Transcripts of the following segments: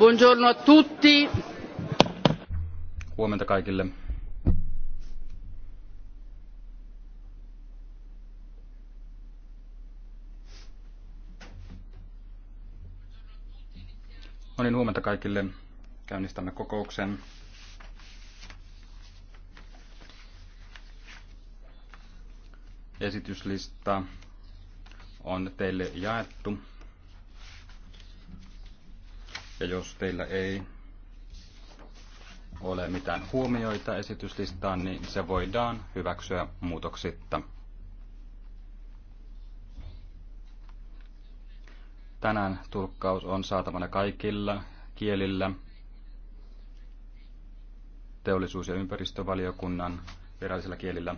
Buongiorno a tutti. Huomenta kaikille. No niin, huomenta kaikille. Käynnistämme kokouksen. Esityslista on teille jaettu. Ja jos teillä ei ole mitään huomioita esityslistaan, niin se voidaan hyväksyä muutoksitta. Tänään tulkkaus on saatavana kaikilla kielillä teollisuus- ja ympäristövaliokunnan virallisella kielillä.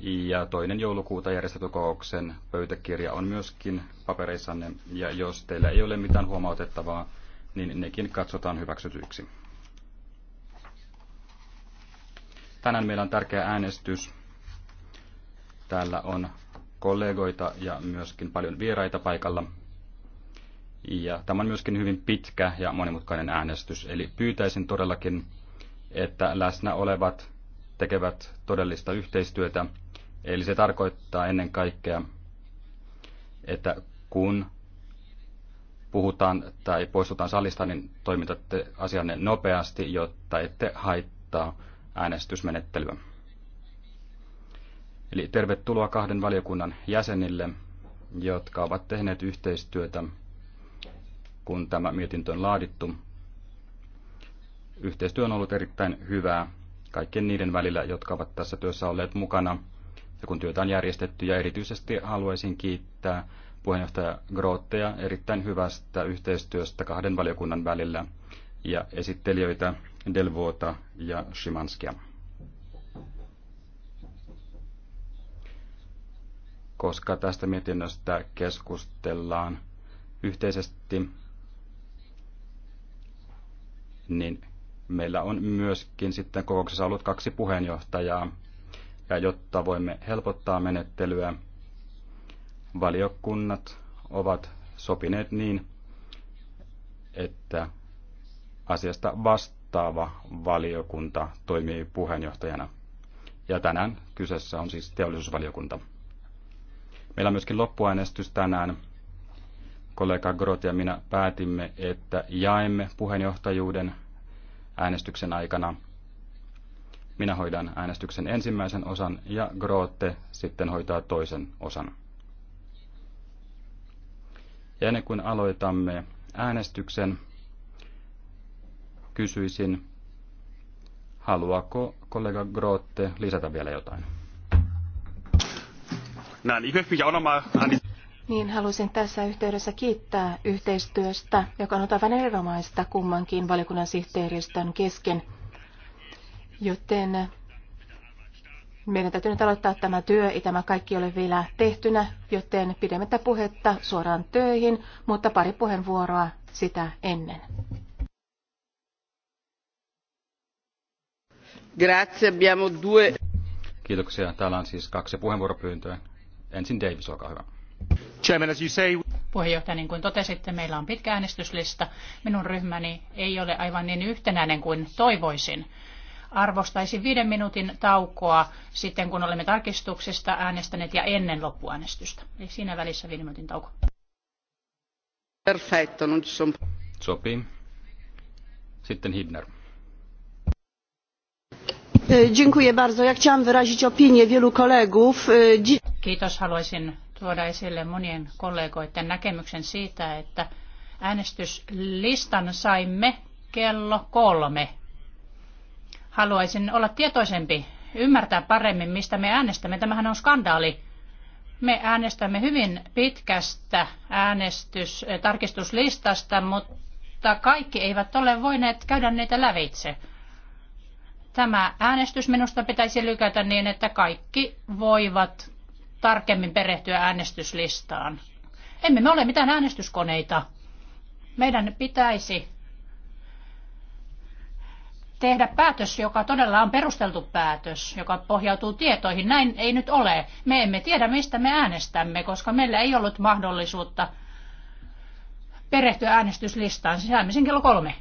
Ja toinen joulukuuta kokouksen pöytäkirja on myöskin papereissanne. Ja jos teillä ei ole mitään huomautettavaa, niin nekin katsotaan hyväksytyiksi. Tänään meillä on tärkeä äänestys. Täällä on kollegoita ja myöskin paljon vieraita paikalla. Ja tämä on myöskin hyvin pitkä ja monimutkainen äänestys, eli pyytäisin todellakin, että läsnä olevat tekevät todellista yhteistyötä. Eli se tarkoittaa ennen kaikkea, että kun puhutaan tai poistutaan salista, niin toimitatte asianne nopeasti, jotta ette haittaa äänestysmenettelyä. Eli tervetuloa kahden valiokunnan jäsenille, jotka ovat tehneet yhteistyötä, kun tämä mietintö on laadittu. Yhteistyö on ollut erittäin hyvää kaikkien niiden välillä, jotka ovat tässä työssä olleet mukana ja kun työtä on järjestetty. Ja erityisesti haluaisin kiittää puheenjohtaja Grootteja erittäin hyvästä yhteistyöstä kahden valiokunnan välillä ja esittelijöitä Delvuota ja Szymanskia. Koska tästä mietinnöstä keskustellaan yhteisesti, niin meillä on myöskin sitten kokouksessa ollut kaksi puheenjohtajaa. Ja jotta voimme helpottaa menettelyä, valiokunnat ovat sopineet niin, että asiasta vastaava valiokunta toimii puheenjohtajana. Ja tänään kyseessä on siis teollisuusvaliokunta. Meillä on myöskin loppuäänestys tänään. Kollega Grot ja minä päätimme, että jaemme puheenjohtajuuden äänestyksen aikana. Minä hoidan äänestyksen ensimmäisen osan ja Grote sitten hoitaa toisen osan. Ja ennen kuin aloitamme äänestyksen, kysyisin, haluaako kollega Grotte lisätä vielä jotain? niin haluaisin tässä yhteydessä kiittää yhteistyöstä, joka on aivan erinomaista kummankin valiokunnan sihteeristön kesken. Joten meidän täytyy nyt aloittaa tämä työ, ei tämä kaikki ole vielä tehtynä, joten pidemmittä puhetta suoraan töihin, mutta pari puheenvuoroa sitä ennen. Grazie, abbiamo due. Kiitoksia. Täällä on siis kaksi puheenvuoropyyntöä. Ensin Davis, olkaa hyvä. Chairman, as you say... Puheenjohtaja, niin kuin totesitte, meillä on pitkä äänestyslista. Minun ryhmäni ei ole aivan niin yhtenäinen kuin toivoisin arvostaisin viiden minuutin taukoa sitten, kun olemme tarkistuksesta äänestäneet ja ennen loppuäänestystä. Eli siinä välissä viiden minuutin tauko. Perfetto, non Sopii. Sitten Hidner. E, dziękuję bardzo. Ja chciałam wyrazić opinię wielu kolegów. E, Kiitos. Haluaisin tuoda esille monien kollegoiden näkemyksen siitä, että äänestyslistan saimme kello kolme Haluaisin olla tietoisempi, ymmärtää paremmin, mistä me äänestämme. Tämähän on skandaali. Me äänestämme hyvin pitkästä äänestys- eh, tarkistuslistasta, mutta kaikki eivät ole voineet käydä niitä lävitse. Tämä äänestys minusta pitäisi lykätä niin, että kaikki voivat tarkemmin perehtyä äänestyslistaan. Emme me ole mitään äänestyskoneita. Meidän pitäisi tehdä päätös, joka todella on perusteltu päätös, joka pohjautuu tietoihin. Näin ei nyt ole. Me emme tiedä, mistä me äänestämme, koska meillä ei ollut mahdollisuutta perehtyä äänestyslistaan. Sisäämme sen kello kolme.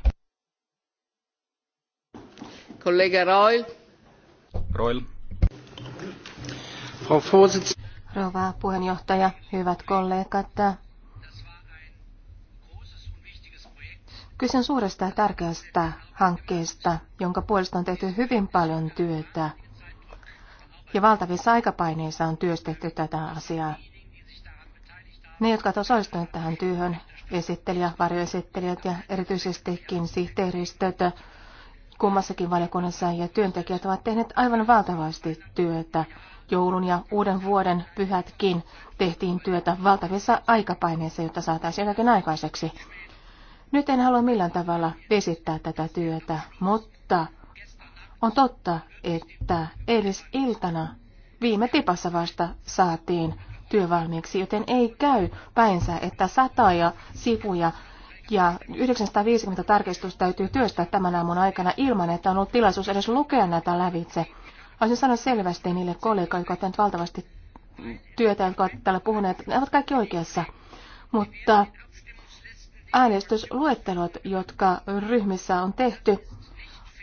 Kollega Roil. Roil. Rouva puheenjohtaja, hyvät kollegat. Kyse on suuresta ja tärkeästä hankkeesta, jonka puolesta on tehty hyvin paljon työtä. Ja valtavissa aikapaineissa on työstetty tätä asiaa. Ne, jotka ovat osallistuneet tähän työhön, esittelijä, varjoesittelijät ja erityisestikin sihteeristöt kummassakin valiokunnassa ja työntekijät ovat tehneet aivan valtavasti työtä. Joulun ja uuden vuoden pyhätkin tehtiin työtä valtavissa aikapaineissa, jotta saataisiin jotakin aikaiseksi. Nyt en halua millään tavalla vesittää tätä työtä, mutta on totta, että edes iltana viime tipassa vasta saatiin työ valmiiksi, joten ei käy päinsä, että sataja sivuja ja 950 tarkistusta täytyy työstää tämän aamun aikana ilman, että on ollut tilaisuus edes lukea näitä lävitse. Haluaisin sanoa selvästi niille kollegoille, jotka ovat tehneet valtavasti työtä, jotka ovat täällä puhuneet, ne ovat kaikki oikeassa. Mutta Äänestysluettelot, jotka ryhmissä on tehty,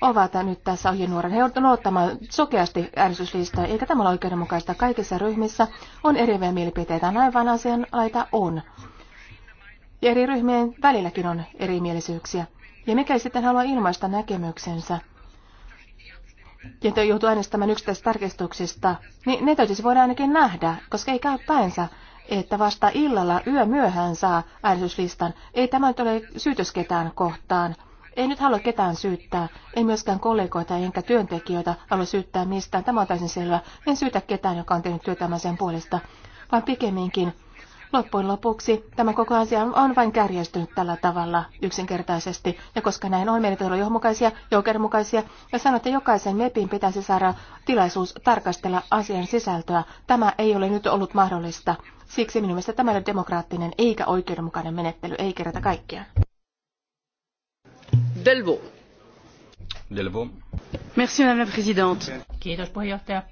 ovat nyt tässä ohjenuoren. He ovat ottamaan sokeasti äänestyslistaa, eikä tämä ole oikeudenmukaista. Kaikissa ryhmissä on eriviä mielipiteitä, näin vain asian laita on. Ja eri ryhmien välilläkin on erimielisyyksiä. Ja mikä sitten haluaa ilmaista näkemyksensä, ja joutuu äänestämään yksittäisistä tarkistuksista, niin ne täytyisi voida ainakin nähdä, koska ei käy päänsä, että vasta illalla yö myöhään saa äänestyslistan. Ei tämä nyt ole syytös ketään kohtaan. Ei nyt halua ketään syyttää. Ei myöskään kollegoita enkä työntekijöitä halua syyttää mistään. Tämä on täysin selvä. En syytä ketään, joka on tehnyt työtä sen puolesta, vaan pikemminkin Loppujen lopuksi tämä koko asia on vain kärjestynyt tällä tavalla yksinkertaisesti. Ja koska näin on, meidän pitää olla johdonmukaisia ja oikeudenmukaisia. Ja sanon, että jokaisen MEPin pitäisi saada tilaisuus tarkastella asian sisältöä. Tämä ei ole nyt ollut mahdollista. Siksi minun mielestä tämä on demokraattinen eikä oikeudenmukainen menettely, ei kerätä kaikkea. Delvo. Delvo. Merci, madame la présidente. Kiitos, puheenjohtaja.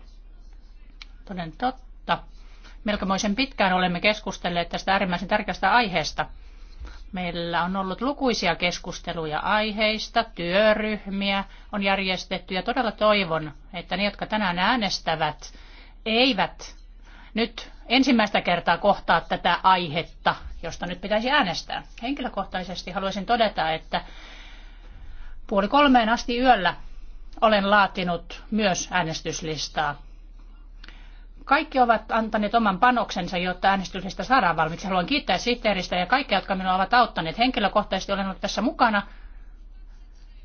Toden totta. Melkomoisen pitkään olemme keskustelleet tästä äärimmäisen tärkeästä aiheesta. Meillä on ollut lukuisia keskusteluja aiheista, työryhmiä on järjestetty ja todella toivon, että ne, jotka tänään äänestävät, eivät nyt ensimmäistä kertaa kohtaa tätä aihetta, josta nyt pitäisi äänestää. Henkilökohtaisesti haluaisin todeta, että puoli kolmeen asti yöllä olen laatinut myös äänestyslistaa. Kaikki ovat antaneet oman panoksensa, jotta äänestyslista saadaan valmiiksi. Haluan kiittää sihteeristä ja kaikkia, jotka minua ovat auttaneet. Henkilökohtaisesti olen ollut tässä mukana –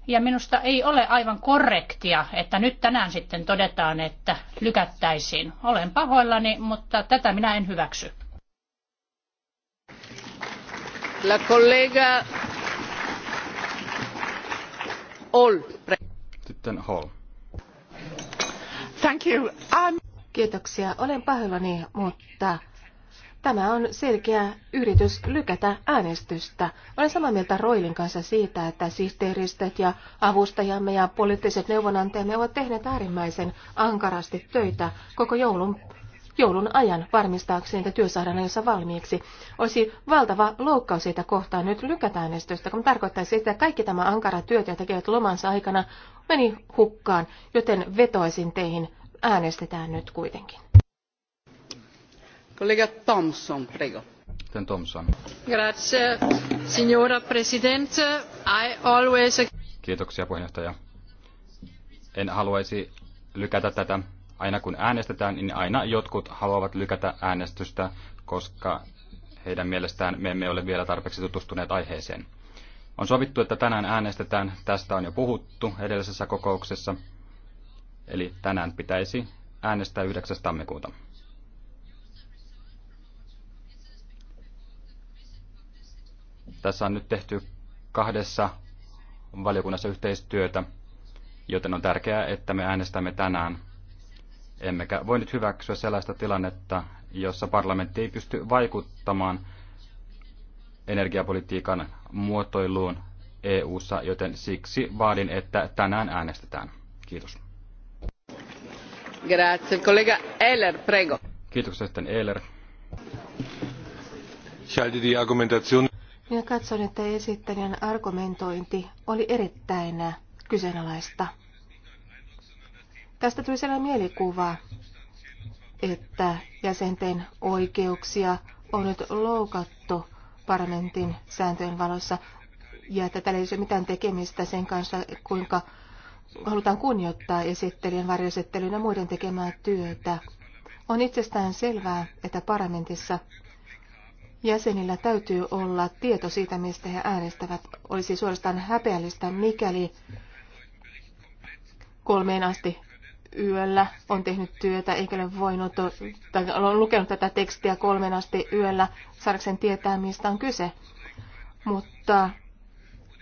ja minusta ei ole aivan korrektia, että nyt tänään sitten todetaan, että lykättäisiin. Olen pahoillani, mutta tätä minä en hyväksy. La collega Hall. Sitten Hall. Thank you. I'm... Kiitoksia. Olen pahoillani, mutta Tämä on selkeä yritys lykätä äänestystä. Olen samaa mieltä Roilin kanssa siitä, että sihteeristöt ja avustajamme ja poliittiset neuvonantajamme ovat tehneet äärimmäisen ankarasti töitä koko joulun joulun ajan varmistaakseen, että työ saadaan ajoissa valmiiksi. Olisi valtava loukkaus siitä kohtaan nyt lykätä äänestystä, kun tarkoittaisi, että kaikki tämä ankara työt, jota tekevät lomansa aikana, meni hukkaan, joten vetoisin teihin, äänestetään nyt kuitenkin. Kollega Thompson, En haluaisi lykätä tätä. Aina kun äänestetään, niin aina jotkut haluavat lykätä äänestystä, koska heidän mielestään me emme ole vielä tarpeeksi tutustuneet aiheeseen. On sovittu, että tänään äänestetään. Tästä on jo puhuttu edellisessä kokouksessa. Eli tänään pitäisi äänestää 9. tammikuuta. Tässä on nyt tehty kahdessa valiokunnassa yhteistyötä, joten on tärkeää, että me äänestämme tänään. Emmekä voi nyt hyväksyä sellaista tilannetta, jossa parlamentti ei pysty vaikuttamaan energiapolitiikan muotoiluun EU-ssa, joten siksi vaadin, että tänään äänestetään. Kiitos. Grazie. Kollega Eller, prego. Kiitos sitten Eller. Schalte die Argumentation minä katson, että esittäjän argumentointi oli erittäin kyseenalaista. Tästä tuli sellainen mielikuva, että jäsenten oikeuksia on nyt loukattu parlamentin sääntöjen valossa ja että tällä ei ole mitään tekemistä sen kanssa, kuinka halutaan kunnioittaa esittelijän, varjosettelyyn ja muiden tekemää työtä. On itsestään selvää, että parlamentissa jäsenillä täytyy olla tieto siitä, mistä he äänestävät. Olisi suorastaan häpeällistä, mikäli kolmeen asti yöllä on tehnyt työtä, eikä ole voinut, tai on lukenut tätä tekstiä kolmeen asti yöllä, saadakseen tietää, mistä on kyse. Mutta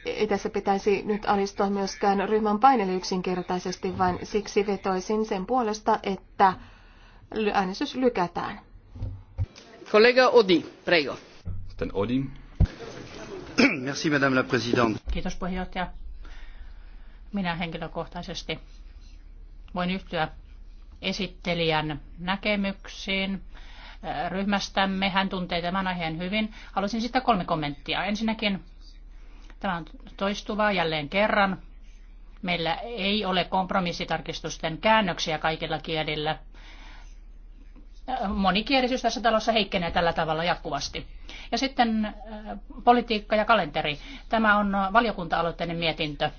ei tässä pitäisi nyt alistua myöskään ryhmän painelle yksinkertaisesti, vaan siksi vetoisin sen puolesta, että äänestys lykätään. Kollega Odi, madame la présidente. Kiitos puheenjohtaja. Minä henkilökohtaisesti voin yhtyä esittelijän näkemyksiin äh, ryhmästämme. Hän tuntee tämän aiheen hyvin. Haluaisin sitä kolme kommenttia. Ensinnäkin tämä on toistuvaa jälleen kerran. Meillä ei ole kompromissitarkistusten käännöksiä kaikilla kielillä monikielisyys tässä talossa heikkenee tällä tavalla jatkuvasti. Ja sitten äh, politiikka ja kalenteri. Tämä on valiokunta-aloitteinen mietintö.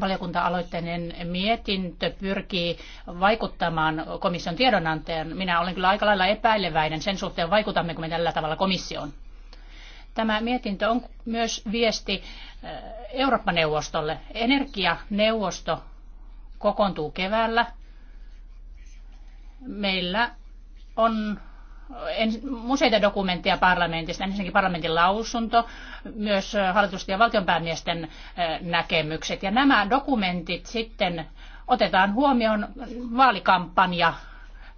Valiokunta-aloitteinen mietintö pyrkii vaikuttamaan komission tiedonanteen. Minä olen kyllä aika lailla epäileväinen sen suhteen, vaikutammeko me tällä tavalla komissioon. Tämä mietintö on myös viesti äh, Eurooppa-neuvostolle. Energianeuvosto kokoontuu keväällä Meillä on useita dokumentteja parlamentista, ensinnäkin parlamentin lausunto, myös hallitusten ja valtionpäämiesten näkemykset. Ja nämä dokumentit sitten otetaan huomioon vaalikampanja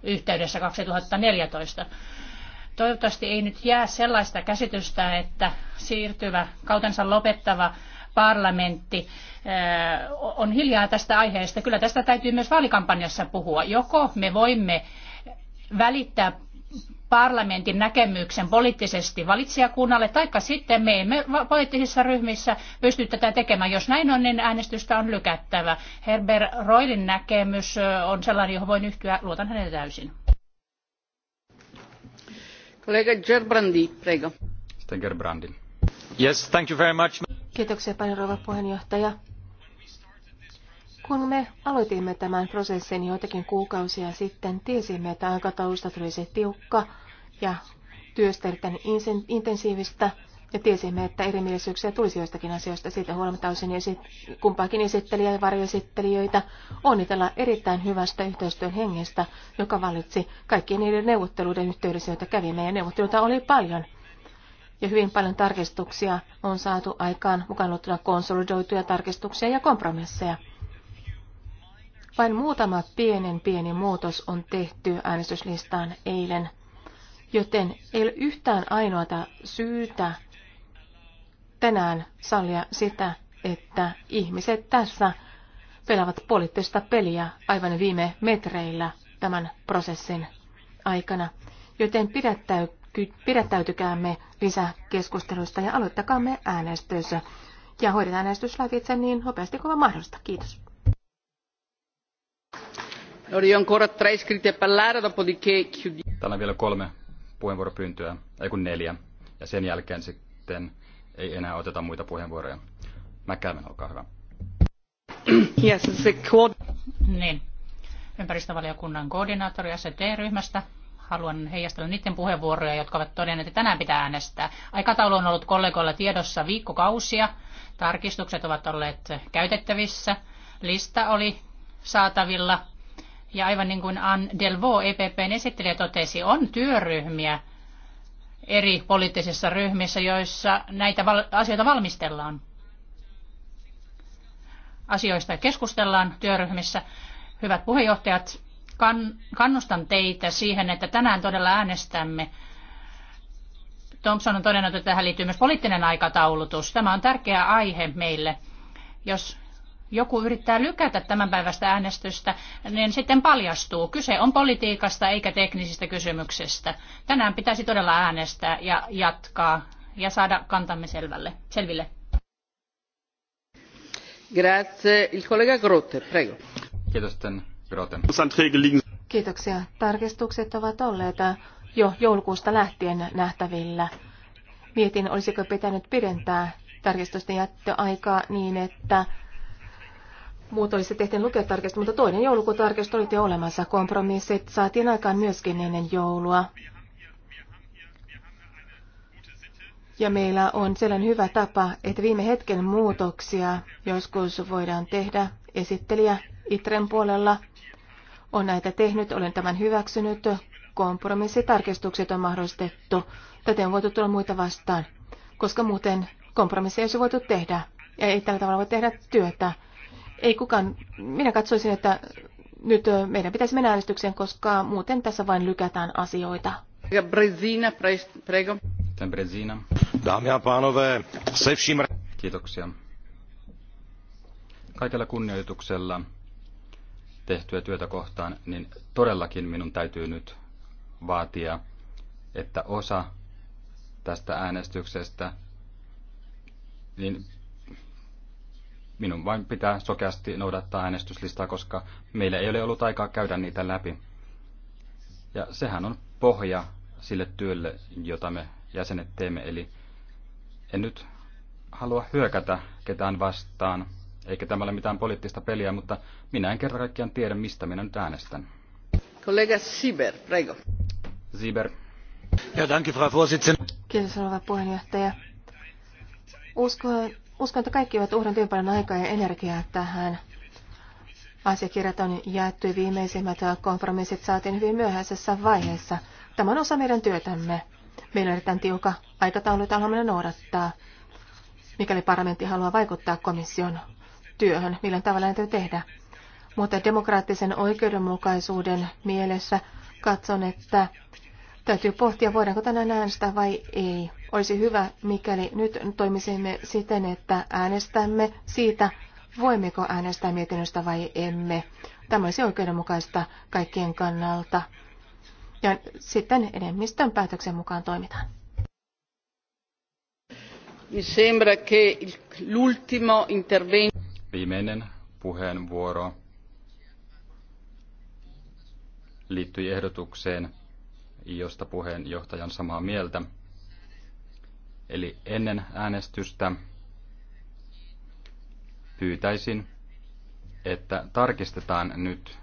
yhteydessä 2014. Toivottavasti ei nyt jää sellaista käsitystä, että siirtyvä kautensa lopettava parlamentti äh, on hiljaa tästä aiheesta. Kyllä tästä täytyy myös vaalikampanjassa puhua. Joko me voimme välittää parlamentin näkemyksen poliittisesti valitsijakunnalle, taikka sitten me emme poliittisissa ryhmissä pysty tätä tekemään. Jos näin on, niin äänestystä on lykättävä. Herbert Roilin näkemys on sellainen, johon voin yhtyä. Luotan hänen täysin. Kollega Gerbrandi, prego. Gerbrandi. Yes, thank you very much. Kiitoksia paljon, rouva puheenjohtaja. Kun me aloitimme tämän prosessin joitakin kuukausia sitten, tiesimme, että aikataulusta se tiukka ja työstä erittäin intensiivistä, ja tiesimme, että erimielisyyksiä tulisi joistakin asioista. Siitä huolimatta olisin esit- kumpaakin esittelijä ja varjoesittelijöitä onnitella erittäin hyvästä yhteistyön hengestä, joka valitsi kaikkien niiden neuvotteluiden yhteydessä, joita kävimme, ja neuvotteluita oli paljon – ja hyvin paljon tarkistuksia on saatu aikaan mukaan luettuna konsolidoituja tarkistuksia ja kompromisseja. Vain muutama pienen pieni muutos on tehty äänestyslistaan eilen, joten ei ole yhtään ainoata syytä tänään sallia sitä, että ihmiset tässä pelaavat poliittista peliä aivan viime metreillä tämän prosessin aikana. Joten pidättäy, pidättäytykäämme lisäkeskusteluista ja aloittakaamme äänestys. Ja hoidetaan äänestys lävitse niin nopeasti kuin mahdollista. Kiitos. No niin, Täällä on vielä kolme puheenvuoropyyntöä, ei kun neljä. Ja sen jälkeen sitten ei enää oteta muita puheenvuoroja. käymän, olkaa hyvä. Yes, se... Niin. Ympäristövaliokunnan koordinaattori SED-ryhmästä haluan heijastella niiden puheenvuoroja, jotka ovat todenneet, että tänään pitää äänestää. Aikataulu on ollut kollegoilla tiedossa viikkokausia. Tarkistukset ovat olleet käytettävissä. Lista oli saatavilla. Ja aivan niin kuin Anne Delvaux, EPPn esittelijä, totesi, on työryhmiä eri poliittisissa ryhmissä, joissa näitä asioita valmistellaan. Asioista keskustellaan työryhmissä. Hyvät puheenjohtajat, kannustan teitä siihen, että tänään todella äänestämme. Thompson on todennut, että tähän liittyy myös poliittinen aikataulutus. Tämä on tärkeä aihe meille. Jos joku yrittää lykätä tämän päivästä äänestystä, niin sitten paljastuu. Kyse on politiikasta eikä teknisistä kysymyksistä. Tänään pitäisi todella äänestää ja jatkaa ja saada kantamme selvälle, selville. Grazie. Il collega Grotte, prego. Kiitos Kiitoksia. Tarkistukset ovat olleet jo joulukuusta lähtien nähtävillä. Mietin, olisiko pitänyt pidentää tarkistusten jättöaikaa niin, että muut olisi tehty luketarkistus, mutta toinen joulukuutarkistus oli jo olemassa. Kompromissit saatiin aikaan myöskin ennen joulua. Ja meillä on sellainen hyvä tapa, että viime hetken muutoksia joskus voidaan tehdä esittelijä Itren puolella on näitä tehnyt, olen tämän hyväksynyt, kompromissitarkistukset on mahdollistettu. Tätä on voitu tulla muita vastaan, koska muuten kompromissi ei olisi voitu tehdä. Ja ei tällä tavalla voi tehdä työtä. Ei kukaan, minä katsoisin, että nyt meidän pitäisi mennä äänestykseen, koska muuten tässä vain lykätään asioita. Ja Brezina, prego. Brezina. Dámy a pánové, se vším... Kiitoksia. Kaikella kunnioituksella tehtyä työtä kohtaan, niin todellakin minun täytyy nyt vaatia, että osa tästä äänestyksestä, niin minun vain pitää sokeasti noudattaa äänestyslistaa, koska meillä ei ole ollut aikaa käydä niitä läpi. Ja sehän on pohja sille työlle, jota me jäsenet teemme. Eli en nyt halua hyökätä ketään vastaan, eikä tämä ole mitään poliittista peliä, mutta minä en kerran kaikkiaan tiedä, mistä minä nyt äänestän. Kollega Sieber, prego. Sieber. Ja, danke, Frau Vorsitzende. Kiitos, rouva puheenjohtaja. Uskon, uskon, että kaikki ovat uhran hyvin paljon aikaa ja energiaa tähän. Asiakirjat on jaettu viimeisimmät kompromissit saatiin hyvin myöhäisessä vaiheessa. Tämä on osa meidän työtämme. Meillä on erittäin tiukka aikataulu, jota haluamme noudattaa, mikäli parlamentti haluaa vaikuttaa komission työhön, millä tavalla näitä tehdä. Mutta demokraattisen oikeudenmukaisuuden mielessä katson, että täytyy pohtia, voidaanko tänään äänestää vai ei. Olisi hyvä, mikäli nyt toimisimme siten, että äänestämme siitä, voimmeko äänestää mietinnöstä vai emme. Tämä olisi oikeudenmukaista kaikkien kannalta. Ja sitten enemmistön päätöksen mukaan toimitaan. Mi sembra che l'ultimo intervento viimeinen puheenvuoro liittyi ehdotukseen, josta puheenjohtajan samaa mieltä. Eli ennen äänestystä pyytäisin, että tarkistetaan nyt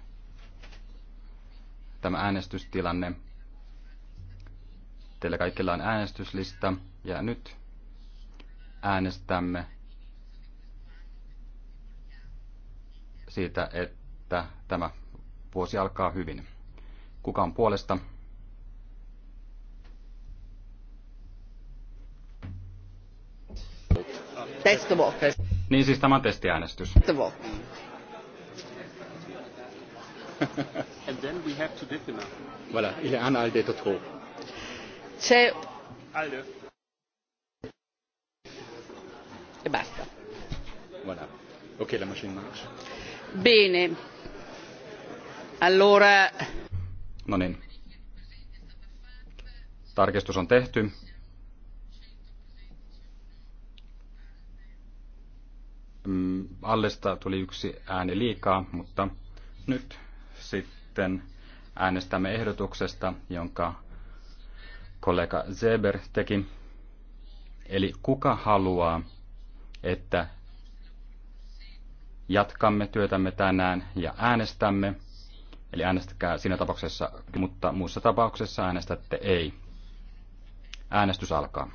tämä äänestystilanne. Teillä kaikilla on äänestyslista ja nyt äänestämme siitä, että tämä vuosi alkaa hyvin. Kuka on puolesta? Test Niin siis tämä on testiäänestys. And then we have to differ now. Voilà, il est un alde de trop. C'est... Alde. Et basta. Voilà. Ok, la machine marche. Bene. Allora... No niin. Tarkistus on tehty. Mm, Allesta tuli yksi ääni liikaa, mutta nyt sitten äänestämme ehdotuksesta, jonka kollega Zeber teki. Eli kuka haluaa, että jatkamme työtämme tänään ja äänestämme. Eli äänestäkää siinä tapauksessa, mutta muussa tapauksessa äänestätte ei. Äänestys alkaa.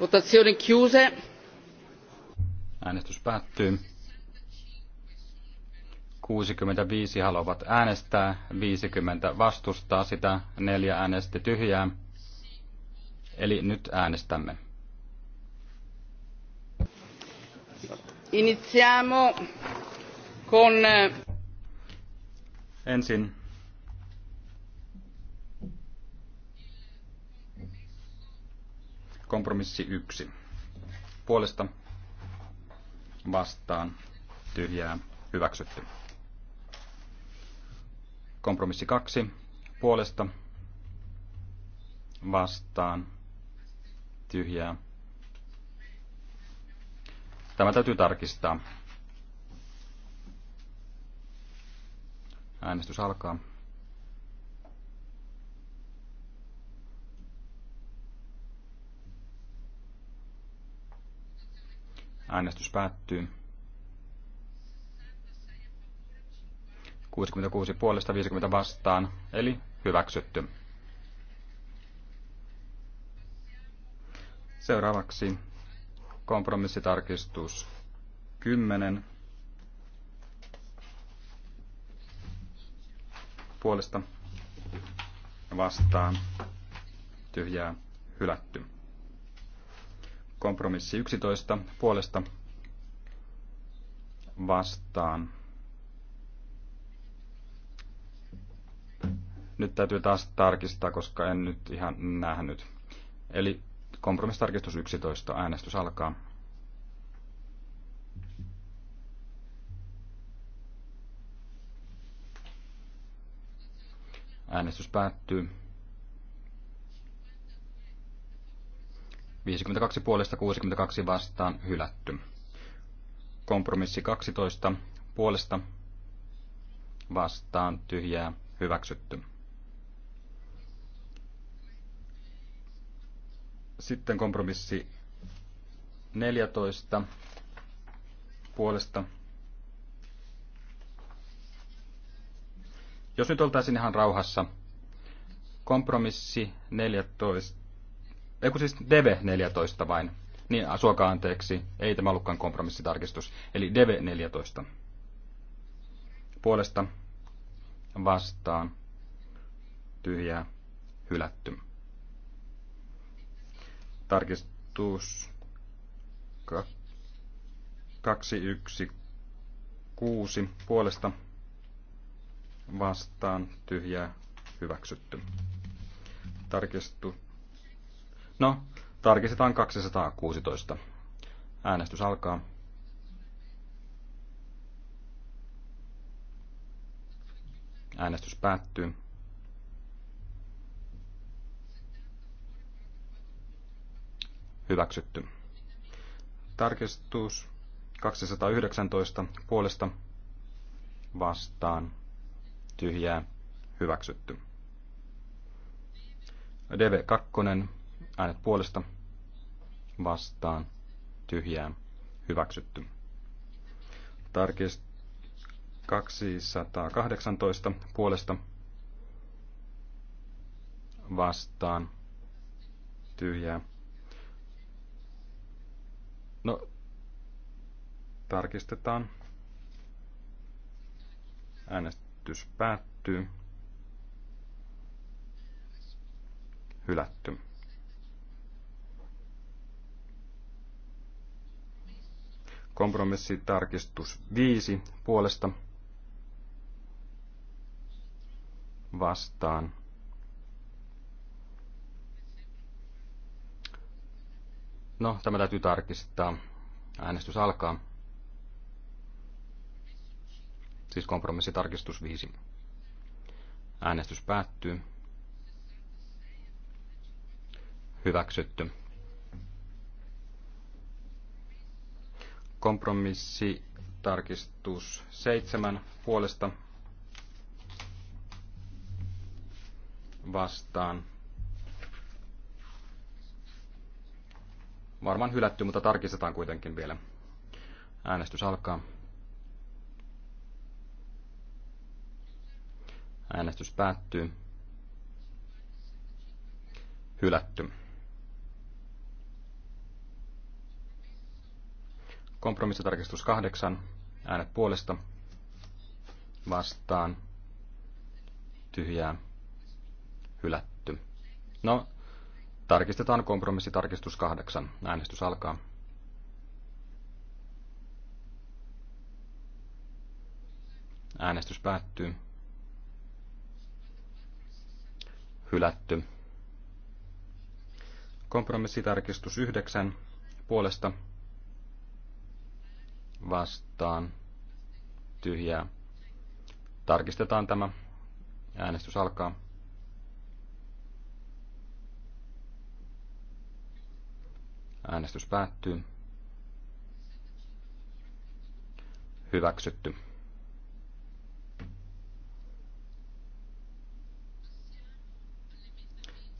Votazione chiuse. Äänestys päättyy. 65 haluavat äänestää, 50 vastustaa sitä, neljä äänesti tyhjää. Eli nyt äänestämme. Iniziamo con... Eh, Ensin kompromissi yksi. Puolesta vastaan tyhjää hyväksytty. Kompromissi kaksi puolesta vastaan tyhjää. Tämä täytyy tarkistaa. Äänestys alkaa. Äänestys päättyy. 66 puolesta 50 vastaan, eli hyväksytty. Seuraavaksi kompromissitarkistus 10 puolesta vastaan tyhjää hylätty. Kompromissi 11 puolesta vastaan Nyt täytyy taas tarkistaa, koska en nyt ihan nähnyt. Eli kompromissitarkistus 11. Äänestys alkaa. Äänestys päättyy. 52 puolesta 62 vastaan hylätty. Kompromissi 12 puolesta vastaan tyhjää hyväksytty. Sitten kompromissi 14 puolesta. Jos nyt oltaisiin ihan rauhassa, kompromissi 14, ei siis DV 14 vain, niin suokaa anteeksi, ei tämä ollutkaan kompromissitarkistus, eli DV 14 puolesta vastaan tyhjää hylättymä. Tarkistus 216 puolesta vastaan tyhjää hyväksytty. Tarkistu. No, tarkistetaan 216. Äänestys alkaa. Äänestys päättyy. hyväksytty. Tarkistus 219 puolesta vastaan tyhjää hyväksytty. DV2 äänet puolesta vastaan tyhjää hyväksytty. Tarkistus 218 puolesta vastaan tyhjää No, tarkistetaan. Äänestys päättyy. Hylätty. Kompromissitarkistus 5 puolesta vastaan No, tämä täytyy tarkistaa. Äänestys alkaa. Siis kompromissitarkistus 5. Äänestys päättyy. Hyväksytty. Kompromissitarkistus 7 puolesta vastaan Varmaan hylätty, mutta tarkistetaan kuitenkin vielä. Äänestys alkaa. Äänestys päättyy. Hylätty. Kompromissitarkistus kahdeksan. Äänet puolesta. Vastaan. Tyhjää. Hylätty. No, Tarkistetaan kompromissitarkistus kahdeksan. Äänestys alkaa. Äänestys päättyy. Hylätty. Kompromissitarkistus 9 puolesta vastaan tyhjää. Tarkistetaan tämä. Äänestys alkaa. Äänestys päättyy. Hyväksytty.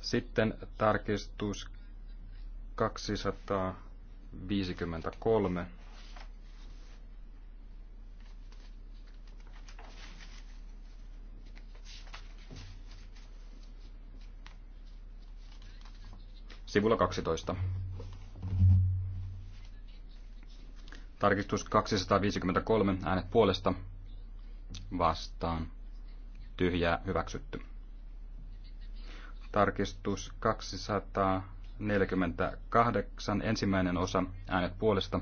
Sitten tarkistus 253. Sivulla 12. Tarkistus 253, äänet puolesta, vastaan, tyhjää, hyväksytty. Tarkistus 248, ensimmäinen osa, äänet puolesta,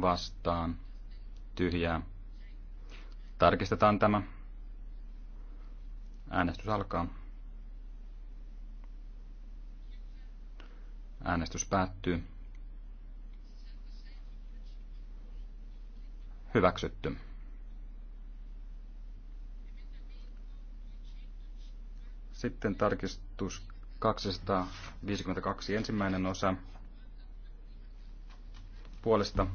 vastaan, tyhjää. Tarkistetaan tämä. Äänestys alkaa. Äänestys päättyy. Hyväksytty. Sitten tarkistus 252 ensimmäinen osa puolesta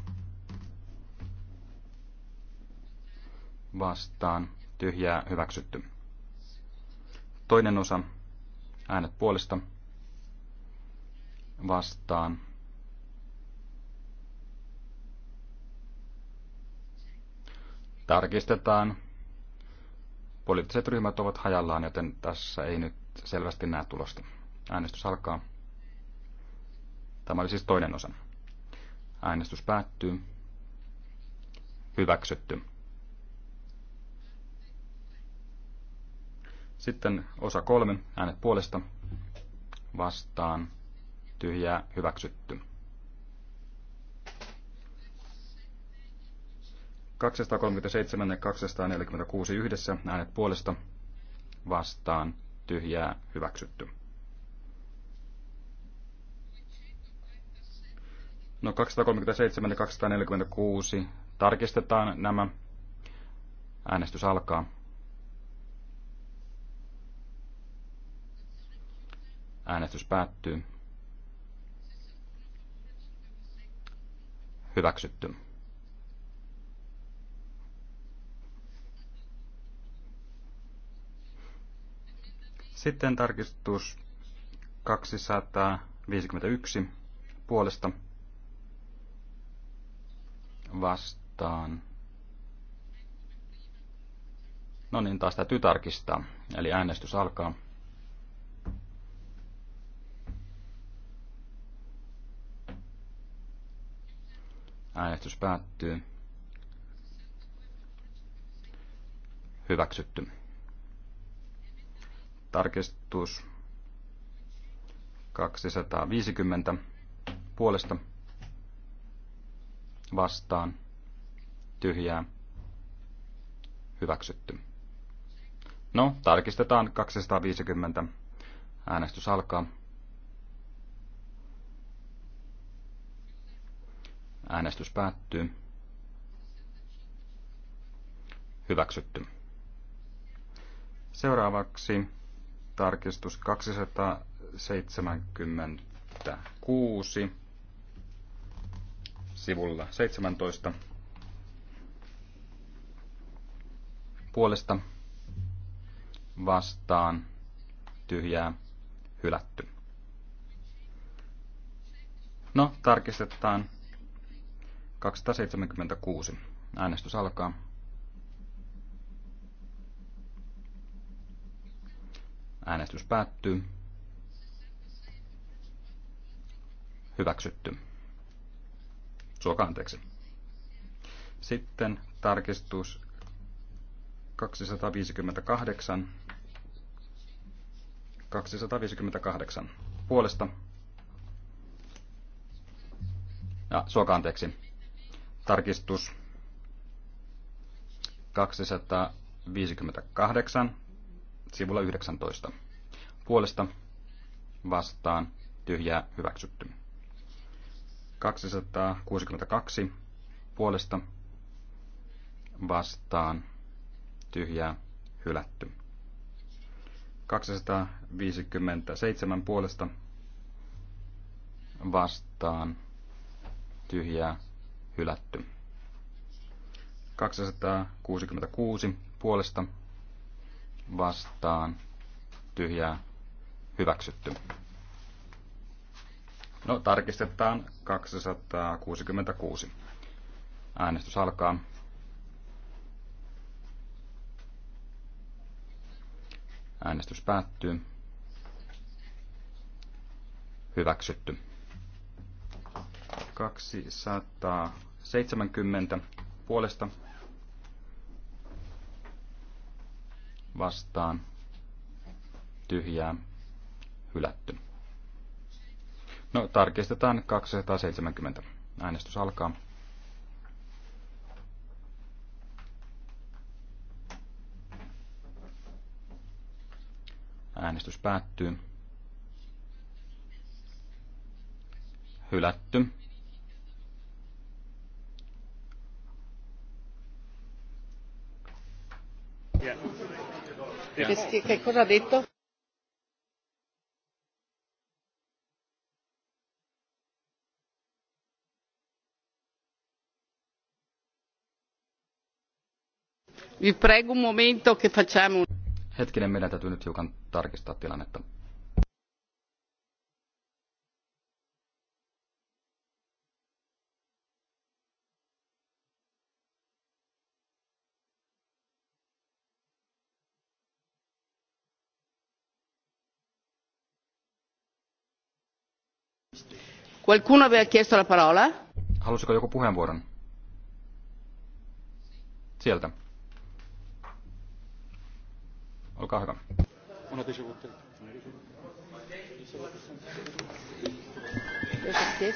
vastaan tyhjää hyväksytty. Toinen osa äänet puolesta vastaan tarkistetaan. Poliittiset ryhmät ovat hajallaan, joten tässä ei nyt selvästi näe tulosta. Äänestys alkaa. Tämä oli siis toinen osa. Äänestys päättyy. Hyväksytty. Sitten osa kolme, äänet puolesta, vastaan, tyhjää, hyväksytty. 237 ja 246 yhdessä äänet puolesta vastaan tyhjää hyväksytty. No 237 ja 246. Tarkistetaan nämä. Äänestys alkaa. Äänestys päättyy. Hyväksytty. Sitten tarkistus 251 puolesta vastaan. No niin, taas täytyy tarkistaa. Eli äänestys alkaa. Äänestys päättyy. Hyväksytty. Tarkistus 250 puolesta vastaan tyhjää hyväksytty. No, tarkistetaan 250. Äänestys alkaa. Äänestys päättyy. Hyväksytty. Seuraavaksi tarkistus 276 sivulla 17 puolesta vastaan tyhjää hylätty. No, tarkistetaan 276. Äänestys alkaa. Äänestys päättyy. Hyväksytty. Suoka anteeksi. Sitten tarkistus 258. 258 puolesta. Ja ah, suoka anteeksi. Tarkistus 258 sivulla 19. Puolesta vastaan tyhjää hyväksytty. 262 puolesta vastaan tyhjää hylätty. 257 puolesta vastaan tyhjää hylätty. 266 puolesta vastaan tyhjää hyväksytty. No, tarkistetaan 266. Äänestys alkaa. Äänestys päättyy. Hyväksytty. 270 puolesta vastaan tyhjää hylätty. No, tarkistetaan 270. Äänestys alkaa. Äänestys päättyy. Hylätty. Yeah. Che, cosa ha detto? Vi prego un momento che facciamo. Hetkinen, meidän täytyy nyt hiukan tarkistaa tilannetta. Qualcuno aveva chiesto la parola? Halusiko joku puheenvuoron? Sieltä. Olkaa hyvä.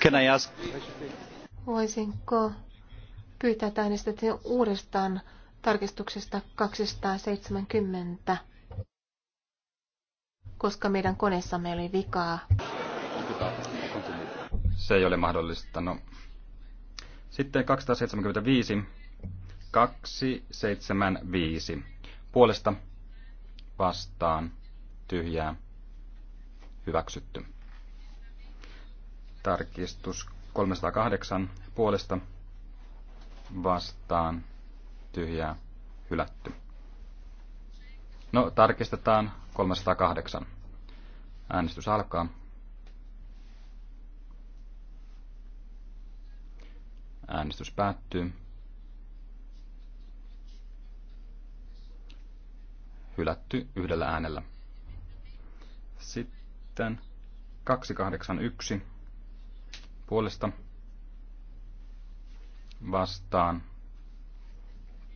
Can I ask? Voisinko pyytää, että äänestätte uudestaan tarkistuksesta 270, koska meidän koneessamme oli vikaa. Se ei ole mahdollista. No. Sitten 275. 275. Puolesta vastaan tyhjää hyväksytty. Tarkistus 308 puolesta vastaan tyhjää hylätty. No, tarkistetaan 308. Äänestys alkaa. Äänestys päättyy. Hylätty yhdellä äänellä. Sitten 281 puolesta vastaan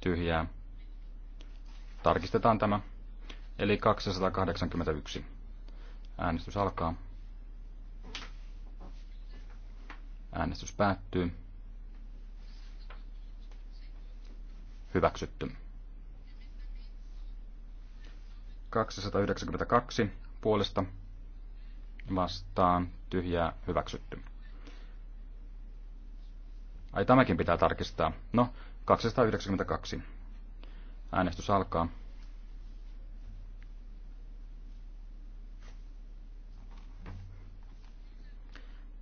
tyhjää. Tarkistetaan tämä. Eli 281. Äänestys alkaa. Äänestys päättyy. Hyväksytty. 292 puolesta vastaan tyhjää hyväksytty. Ai tämäkin pitää tarkistaa. No, 292. Äänestys alkaa.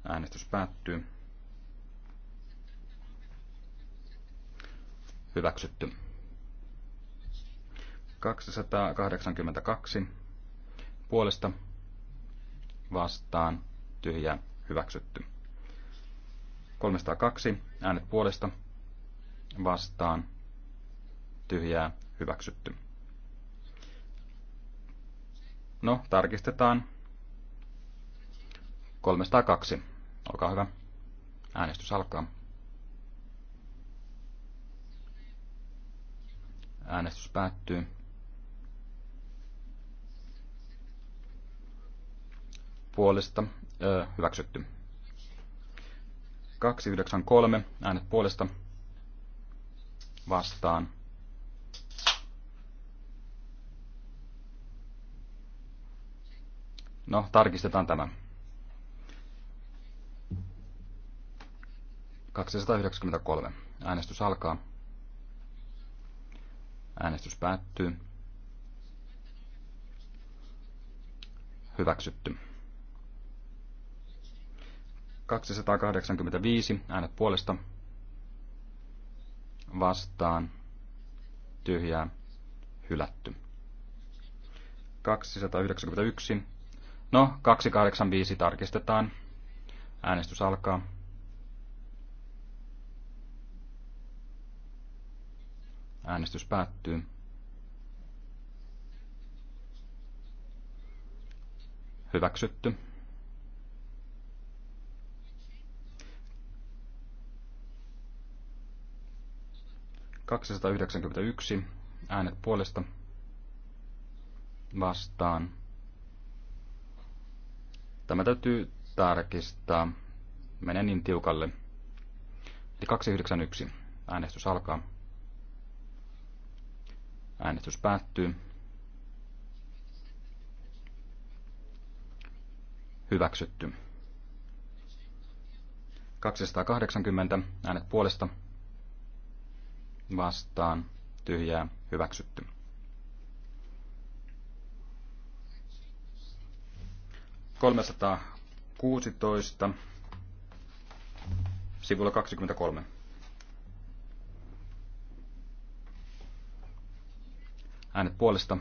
Äänestys päättyy. hyväksytty. 282 puolesta vastaan tyhjää hyväksytty. 302 äänet puolesta vastaan tyhjää hyväksytty. No, tarkistetaan. 302. Olkaa hyvä. Äänestys alkaa. Äänestys päättyy. Puolesta. Ö, hyväksytty. 293. Äänet puolesta. Vastaan. No, tarkistetaan tämä. 293. Äänestys alkaa. Äänestys päättyy. Hyväksytty. 285 äänet puolesta vastaan tyhjää hylätty. 291. No, 285 tarkistetaan. Äänestys alkaa. Äänestys päättyy. Hyväksytty. Kaksisataayhdeksänkymmentäyksi äänet puolesta vastaan. Tämä täytyy tarkistaa. Mene niin tiukalle. Eli 291. Äänestys alkaa. Äänestys päättyy. Hyväksytty. 280 äänet puolesta vastaan tyhjää hyväksytty. Kolmesataa kuusitoista sivulla kaksikymmentäkolme. Äänet puolesta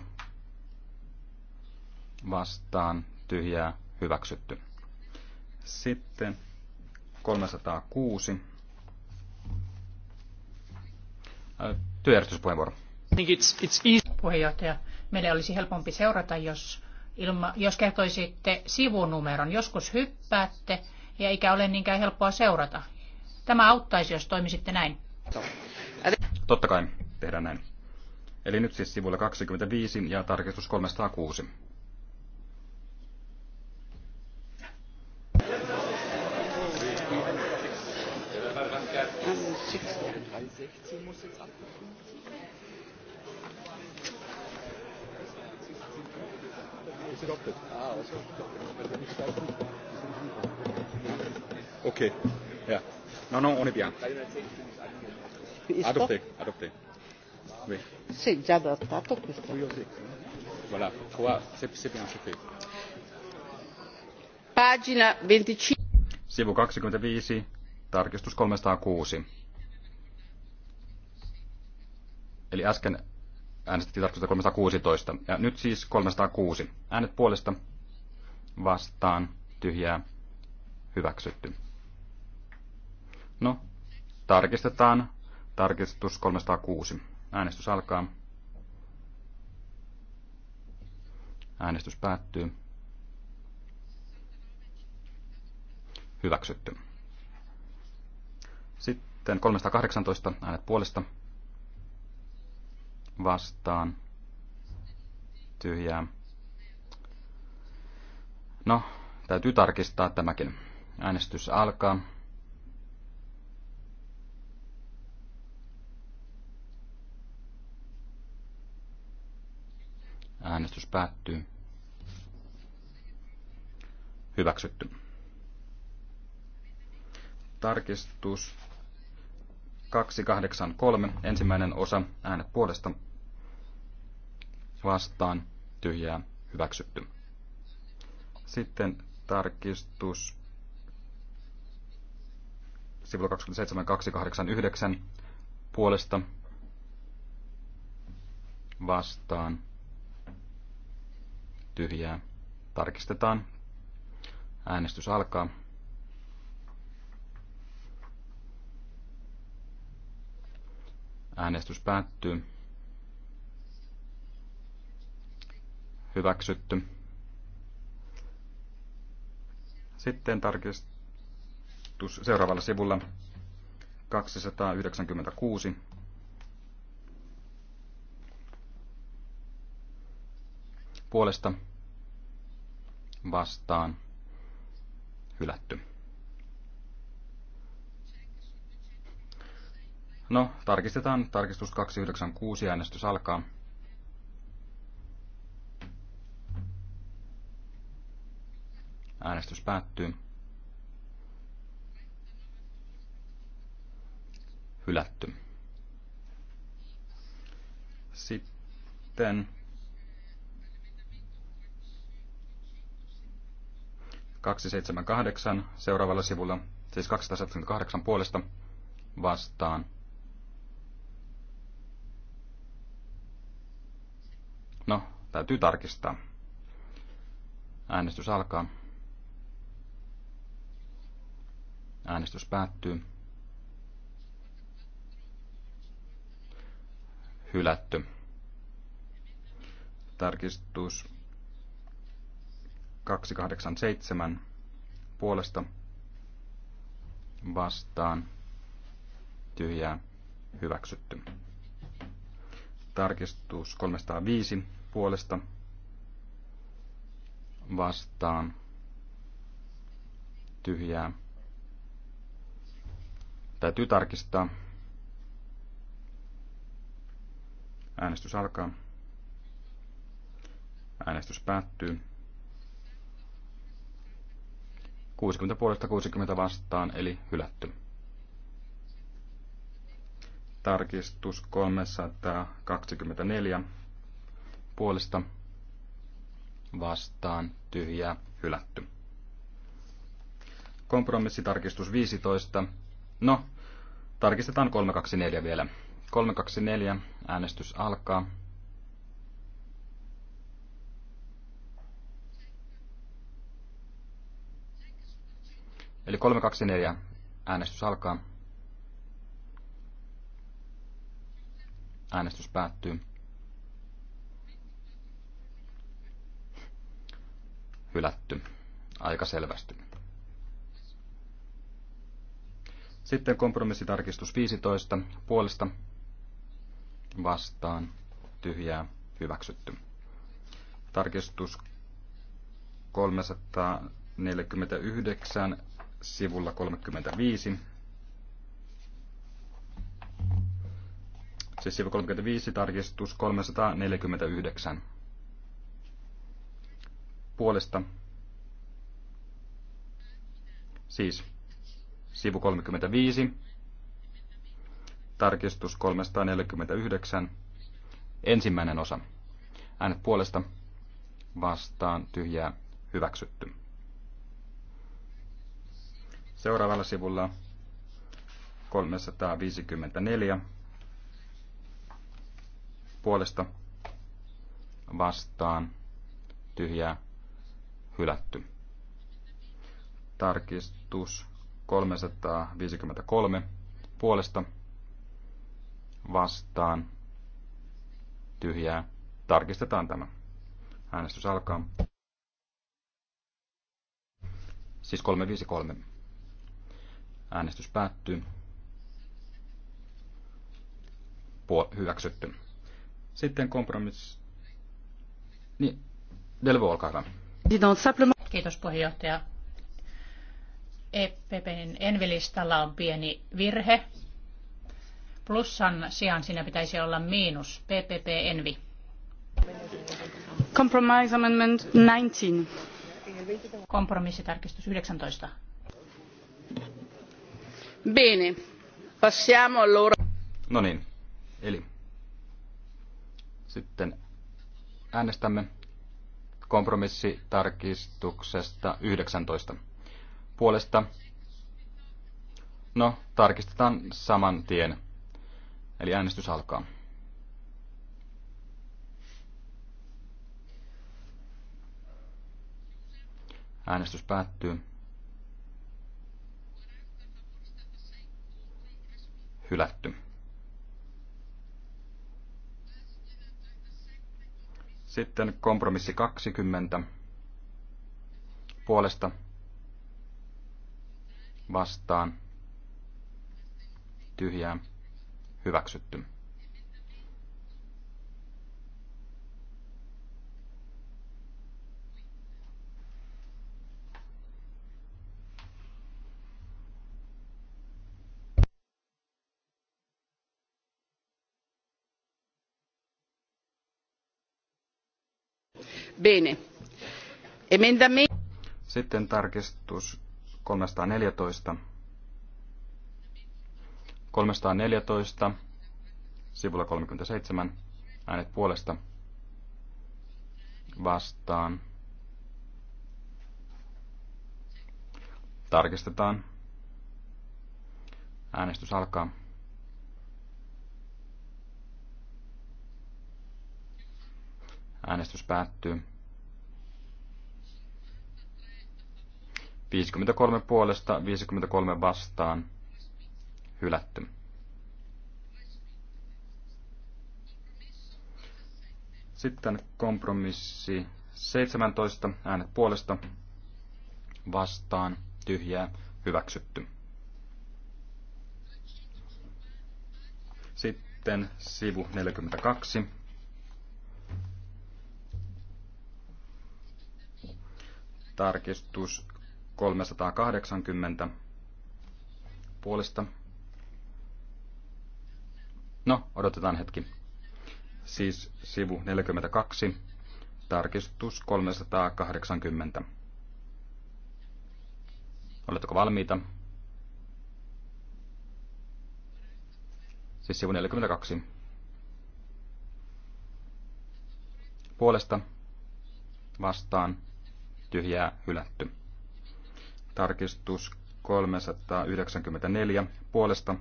vastaan tyhjää hyväksytty. Sitten 306. Työjärjestyspuheenvuoro. Puheenjohtaja, meille olisi helpompi seurata, jos, ilma, jos kertoisitte sivunumeron. Joskus hyppäätte ja eikä ole niinkään helppoa seurata. Tämä auttaisi, jos toimisitte näin. Totta kai, tehdään näin. Eli nyt siis sivulla 25 ja tarkistus 306. Okay. Ja. No, no, ohne Bier. Adopté, adopté. Pagina Sivu 25, tarkistus 306. Eli äsken äänestettiin tarkistusta 316. Ja nyt siis 306. Äänet puolesta vastaan tyhjää hyväksytty. No, tarkistetaan tarkistus 306. Äänestys alkaa. Äänestys päättyy. Hyväksytty. Sitten 318 äänet puolesta vastaan tyhjää. No, täytyy tarkistaa tämäkin. Äänestys alkaa. Äänestys päättyy. Hyväksytty. Tarkistus 283. Ensimmäinen osa. Äänet puolesta. Vastaan. Tyhjää. Hyväksytty. Sitten tarkistus sivulla 289 puolesta vastaan tyhjää. Tarkistetaan. Äänestys alkaa. Äänestys päättyy. Hyväksytty. Sitten tarkistus seuraavalla sivulla 296 puolesta vastaan hylätty. No, tarkistetaan. Tarkistus 296 äänestys alkaa. Äänestys päättyy. Hylätty. Sitten 278 seuraavalla sivulla, siis 278 puolesta vastaan. No, täytyy tarkistaa. Äänestys alkaa. Äänestys päättyy. Hylätty. Tarkistus 287 puolesta vastaan tyhjää hyväksytty. Tarkistus 305 puolesta vastaan tyhjää. Täytyy tarkistaa. Äänestys alkaa. Äänestys päättyy. 60 puolesta 60 vastaan, eli hylätty. Tarkistus 324 puolesta vastaan, tyhjää, hylätty. Kompromissitarkistus 15. No, tarkistetaan 324 vielä. 324, äänestys alkaa. Eli 324 äänestys alkaa. Äänestys päättyy. Hylätty. Aika selvästi. Sitten kompromissitarkistus 15 puolesta vastaan tyhjää hyväksytty. Tarkistus 349 sivulla 35. Siis sivu 35, tarkistus 349. Puolesta. Siis sivu 35, tarkistus 349, ensimmäinen osa. Äänet puolesta vastaan tyhjää hyväksytty. Seuraavalla sivulla 354 puolesta vastaan tyhjää hylätty. Tarkistus 353 puolesta vastaan tyhjää. Tarkistetaan tämä. Äänestys alkaa. Siis 353. Äänestys päättyy. Puol- hyväksytty. Sitten kompromissi. Niin, Delvo, olkaa hyvä. Kiitos puheenjohtaja. EPPn envilistalla on pieni virhe. Plussan sijaan siinä pitäisi olla miinus. PPP envi. Compromise amendment 19. Kompromissitarkistus 19. Bene. Passiamo allora. No niin, eli sitten äänestämme kompromissitarkistuksesta 19 puolesta. No, tarkistetaan saman tien. Eli äänestys alkaa. Äänestys päättyy. hylätty. Sitten kompromissi 20 puolesta vastaan tyhjää hyväksytty. Bene. Emendament... Sitten tarkistus 314. 314, sivulla 37, äänet puolesta vastaan. Tarkistetaan. Äänestys alkaa. Äänestys päättyy. 53 puolesta, 53 vastaan. Hylätty. Sitten kompromissi 17, äänet puolesta, vastaan, tyhjää, hyväksytty. Sitten sivu 42. Tarkistus 380 puolesta. No, odotetaan hetki. Siis sivu 42, tarkistus 380. Oletteko valmiita? Siis sivu 42. Puolesta vastaan tyhjää hylätty. Tarkistus 394 puolesta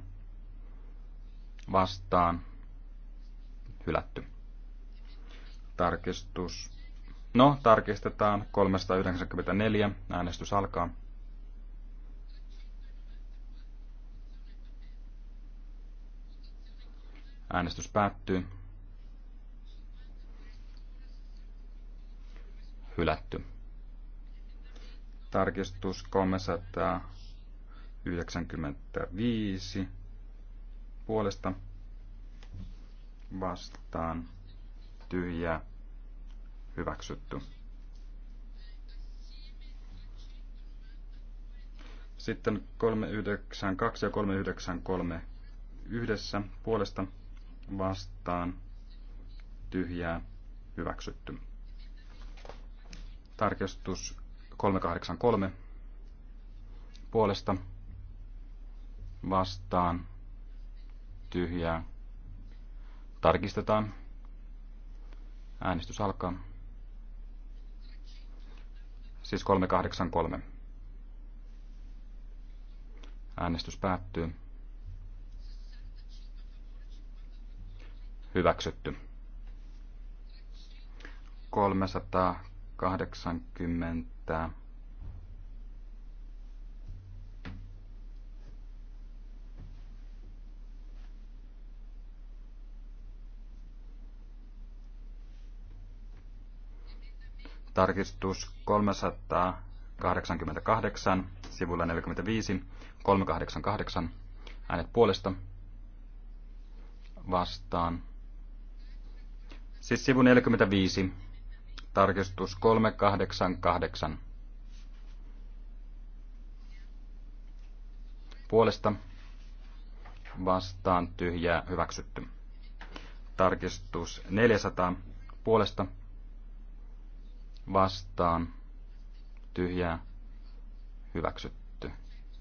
vastaan hylätty. Tarkistus. No, tarkistetaan 394. Äänestys alkaa. Äänestys päättyy. Hylätty. Tarkistus 395 puolesta vastaan tyhjä hyväksytty. Sitten 392 ja 393 yhdessä puolesta vastaan tyhjää hyväksytty. Tarkistus 383 puolesta vastaan tyhjää. Tarkistetaan. Äänestys alkaa. Siis 383. Äänestys päättyy. Hyväksytty. 380 että tarkistus 388 sivulla 45 388 äänet puolesta vastaan. Siis sivu 45 Tarkistus 388. Puolesta vastaan tyhjää hyväksytty. Tarkistus 400. Puolesta vastaan tyhjää hyväksytty.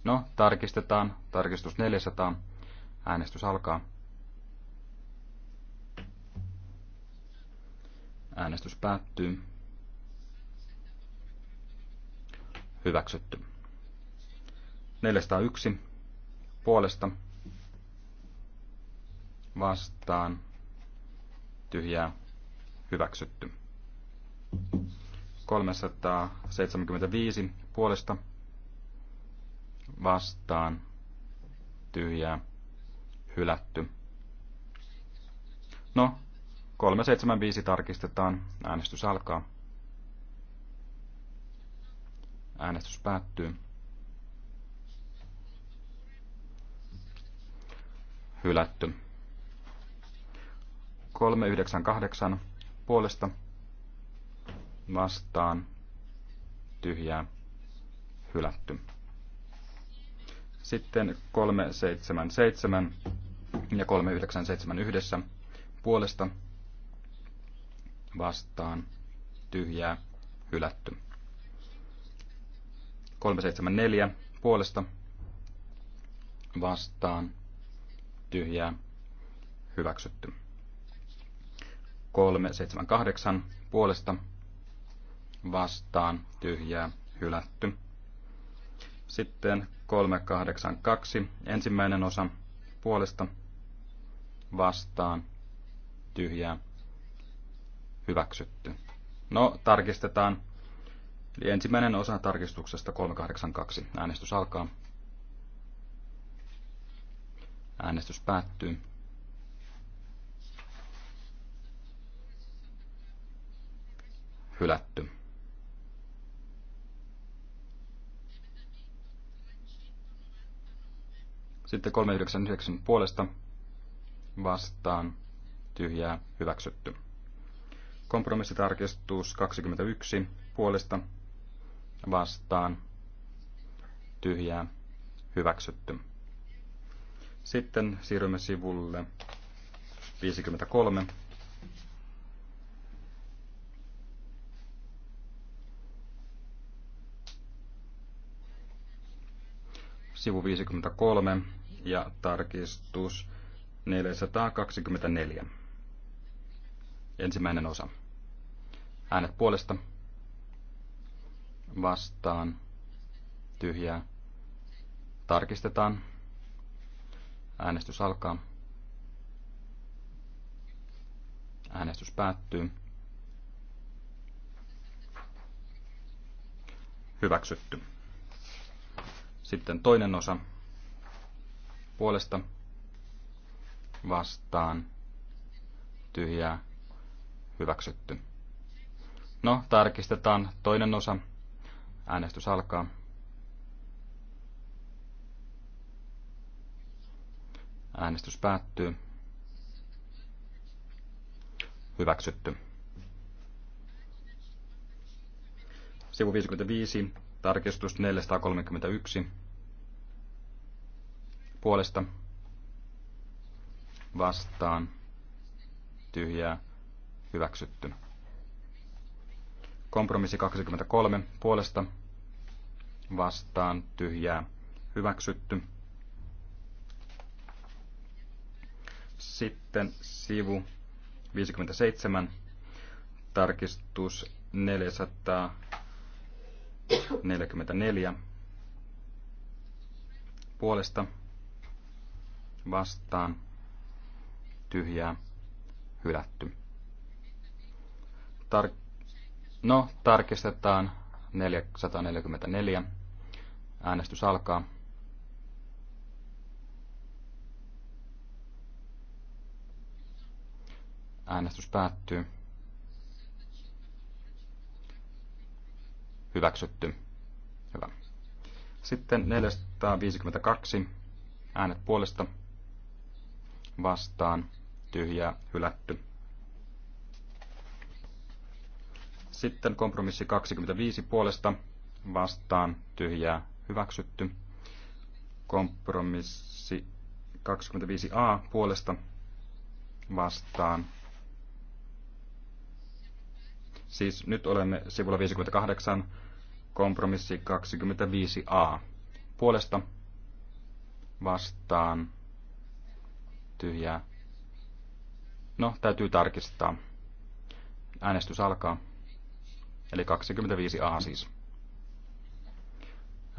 No, tarkistetaan. Tarkistus 400. Äänestys alkaa. Äänestys päättyy. Hyväksytty. 401 puolesta vastaan tyhjää hyväksytty. 375 puolesta vastaan tyhjää hylätty. No, 375 tarkistetaan. Äänestys alkaa. Äänestys päättyy. Hylätty. 398 puolesta vastaan tyhjää hylätty. Sitten 377 ja 397 yhdessä puolesta vastaan tyhjää hylätty. 374 puolesta vastaan tyhjää hyväksytty. 378 puolesta vastaan tyhjää hylätty. Sitten 382 ensimmäinen osa puolesta vastaan tyhjää hyväksytty. No, tarkistetaan. Eli ensimmäinen osa tarkistuksesta 382. Äänestys alkaa. Äänestys päättyy. Hylätty. Sitten 399 puolesta vastaan tyhjää hyväksytty. Kompromissitarkistus 21 puolesta vastaan tyhjää hyväksytty. Sitten siirrymme sivulle 53. Sivu 53 ja tarkistus 424 ensimmäinen osa. Äänet puolesta vastaan tyhjää. Tarkistetaan. Äänestys alkaa. Äänestys päättyy. Hyväksytty. Sitten toinen osa puolesta vastaan tyhjää hyväksytty. No, tarkistetaan toinen osa. Äänestys alkaa. Äänestys päättyy. Hyväksytty. Sivu 55, tarkistus 431. Puolesta vastaan tyhjää hyväksytty. Kompromissi 23 puolesta vastaan tyhjää hyväksytty. Sitten sivu 57, tarkistus 444 puolesta vastaan tyhjää hylätty. Tar- no, tarkistetaan 444. Äänestys alkaa. Äänestys päättyy. Hyväksytty. Hyvä. Sitten 452 äänet puolesta vastaan tyhjää hylätty. Sitten kompromissi 25 puolesta vastaan tyhjää hyväksytty. Kompromissi 25a puolesta vastaan. Siis nyt olemme sivulla 58, kompromissi 25a puolesta vastaan tyhjää. No, täytyy tarkistaa. Äänestys alkaa. Eli 25a siis.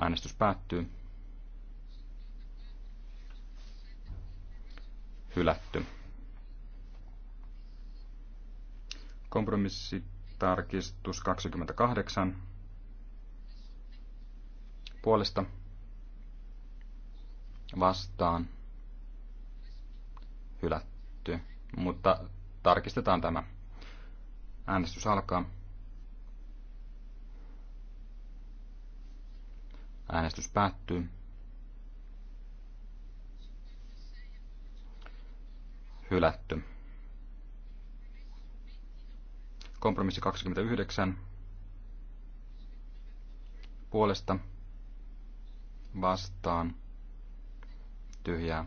Äänestys päättyy. Hylätty. Kompromissitarkistus 28. Puolesta vastaan hylätty, mutta tarkistetaan tämä. Äänestys alkaa. Äänestys päättyy. Hylätty. Kompromissi 29. Puolesta. Vastaan. Tyhjää.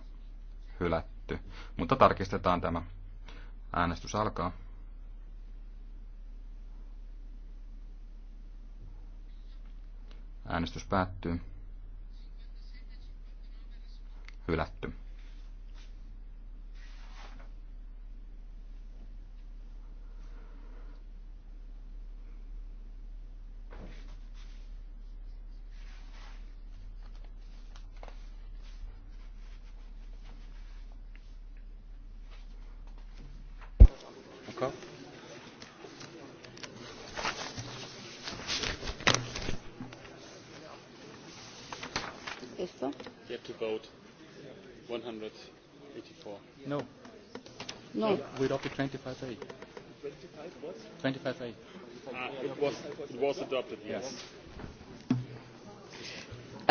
Hylätty. Mutta tarkistetaan tämä. Äänestys alkaa. Äänestys päättyy. Hylätty.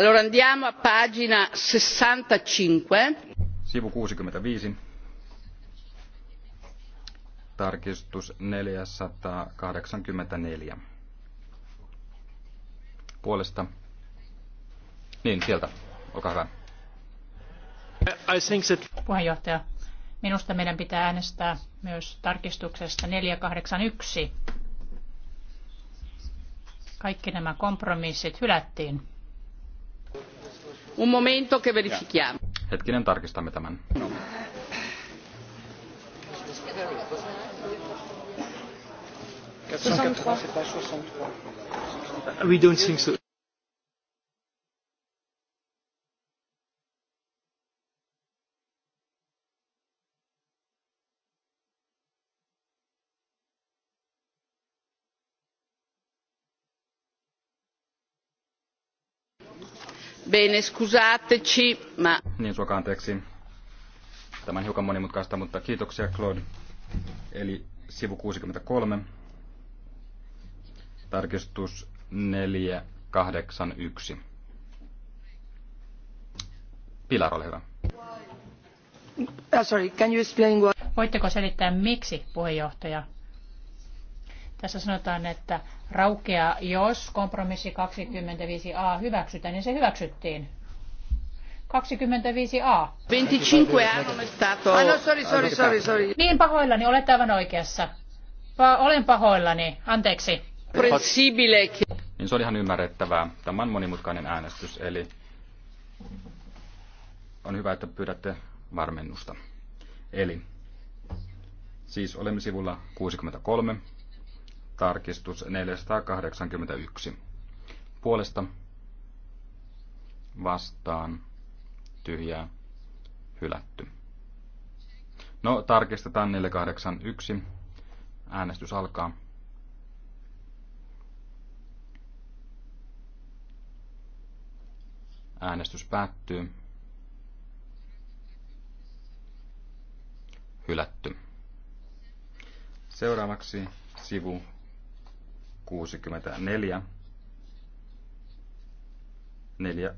Allora andiamo a pagina sessantacinque Sivu kuusikymmentäviisi Tarkistus 484. Puolesta. Niin, sieltä. Olkaa hyvä. I think that... Puheenjohtaja, minusta meidän pitää äänestää myös tarkistuksesta 481. Kaikki nämä kompromissit hylättiin. Un momento che verifichiamo. Hetkinen tarkistamme tämän. We don't think so. Bene, scusateci, ma... Niin, suokaa anteeksi. Tämä on hiukan monimutkaista, mutta kiitoksia Claude. Eli sivu 63, tarkistus 481. Pilar, ole hyvä. Ah, sorry, can you explain what... Voitteko selittää, miksi puheenjohtaja tässä sanotaan, että raukea, jos kompromissi 25a hyväksytään, niin se hyväksyttiin. 25a. 25 a Ah, no, sorry, sorry, sorry, sorry. Niin pahoillani, olet aivan oikeassa. Pa- olen pahoillani, anteeksi. Niin se oli ihan ymmärrettävää. Tämä on monimutkainen äänestys, eli on hyvä, että pyydätte varmennusta. Eli siis olemme sivulla 63 tarkistus 481. Puolesta vastaan tyhjää hylätty. No, tarkistetaan 481. Äänestys alkaa. Äänestys päättyy. Hylätty. Seuraavaksi sivu 64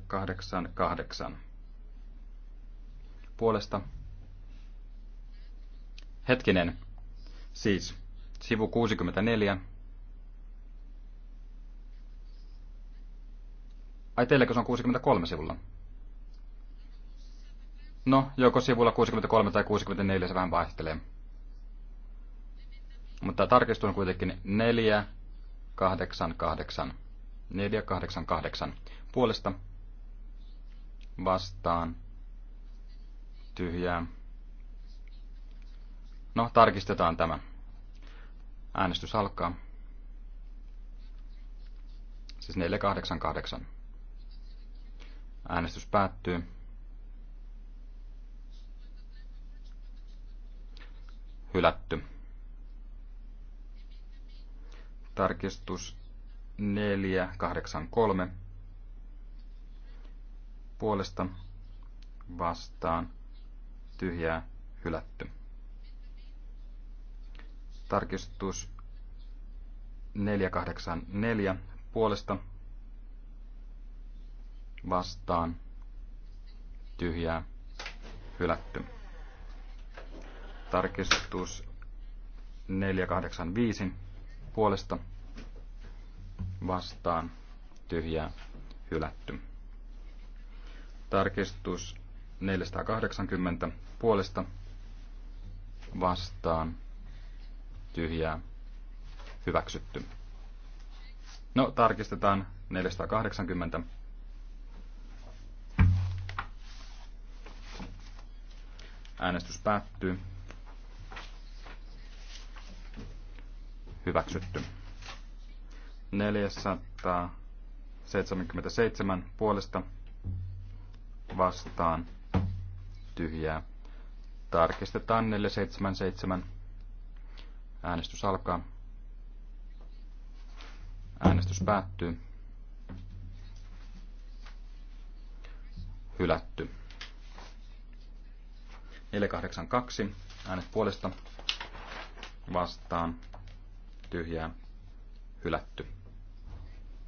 488 puolesta. Hetkinen, siis sivu 64. Ai teillekö se on 63 sivulla? No, joko sivulla 63 tai 64 se vähän vaihtelee. Mutta tarkistun kuitenkin 4, 88 488 puolesta vastaan tyhjää. No, tarkistetaan tämä. Äänestys alkaa. Siis 488. Äänestys päättyy. Hylätty. Tarkistus 483 puolesta vastaan tyhjää hylätty. Tarkistus 484 puolesta vastaan tyhjää hylätty. Tarkistus 485 puolesta vastaan tyhjää hylätty. Tarkistus 480 puolesta vastaan tyhjää hyväksytty. No, tarkistetaan 480. Äänestys päättyy. hyväksytty. 477 puolesta vastaan tyhjää. Tarkistetaan 477. Äänestys alkaa. Äänestys päättyy. Hylätty. 482. Äänet puolesta vastaan tyhjää, hylätty.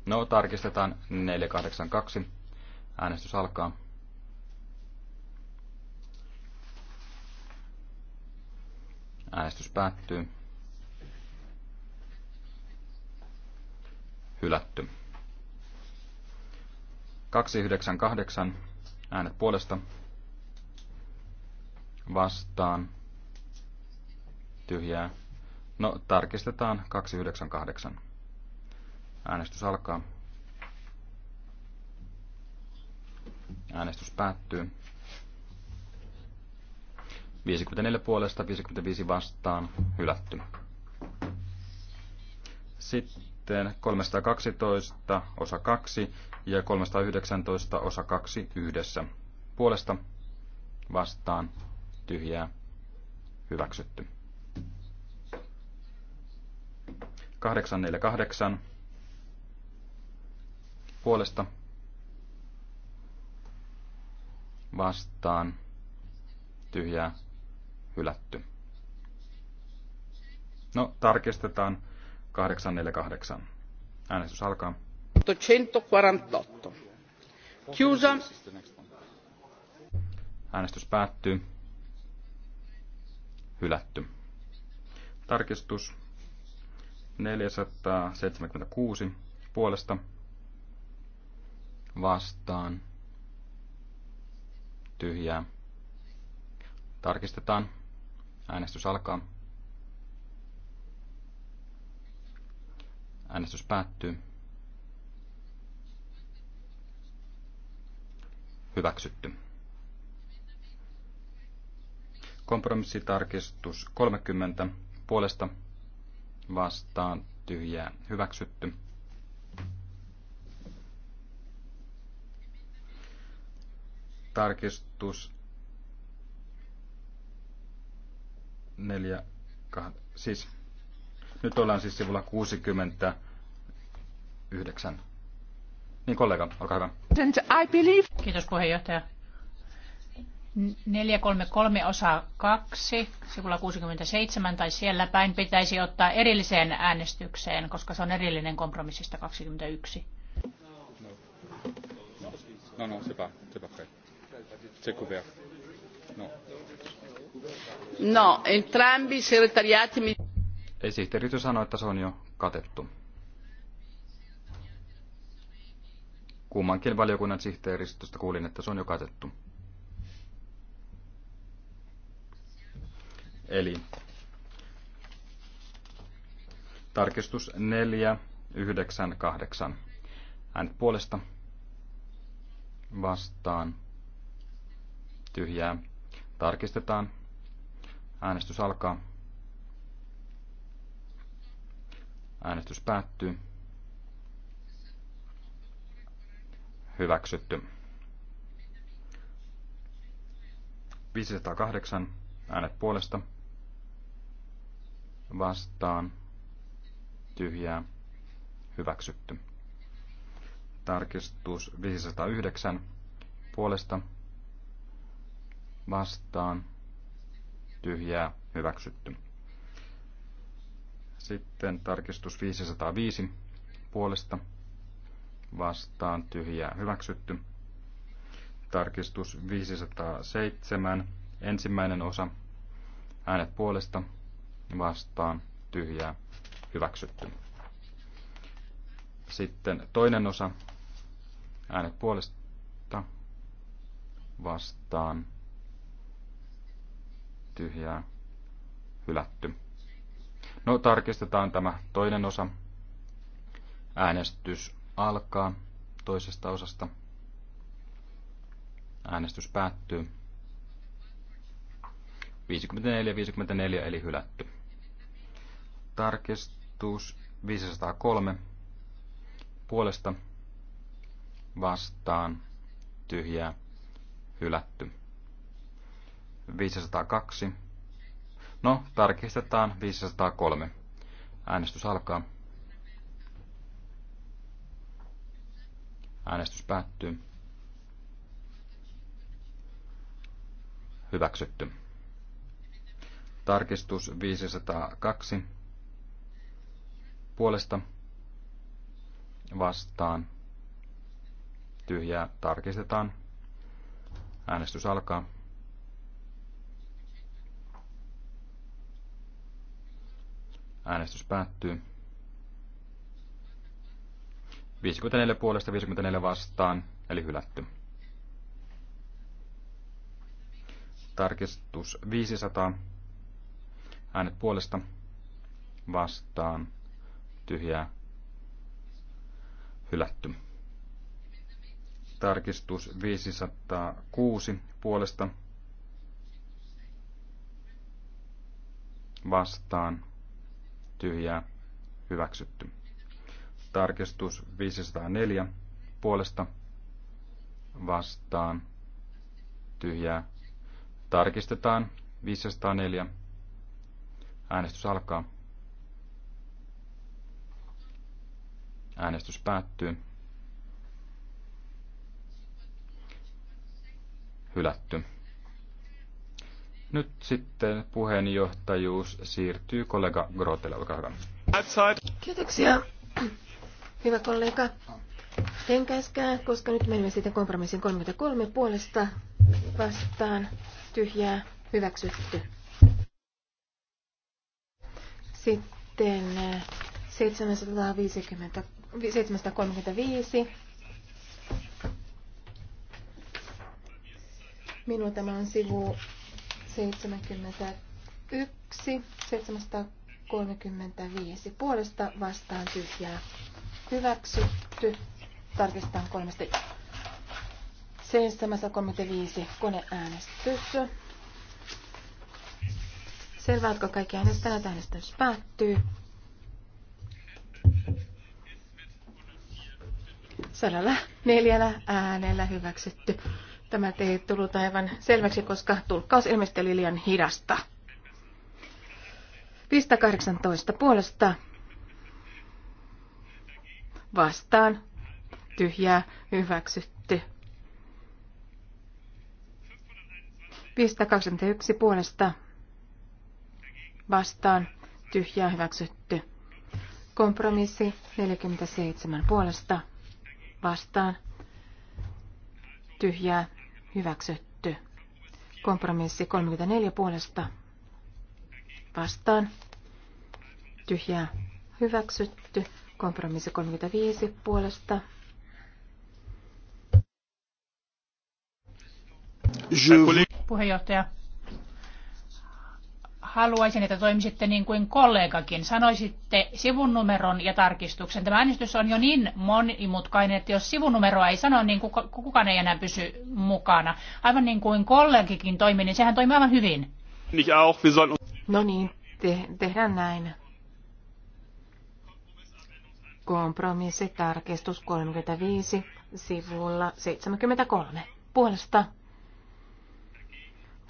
No, tarkistetaan 482. Äänestys alkaa. Äänestys päättyy. Hylätty. 298. Äänet puolesta. Vastaan. Tyhjää. No, tarkistetaan 298. Äänestys alkaa. Äänestys päättyy. 54 puolesta, 55 vastaan, hylätty. Sitten 312 osa 2 ja 319 osa 2 yhdessä. Puolesta, vastaan, tyhjää, hyväksytty. 848 puolesta vastaan tyhjää hylätty. No, tarkistetaan 848. Äänestys alkaa. 848. Chiusa. Äänestys päättyy. Hylätty. Tarkistus 476 puolesta vastaan tyhjää. Tarkistetaan. Äänestys alkaa. Äänestys päättyy. Hyväksytty. Kompromissitarkistus 30 puolesta vastaan tyhjää hyväksytty. Tarkistus 4, siis nyt ollaan siis sivulla 69. Niin kollega, olkaa hyvä. I believe... Kiitos puheenjohtaja. 433 osa 2, sivulla 67 tai siellä päin pitäisi ottaa erilliseen äänestykseen, koska se on erillinen kompromissista 21. No, no, c'est pas, c'est pas C'est couvert. No. No, entrambi segretariati mi... Ei sanoi, että se on jo katettu. Kummankin valiokunnan sihteeristöstä kuulin, että se on jo katettu. Eli tarkistus 498. Äänet puolesta vastaan tyhjää. Tarkistetaan. Äänestys alkaa. Äänestys päättyy. Hyväksytty. 508 äänet puolesta vastaan tyhjää hyväksytty. Tarkistus 509 puolesta vastaan tyhjää hyväksytty. Sitten tarkistus 505 puolesta vastaan tyhjää hyväksytty. Tarkistus 507 ensimmäinen osa äänet puolesta vastaan tyhjää hyväksytty. Sitten toinen osa äänet puolesta vastaan tyhjää hylätty. No tarkistetaan tämä toinen osa. Äänestys alkaa toisesta osasta. Äänestys päättyy. 54-54 eli hylätty. Tarkistus 503 puolesta vastaan tyhjää hylätty. 502. No, tarkistetaan 503. Äänestys alkaa. Äänestys päättyy. Hyväksytty. Tarkistus 502 puolesta vastaan tyhjää tarkistetaan. Äänestys alkaa. Äänestys päättyy. 54 puolesta 54 vastaan, eli hylätty. Tarkistus 500. Äänet puolesta vastaan tyhjää hylätty. Tarkistus 506 puolesta vastaan tyhjää hyväksytty. Tarkistus 504 puolesta vastaan tyhjää. Tarkistetaan 504. Äänestys alkaa. Äänestys päättyy. Hylätty. Nyt sitten puheenjohtajuus siirtyy kollega Grotelle, olkaa hyvä. Kiitoksia, hyvä kollega. En käskää, koska nyt menemme sitten kompromissin 33 puolesta vastaan tyhjää hyväksytty. Sitten 752 eh, 735. Minulla tämä on sivu 71, 735. Puolesta vastaan tyhjää. Hyväksytty. Tarkistetaan kolmesta 735 koneäänestys. Selvä, oletko kaikki äänestäneet? Äänestys päättyy. sadalla neljällä äänellä hyväksytty. Tämä ei tullut aivan selväksi, koska tulkkaus ilmeisesti oli liian hidasta. 518 puolesta vastaan tyhjää hyväksytty. 521 puolesta vastaan tyhjää hyväksytty. Kompromissi 47 puolesta vastaan tyhjää hyväksytty. Kompromissi 34 puolesta vastaan tyhjää hyväksytty. Kompromissi 35 puolesta Je... Puheenjohtaja, haluaisin, että toimisitte niin kuin kollegakin. Sanoisitte sivun numeron ja tarkistuksen. Tämä äänestys on jo niin monimutkainen, että jos sivun numeroa ei sano, niin kuka, kukaan ei enää pysy mukana. Aivan niin kuin kollegikin toimii, niin sehän toimii aivan hyvin. No niin, te, tehdään näin. tarkistus 35 sivulla 73. Puolesta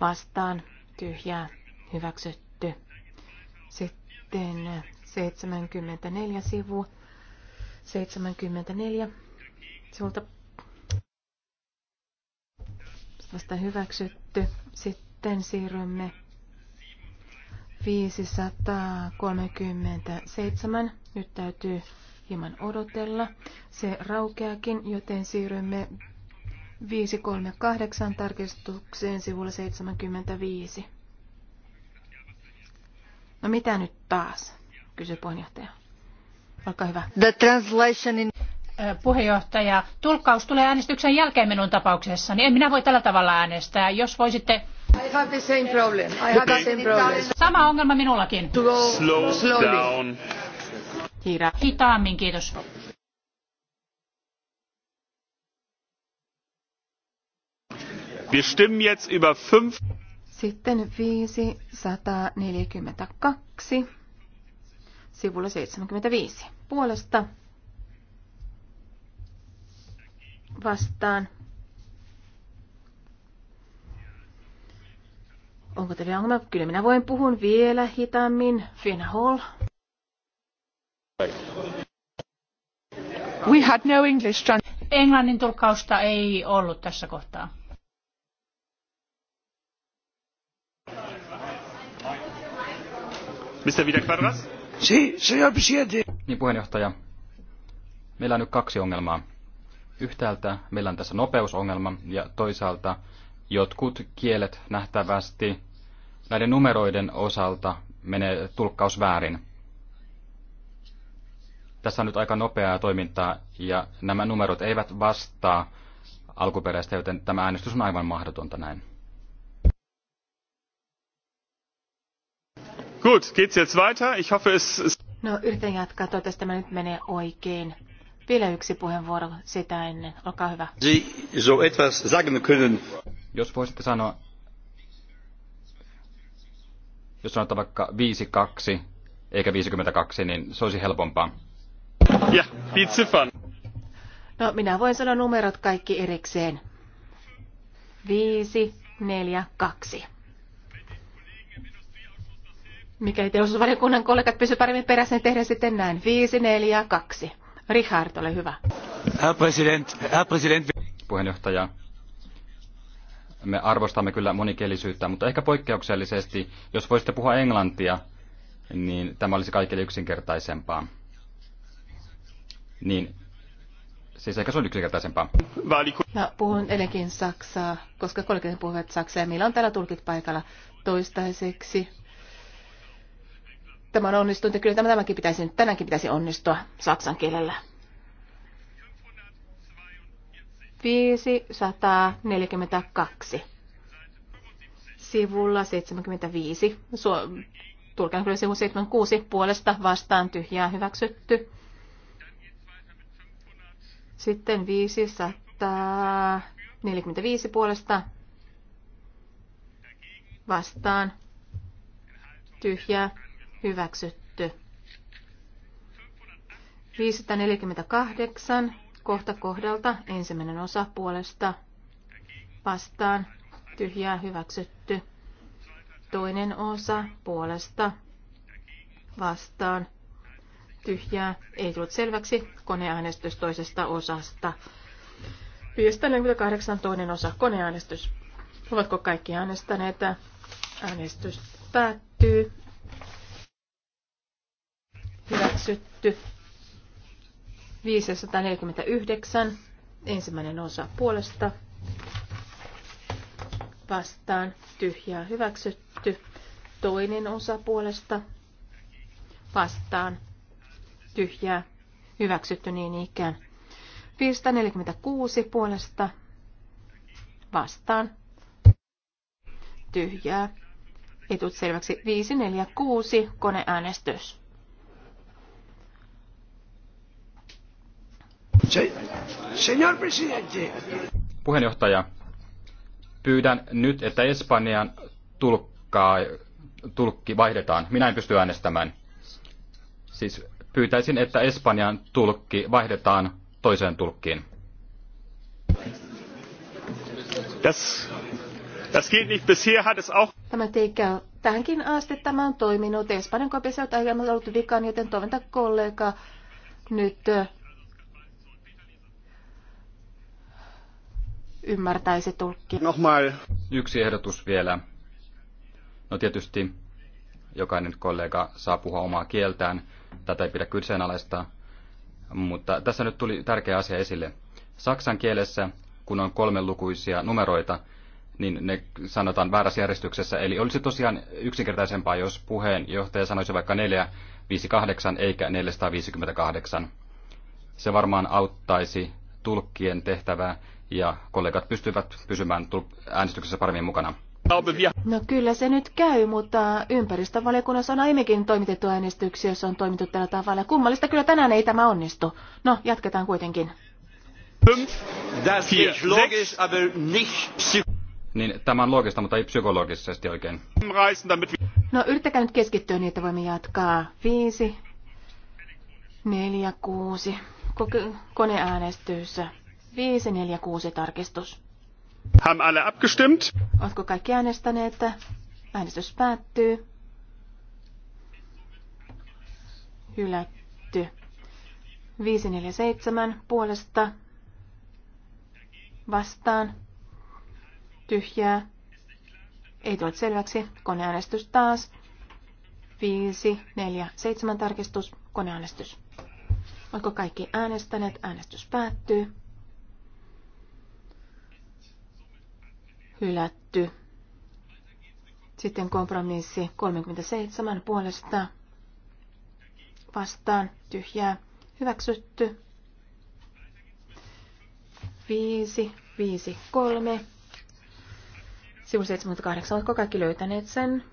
vastaan tyhjää hyväksytty. Sitten 74 sivu. 74 sivulta vasta hyväksytty. Sitten siirrymme 537. Nyt täytyy hieman odotella. Se raukeakin, joten siirrymme 538 tarkistukseen sivulla 75. No mitä nyt taas? kysyi puheenjohtaja. Olkaa hyvä. The translation in... Puheenjohtaja, tulkkaus tulee äänestyksen jälkeen minun tapauksessani. Niin en minä voi tällä tavalla äänestää. Jos voisitte... I have the same problem. I have the same problem. Sama ongelma minullakin. Slow, slow down. Hiira. Hitaammin, kiitos. Wir stimmen jetzt über fünf... Sitten 542 sivulla 75 puolesta vastaan. Onko teillä ongelma? Kyllä minä voin puhun vielä hitaammin. Finn Hall. We had no English Englannin tulkausta ei ollut tässä kohtaa. Niin puheenjohtaja, meillä on nyt kaksi ongelmaa. Yhtäältä meillä on tässä nopeusongelma ja toisaalta jotkut kielet nähtävästi näiden numeroiden osalta menee tulkkaus väärin. Tässä on nyt aika nopeaa toimintaa ja nämä numerot eivät vastaa alkuperäistä, joten tämä äänestys on aivan mahdotonta näin. Gut, geht's jetzt weiter? Ich hoffe, es ist... No, yritän jatkaa. Toivottavasti tämä nyt menee oikein. Vielä yksi puheenvuoro sitä ennen. Olkaa hyvä. Sie so etwas sagen können. Jos voisitte sanoa, jos sanotaan vaikka 52 eikä 52, niin se olisi helpompaa. Ja, die No, minä voin sanoa numerot kaikki erikseen. 5, 4, 2. Mikäli teollisuusvaliokunnan kollegat pysyvät paremmin perässä, niin tehdään sitten näin. 5, 4, 2. Richard, ole hyvä. Herr president, herr president. Puheenjohtaja, me arvostamme kyllä monikielisyyttä, mutta ehkä poikkeuksellisesti, jos voisitte puhua englantia, niin tämä olisi kaikille yksinkertaisempaa. Niin, siis ehkä se on yksinkertaisempaa. Mä puhun edelleenkin saksaa, koska kollegat puhuvat saksaa ja meillä on täällä tulkit paikalla toistaiseksi. Tämä on onnistunut ja kyllä tämäkin pitäisi nyt tänäänkin pitäisi onnistua saksan kielellä. 542. Sivulla 75. Su- Tulkan kyllä sivu 76 puolesta vastaan tyhjää hyväksytty. Sitten 545 puolesta vastaan tyhjää hyväksytty. 548 kohta kohdalta ensimmäinen osa puolesta vastaan tyhjää hyväksytty. Toinen osa puolesta vastaan tyhjää ei tullut selväksi koneäänestys toisesta osasta. 548 toinen osa koneäänestys. Ovatko kaikki äänestäneet? Äänestys päättyy hyväksytty. 549, ensimmäinen osa puolesta, vastaan, tyhjää hyväksytty. Toinen osa puolesta, vastaan, tyhjää hyväksytty niin ikään. 546 puolesta, vastaan, tyhjää. Etut selväksi 546, koneäänestys. Puheenjohtaja, pyydän nyt, että Espanjan tulkkaa, tulkki vaihdetaan. Minä en pysty äänestämään. Siis pyytäisin, että Espanjan tulkki vaihdetaan toiseen tulkkiin. Das, das geht nicht. Bisher hat es auch... Tämä teikä tähänkin asti tämä on toiminut. Espanjan ei on ollut vikaan, joten toivon, kollega nyt ymmärtäisi tulkki. Yksi ehdotus vielä. No tietysti jokainen kollega saa puhua omaa kieltään. Tätä ei pidä kyseenalaistaa. Mutta tässä nyt tuli tärkeä asia esille. Saksan kielessä, kun on lukuisia numeroita, niin ne sanotaan väärässä järjestyksessä. Eli olisi tosiaan yksinkertaisempaa, jos puheenjohtaja sanoisi vaikka 458 eikä 458. Se varmaan auttaisi tulkkien tehtävää ja kollegat pystyvät pysymään äänestyksessä paremmin mukana. No kyllä se nyt käy, mutta ympäristövaliokunnassa on aiemminkin toimitettu äänestyksiä, jos on toimittu tällä tavalla. Kummallista kyllä tänään ei tämä onnistu. No, jatketaan kuitenkin. Niin, tämä on loogista, mutta ei psykologisesti oikein. No yrittäkää nyt keskittyä niin, että voimme jatkaa. Viisi, neljä, kuusi. Koneäänestys. 546 tarkistus. Haben alle abgestimmt? Oletko kaikki äänestäneet? Äänestys päättyy. Hylätty. 547 puolesta vastaan. Tyhjää. Ei tullut selväksi. Koneäänestys taas. 547 tarkistus. Koneäänestys. Oletko kaikki äänestäneet? Äänestys päättyy. hylätty. Sitten kompromissi 37 puolesta vastaan tyhjää hyväksytty. 5, 5, 3. Sivu 78, oletko kaikki löytäneet sen?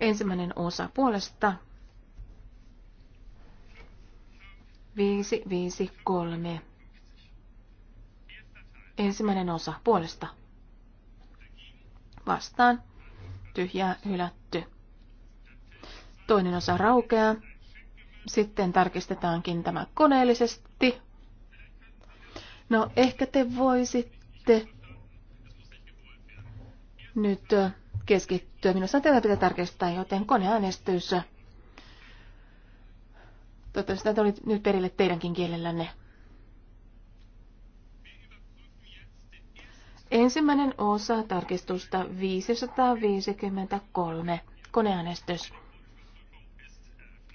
Ensimmäinen osa puolesta. 5, 5, 3 Ensimmäinen osa puolesta. Vastaan. Tyhjää hylätty. Toinen osa raukeaa. Sitten tarkistetaankin tämä koneellisesti. No, ehkä te voisitte nyt keskittyä. Minusta tämä pitää tarkistaa, joten koneäänestys. Toivottavasti tämä oli nyt perille teidänkin kielellänne. Ensimmäinen osa tarkistusta 553. Koneäänestys.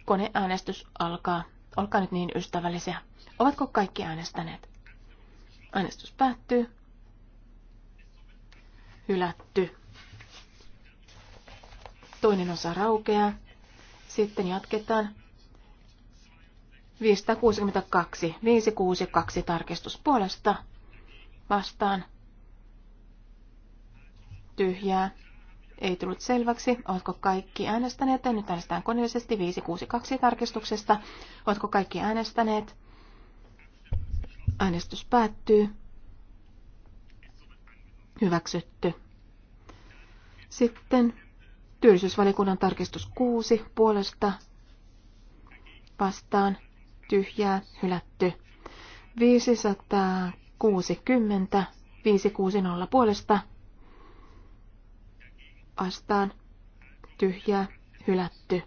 Koneäänestys alkaa. Olkaa nyt niin ystävällisiä. Ovatko kaikki äänestäneet? Äänestys päättyy. Hylätty. Toinen osa raukeaa. Sitten jatketaan. 562. 562 tarkistus puolesta. Vastaan tyhjää. Ei tullut selväksi, oletko kaikki äänestäneet. Nyt äänestetään koneellisesti 562 tarkistuksesta. Oletko kaikki äänestäneet? Äänestys päättyy. Hyväksytty. Sitten työllisyysvaliokunnan tarkistus 6 puolesta vastaan tyhjää hylätty. 560 560 puolesta astaan, tyhjää hylätty.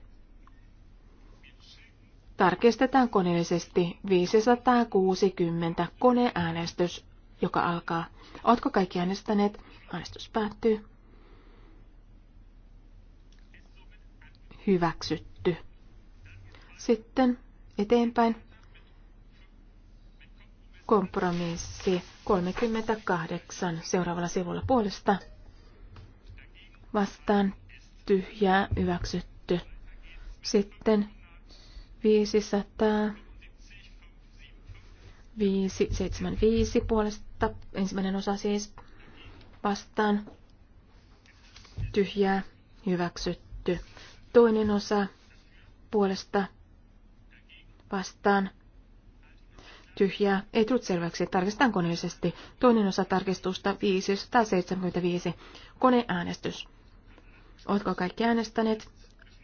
Tarkistetaan koneellisesti 560 koneäänestys, joka alkaa. Ootko kaikki äänestäneet? Äänestys päättyy. Hyväksytty. Sitten eteenpäin. Kompromissi 38 seuraavalla sivulla puolesta vastaan tyhjää hyväksytty. Sitten 500 575 puolesta, ensimmäinen osa siis vastaan tyhjää hyväksytty. Toinen osa puolesta vastaan tyhjää. Ei tullut selväksi, tarkistetaan koneellisesti. Toinen osa tarkistusta 575. Koneäänestys. Oletko kaikki äänestäneet?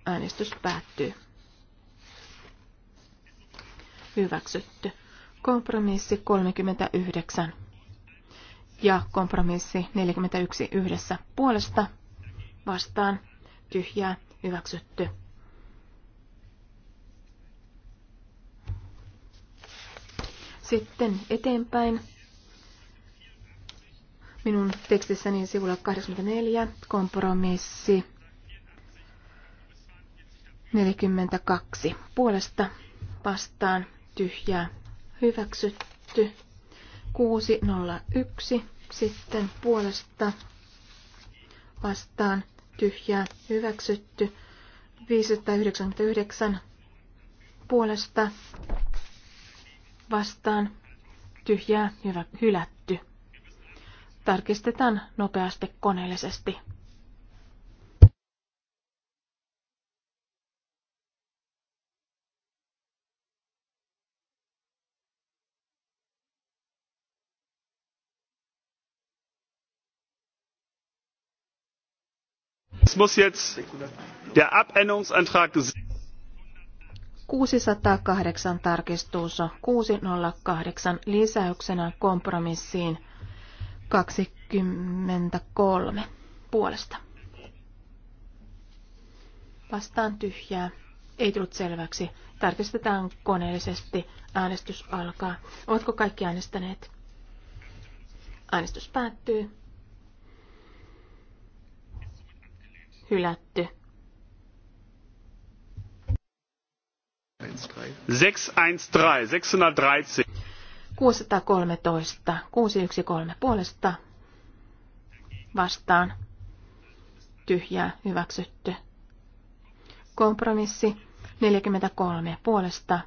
Äänestys päättyy. Hyväksytty. Kompromissi 39 ja kompromissi 41 yhdessä puolesta vastaan tyhjää hyväksytty. Sitten eteenpäin minun tekstissäni sivulla 84 kompromissi 42 puolesta vastaan tyhjää hyväksytty 601 sitten puolesta vastaan tyhjää hyväksytty 599 puolesta vastaan tyhjää hylätty tarkistetaan nopeasti koneellisesti. Es muss jetzt der Abänderungsantrag 608 tarkistus 608 lisäyksenä kompromissiin 23 puolesta. Vastaan tyhjää. Ei tullut selväksi. Tarkistetaan koneellisesti. Äänestys alkaa. Ovatko kaikki äänestäneet? Äänestys päättyy. Hylätty. 613. 613. 613, 613 puolesta vastaan tyhjää hyväksytty. Kompromissi 43 puolesta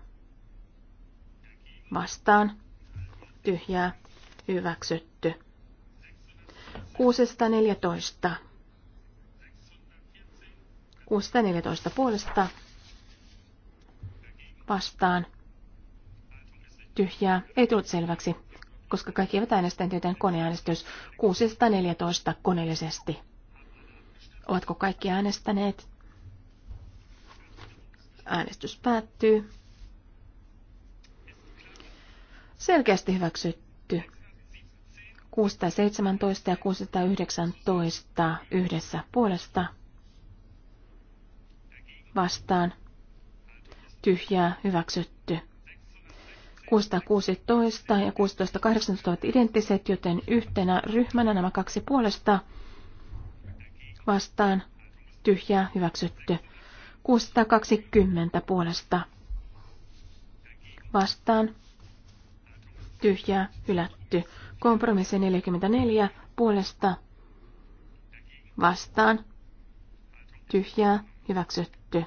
vastaan tyhjää hyväksytty. 614 614 puolesta vastaan Tyhjää ei tullut selväksi, koska kaikki eivät äänestäneet, joten koneäänestys 614 koneellisesti. Ovatko kaikki äänestäneet? Äänestys päättyy. Selkeästi hyväksytty. 617 ja 619 yhdessä puolesta vastaan. Tyhjää hyväksytty. 616 ja 1618 ovat identtiset, joten yhtenä ryhmänä nämä kaksi puolesta vastaan tyhjää hyväksytty. 620 puolesta vastaan tyhjää hylätty. Kompromissi 44 puolesta vastaan tyhjää hyväksytty.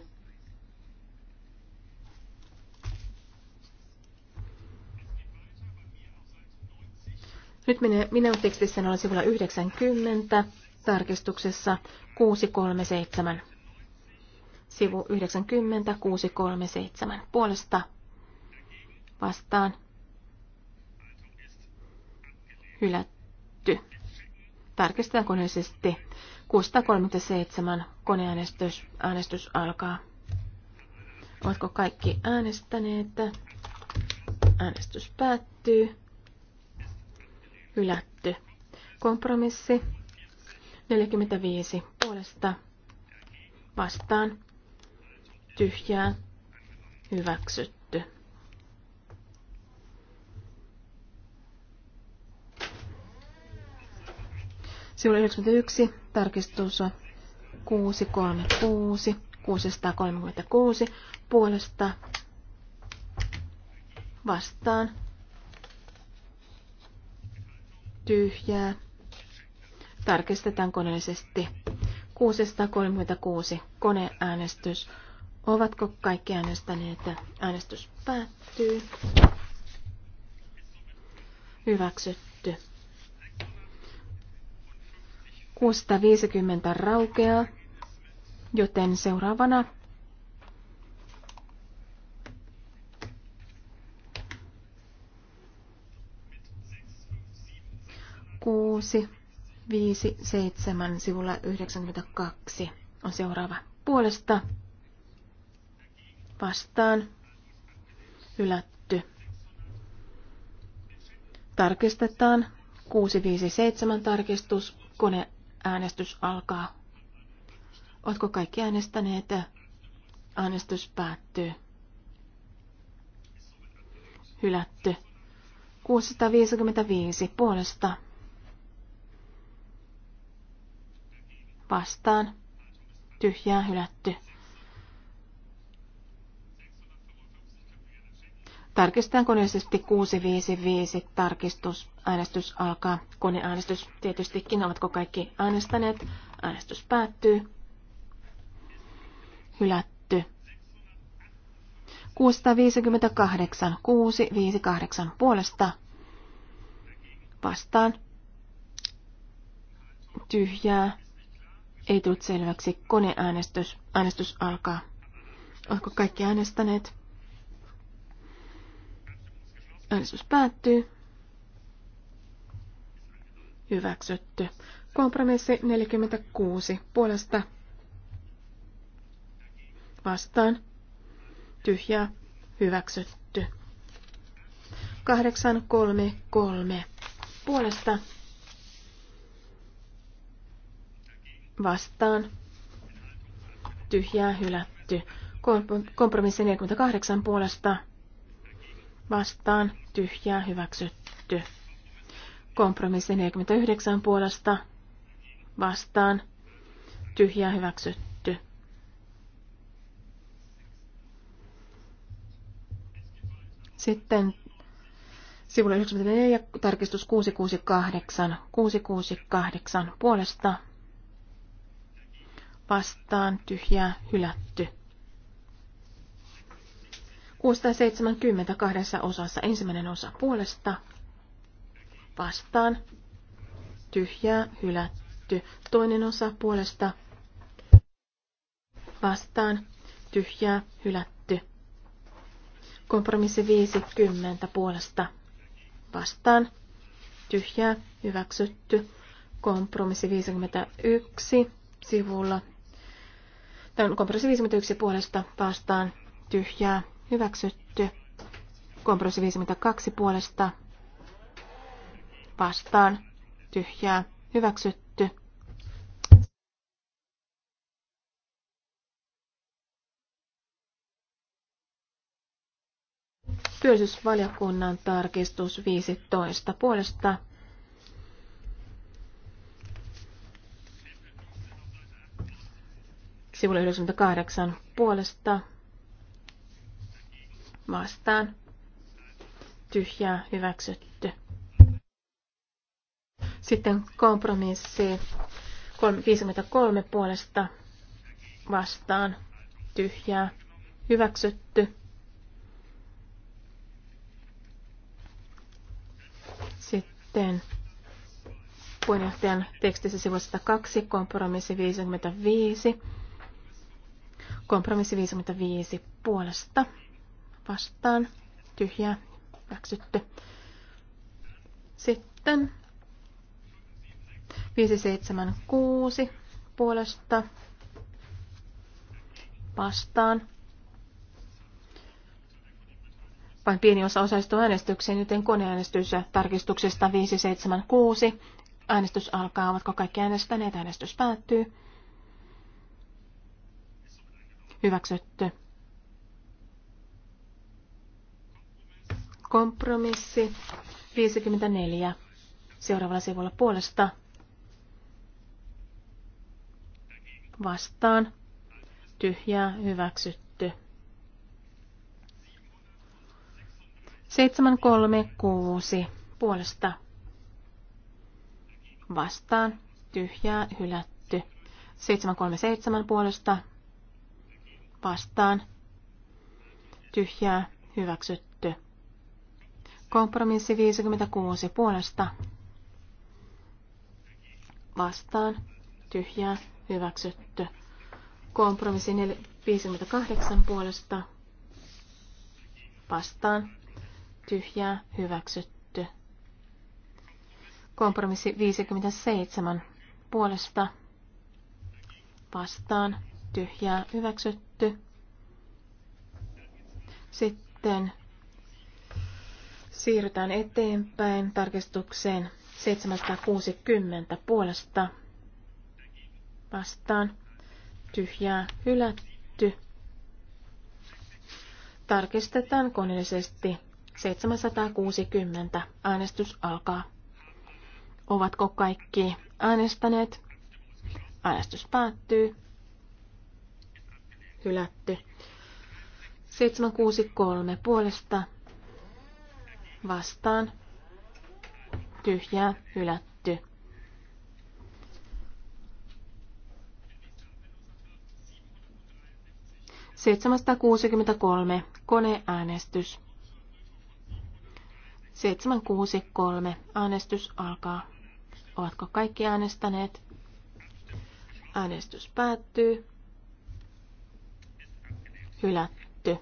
Nyt minä, olen tekstissä olen sivulla 90, tarkistuksessa 637. Sivu 90, 637. Puolesta vastaan hylätty. Tarkistetaan koneisesti. 637 koneäänestys äänestys alkaa. Oletko kaikki äänestäneet? Äänestys päättyy hylätty. Kompromissi 45 puolesta vastaan tyhjää hyväksytty. Sivulla 91 tarkistus 636 636 puolesta vastaan tyhjää. Tarkistetaan koneellisesti. 636 koneäänestys. Ovatko kaikki äänestäneet? Äänestys päättyy. Hyväksytty. 650 raukeaa, joten seuraavana 6, 5, 7, sivulla 92 on seuraava puolesta. Vastaan. Hylätty. Tarkistetaan. 6, 5, 7 tarkistus. Koneäänestys alkaa. Oletko kaikki äänestäneet? Äänestys päättyy. Hylätty. 655 puolesta vastaan tyhjää hylätty. Tarkistetaan koneellisesti 655. Tarkistus. Äänestys alkaa. Koneäänestys tietystikin. Ovatko kaikki äänestäneet? Äänestys päättyy. Hylätty. 658. 658 puolesta. Vastaan. Tyhjää. Ei tullut selväksi. Koneäänestys. Äänestys alkaa. Oletko kaikki äänestäneet? Äänestys päättyy. Hyväksytty. Kompromissi 46. Puolesta vastaan. Tyhjää. Hyväksytty. 833. Puolesta vastaan tyhjää hylätty. Kompromissi 48 puolesta vastaan tyhjää hyväksytty. Kompromissi 49 puolesta vastaan tyhjää hyväksytty. Sitten sivulla 94 tarkistus 668. 668 puolesta vastaan tyhjää hylätty. 670 kahdessa osassa ensimmäinen osa puolesta vastaan tyhjää hylätty. Toinen osa puolesta vastaan tyhjää hylätty. Kompromissi 50 puolesta vastaan tyhjää hyväksytty. Kompromissi 51 sivulla Tämä on kompromissi 51 puolesta vastaan tyhjää hyväksytty. Kompromissi 52 puolesta vastaan tyhjää hyväksytty. Työllisyysvaliokunnan tarkistus 15 puolesta sivulle 98 puolesta vastaan tyhjää hyväksytty. Sitten kompromissi 53 puolesta vastaan tyhjää hyväksytty. Sitten puheenjohtajan tekstissä sivuista kaksi kompromissi 55 Kompromissi 55 puolesta vastaan. Tyhjää. Hyväksytty. Sitten 576 puolesta vastaan. Vain pieni osa osallistuu äänestykseen, joten koneäänestys tarkistuksesta 576. Äänestys alkaa, ovatko kaikki äänestäneet, äänestys päättyy. Hyväksytty. Kompromissi 54. Seuraavalla sivulla puolesta. Vastaan. Tyhjää hyväksytty. 736 puolesta. Vastaan. Tyhjää hylätty. 737 puolesta vastaan, tyhjää, hyväksytty. Kompromissi 56 puolesta, vastaan, tyhjää, hyväksytty. Kompromissi 58 puolesta, vastaan, tyhjää, hyväksytty. Kompromissi 57 puolesta, vastaan, tyhjää hyväksytty. Sitten siirrytään eteenpäin tarkistukseen 760 puolesta vastaan tyhjää hylätty. Tarkistetaan koneellisesti 760. Äänestys alkaa. Ovatko kaikki äänestäneet? Äänestys päättyy hylätty. 763 puolesta vastaan tyhjää hylätty. kolme koneäänestys. Seitsemän kuusi kolme äänestys alkaa. Ovatko kaikki äänestäneet? Äänestys päättyy hylätty.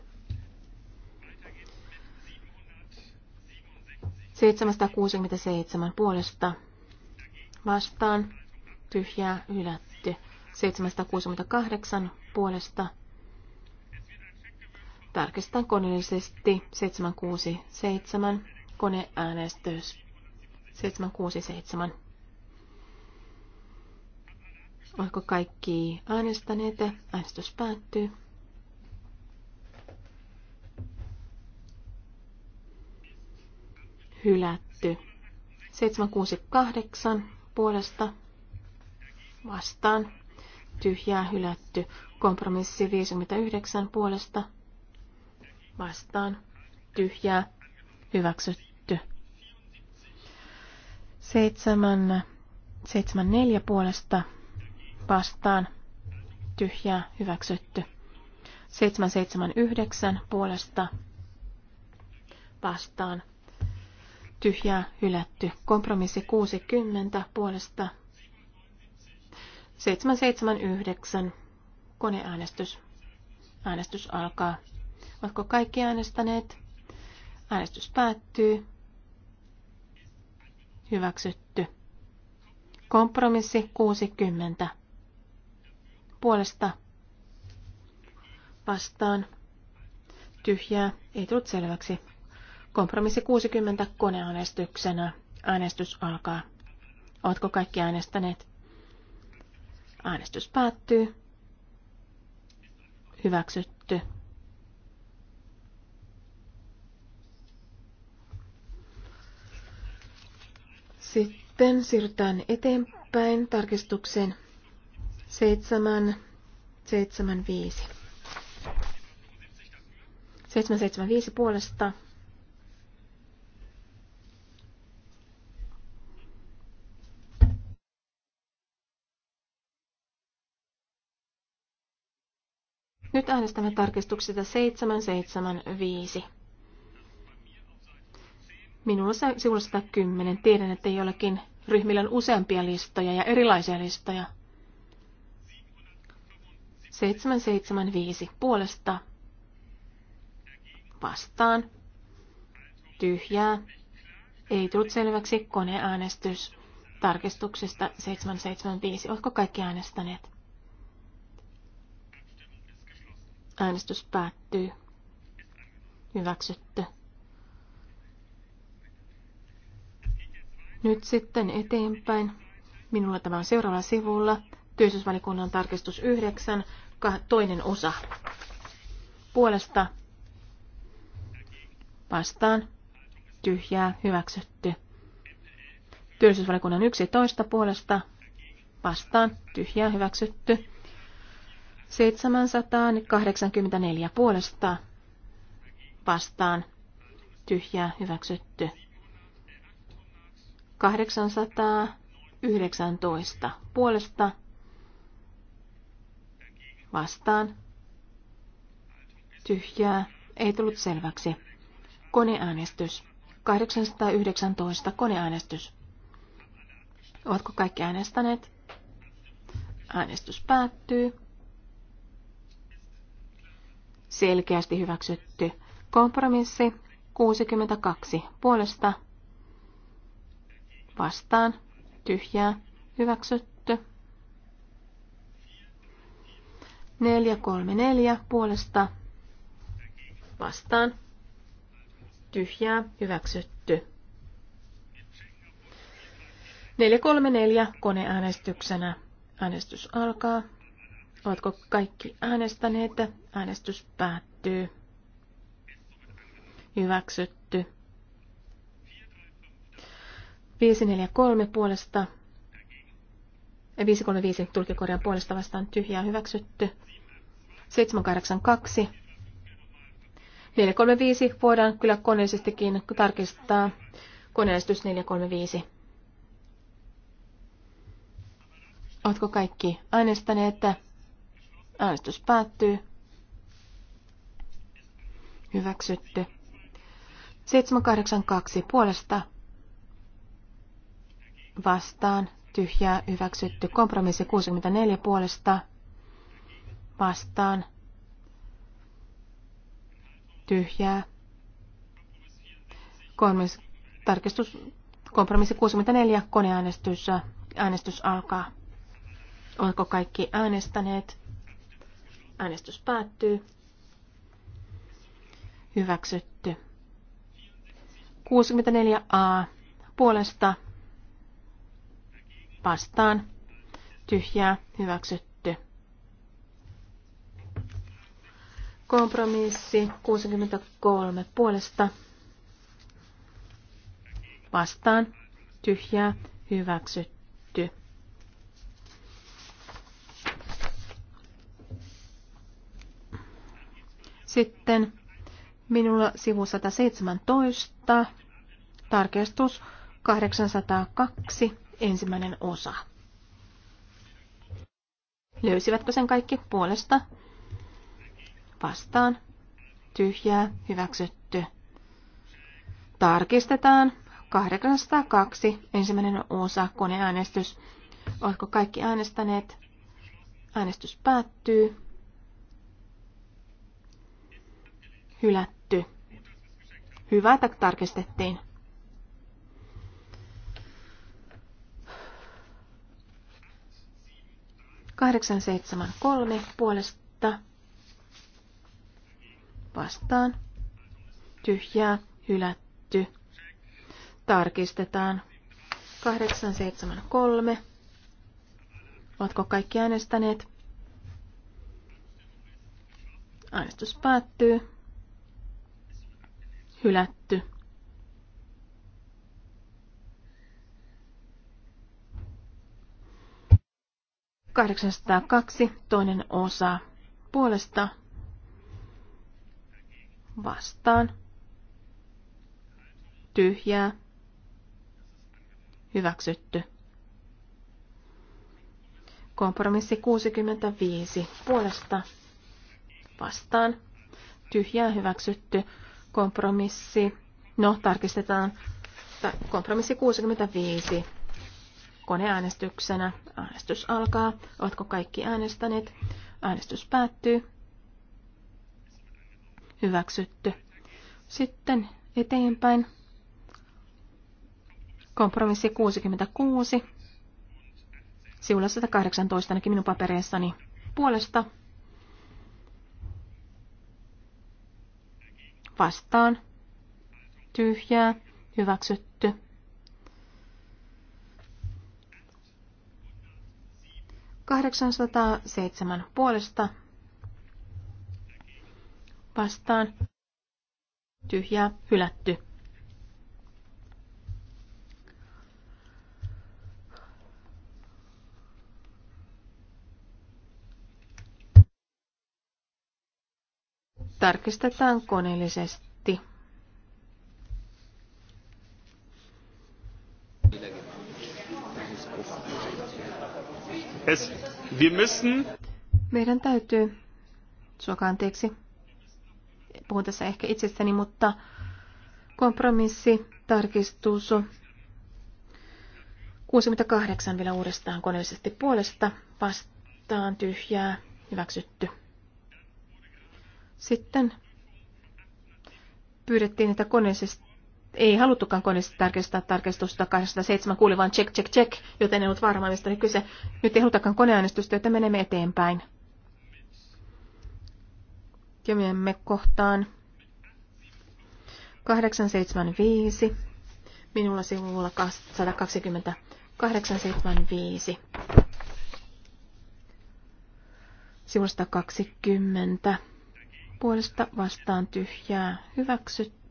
767 puolesta vastaan tyhjää hylätty. 768 puolesta tarkistetaan koneellisesti 767 koneäänestys 767. Oletko kaikki äänestäneet? Äänestys päättyy. hylätty. 768 puolesta vastaan tyhjää hylätty. Kompromissi 59 puolesta vastaan tyhjää hyväksytty. 7, 74 puolesta vastaan tyhjää hyväksytty. 779 puolesta vastaan tyhjää hylätty. Kompromissi 60 puolesta 779 koneäänestys. Äänestys alkaa. Oletko kaikki äänestäneet? Äänestys päättyy. Hyväksytty. Kompromissi 60. Puolesta vastaan. Tyhjää. Ei tullut selväksi. Kompromissi 60 koneäänestyksenä. Äänestys alkaa. Oletko kaikki äänestäneet? Äänestys päättyy. Hyväksytty. Sitten siirrytään eteenpäin tarkistukseen 775. 775 puolesta äänestämme tarkistuksesta 775. Minulla sivulla 110. Tiedän, että jollakin ryhmillä on useampia listoja ja erilaisia listoja. 775 puolesta vastaan tyhjää. Ei tullut selväksi koneäänestys tarkistuksesta 775. Oletko kaikki äänestäneet? Äänestys päättyy. Hyväksytty. Nyt sitten eteenpäin. Minulla tämä on seuraavalla sivulla. Työllisyysvalikunnan tarkistus 9, toinen osa. Puolesta vastaan tyhjää hyväksytty. Työllisyysvalikunnan 11 puolesta vastaan tyhjää hyväksytty. 784 puolesta vastaan tyhjää hyväksytty. 819 puolesta vastaan tyhjää ei tullut selväksi. Koneäänestys. 819 koneäänestys. Ovatko kaikki äänestäneet? Äänestys päättyy selkeästi hyväksytty. Kompromissi 62 puolesta vastaan tyhjää hyväksytty. 434 puolesta vastaan tyhjää hyväksytty. 434 koneäänestyksenä. Äänestys alkaa. Oletko kaikki äänestäneet? Äänestys päättyy. Hyväksytty. 543 puolesta. 535 eh, tulkikorjan puolesta vastaan tyhjää hyväksytty. 782. 435 voidaan kyllä koneellisestikin tarkistaa. Koneellistus 435. Oletko kaikki äänestäneet, että Äänestys päättyy. Hyväksytty. 782 puolesta vastaan tyhjää hyväksytty. Kompromissi 64 puolesta vastaan tyhjää. Kolmis, tarkistus, kompromissi 64 koneäänestys. Äänestys alkaa. Oletko kaikki äänestäneet? Äänestys päättyy. Hyväksytty. 64a puolesta vastaan. Tyhjää. Hyväksytty. Kompromissi 63 puolesta vastaan. Tyhjää. Hyväksytty Sitten minulla sivu 117, tarkistus 802, ensimmäinen osa. Löysivätkö sen kaikki puolesta? Vastaan. Tyhjää. Hyväksytty. Tarkistetaan. 802. Ensimmäinen osa. Koneäänestys. Oletko kaikki äänestäneet? Äänestys päättyy. hylätty. Hyvä, että tarkistettiin. Kahdeksan seitsemän kolme puolesta vastaan. Tyhjää, hylätty. Tarkistetaan. Kahdeksan seitsemän kolme. Oletko kaikki äänestäneet? Äänestys päättyy hylätty. kaksi toinen osa puolesta vastaan tyhjää hyväksytty. Kompromissi 65 puolesta vastaan tyhjää hyväksytty. Kompromissi. No, tarkistetaan. Kompromissi 65 koneäänestyksenä. Äänestys alkaa. Oletko kaikki äänestäneet? Äänestys päättyy. Hyväksytty. Sitten eteenpäin. Kompromissi 66. Sivulla 118 ainakin minun papereissani puolesta vastaan, tyhjää, hyväksytty. Kahdeksansataaseitsemän puolesta vastaan, tyhjää, hylätty. Tarkistetaan koneellisesti. Es, wir müssen... Meidän täytyy, suokaa anteeksi, puhun tässä ehkä itsestäni, mutta kompromissi, tarkistus, 68 vielä uudestaan koneellisesti puolesta, vastaan tyhjää, hyväksytty. Sitten pyydettiin, että koneeseen ei haluttukaan koneesta tarkistaa tarkistusta 807, kuuli vain check, check, check, joten en ollut varma, mistä oli kyse. Nyt ei halutakaan koneäänestystä, joten menemme eteenpäin. Ja menemme kohtaan 875, minulla sivulla 120, 875. Sivusta 20 puolesta vastaan tyhjää hyväksytty.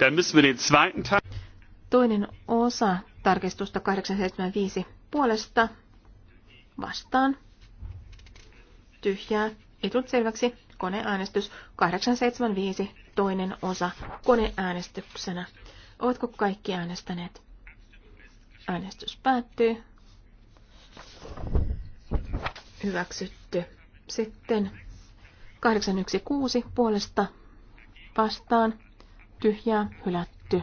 Dann müssen wir den zweiten Teil. Toinen osa tarkistusta 875 puolesta vastaan. Tyhjää. Ei tullut selväksi. Koneäänestys 875 toinen osa koneäänestyksenä. ootko kaikki äänestäneet? Äänestys päättyy. Hyväksytty. Sitten 816 puolesta vastaan tyhjää, hylätty.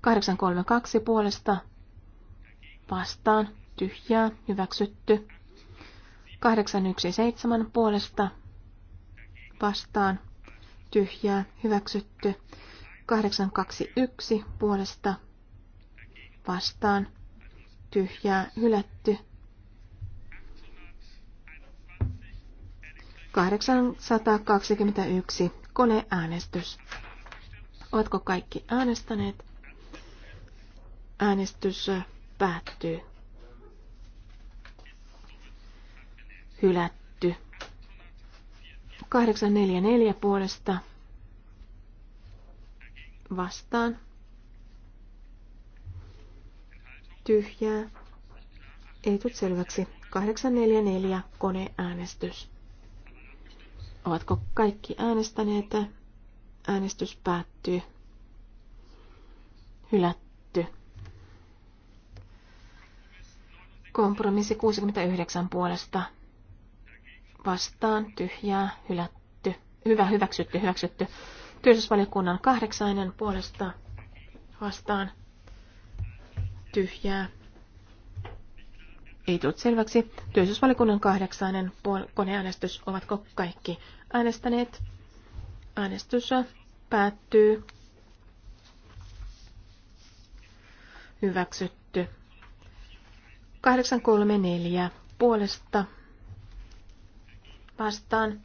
832 puolesta vastaan, tyhjää, hyväksytty. 817 puolesta vastaan, tyhjää, hyväksytty. 821 puolesta vastaan, tyhjää, hylätty. 821 koneäänestys. Ovatko kaikki äänestäneet? Äänestys päättyy. Hylätty. 844 puolesta vastaan. Tyhjää. Ei tule selväksi. 844 koneäänestys. Ovatko kaikki äänestäneet? Äänestys päättyy. Hylätty. Kompromissi 69 puolesta. Vastaan tyhjää, hylätty. Hyvä, hyväksytty, hyväksytty. Työllisyysvaliokunnan kahdeksainen puolesta vastaan tyhjää. Ei tullut selväksi. Työllisyysvalikunnan kahdeksainen puol- koneäänestys, ovatko kaikki äänestäneet? Äänestys päättyy. Hyväksytty. 834 puolesta vastaan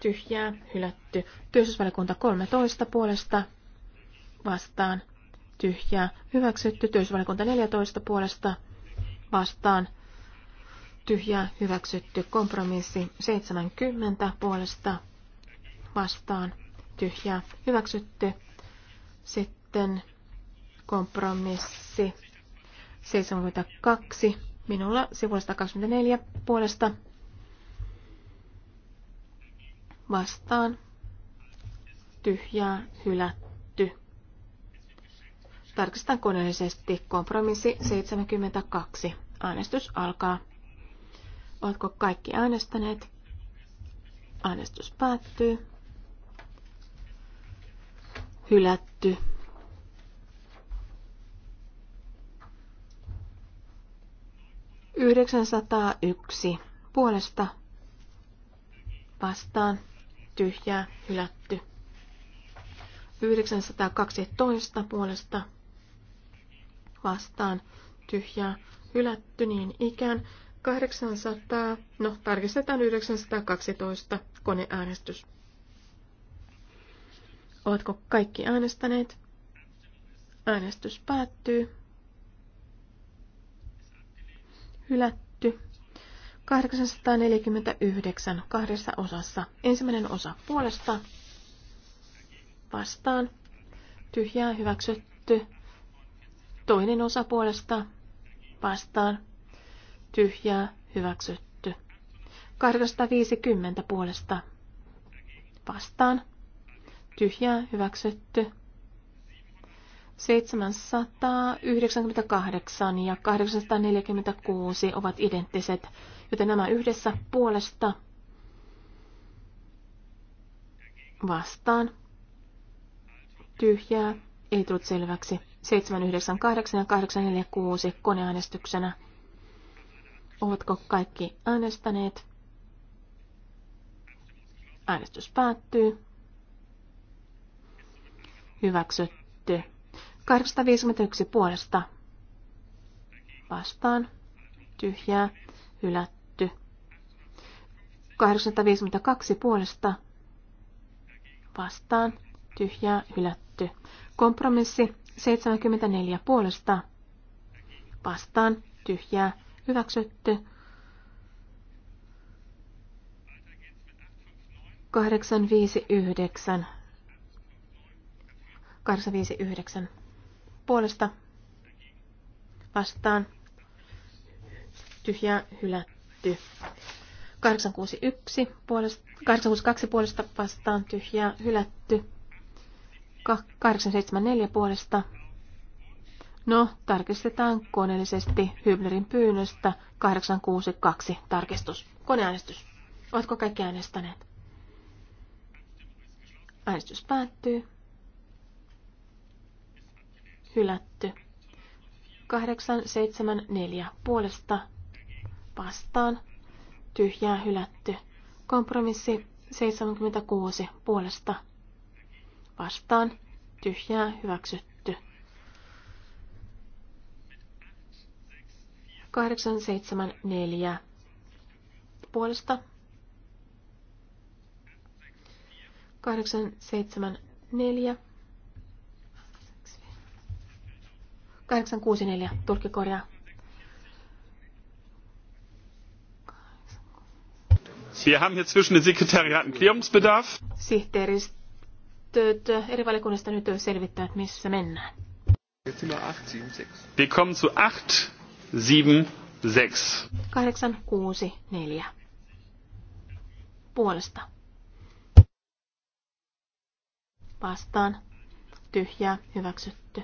tyhjää hylätty. Työllisyysvaliokunta 13 puolesta vastaan tyhjää hyväksytty. Työllisyysvaliokunta 14 puolesta vastaan tyhjää hyväksytty. Kompromissi 70 puolesta vastaan tyhjää hyväksytty. Sitten kompromissi 72. Minulla sivulla 124 puolesta vastaan tyhjää hylätty. Tarkistan koneellisesti kompromissi 72. Äänestys alkaa. Oletko kaikki äänestäneet? Äänestys päättyy hylätty. yksi puolesta vastaan tyhjää hylätty. 912 puolesta vastaan tyhjää hylätty niin ikään 800, no tarkistetaan 912 koneäänestys. Oletko kaikki äänestäneet? Äänestys päättyy. Hylätty. 849 kahdessa osassa. Ensimmäinen osa puolesta. Vastaan. Tyhjää hyväksytty. Toinen osa puolesta. Vastaan. Tyhjää hyväksytty. 850 puolesta. Vastaan tyhjää hyväksytty. 798 ja 846 ovat identtiset, joten nämä yhdessä puolesta vastaan. Tyhjää ei tullut selväksi. 798 ja 846 koneäänestyksenä. Ovatko kaikki äänestäneet? Äänestys päättyy hyväksytty. 851 puolesta vastaan tyhjää hylätty. 852 puolesta vastaan tyhjää hylätty. Kompromissi 74 puolesta vastaan tyhjää hyväksytty. 859 859 puolesta vastaan tyhjää hylätty. 861 puolesta, 862 puolesta vastaan tyhjää hylätty. 874 puolesta. No, tarkistetaan koneellisesti Hybnerin pyynnöstä 862 tarkistus. Koneäänestys. Oletko kaikki äänestäneet? Äänestys päättyy hylätty. 874 puolesta vastaan tyhjää hylätty. Kompromissi 76 puolesta vastaan tyhjää hyväksytty. 874 puolesta 874 864, tulkki korjaa. Wir haben hier zwischen den Sekretariaten Klärungsbedarf. Sihteeristöt eri valikunnista nyt selvittävät, missä mennään. Wir kommen zu 876. 864. Puolesta. Vastaan. Tyhjää. Hyväksytty.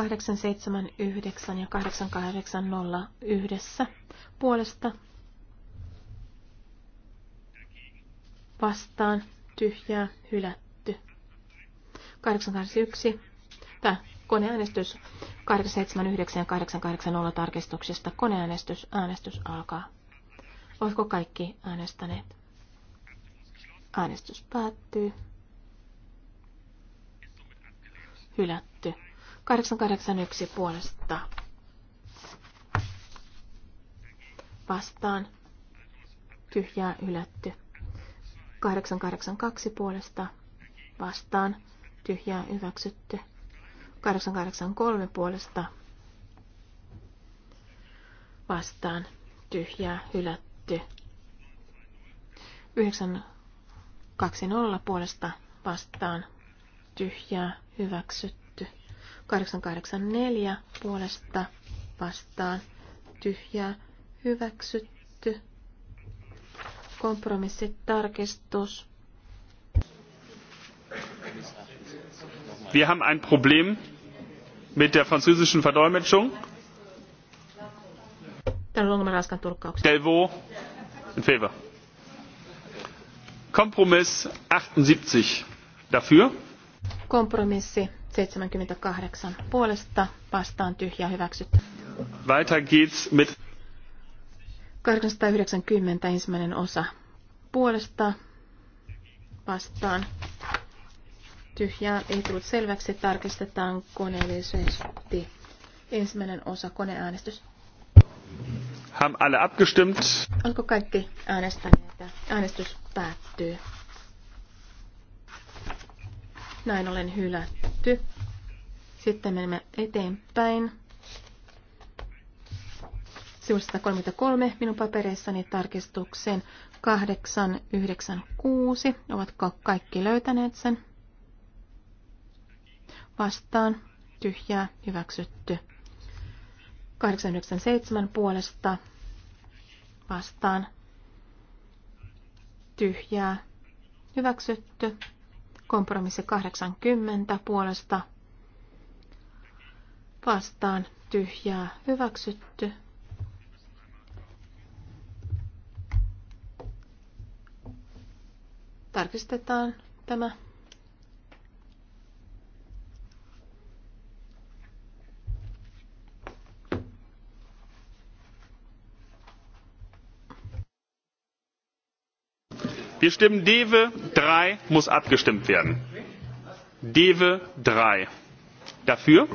879 ja 880 yhdessä puolesta vastaan tyhjää hylätty. 881, tämä koneäänestys 879 ja 880 tarkistuksesta. Koneäänestys, äänestys alkaa. Oletko kaikki äänestäneet? Äänestys päättyy. Hylätty. 881 puolesta vastaan tyhjää ylätty. 882 puolesta vastaan tyhjää hyväksytty. 883 puolesta vastaan tyhjää hylätty. 920 puolesta vastaan tyhjää hyväksytty. 884 puolesta vastaan tyhjää hyväksytty. Kompromissitarkistus. Wir haben ein Problem mit der französischen Verdolmetschung. Delvo on ongelma in favor. Kompromiss 78 dafür. Kompromissi 78 puolesta vastaan tyhjä hyväksytty. Weiter geht's mit 890 ensimmäinen osa puolesta vastaan tyhjää ei tullut selväksi. Tarkistetaan koneellisesti ensimmäinen osa koneäänestys. Haben alle abgestimmt? Onko kaikki äänestäneet? Äänestys päättyy. Näin olen hylätty. Sitten menemme eteenpäin. Sivusta 133 minun papereissani tarkistukseen 896. ovat kaikki löytäneet sen? Vastaan. Tyhjää. Hyväksytty. 897 puolesta. Vastaan. Tyhjää. Hyväksytty. Kompromissi 80 puolesta vastaan tyhjää hyväksytty. Tarkistetaan tämä Wir stimmen Dewe 3 muss abgestimmt werden. Dewe 3. Dafür?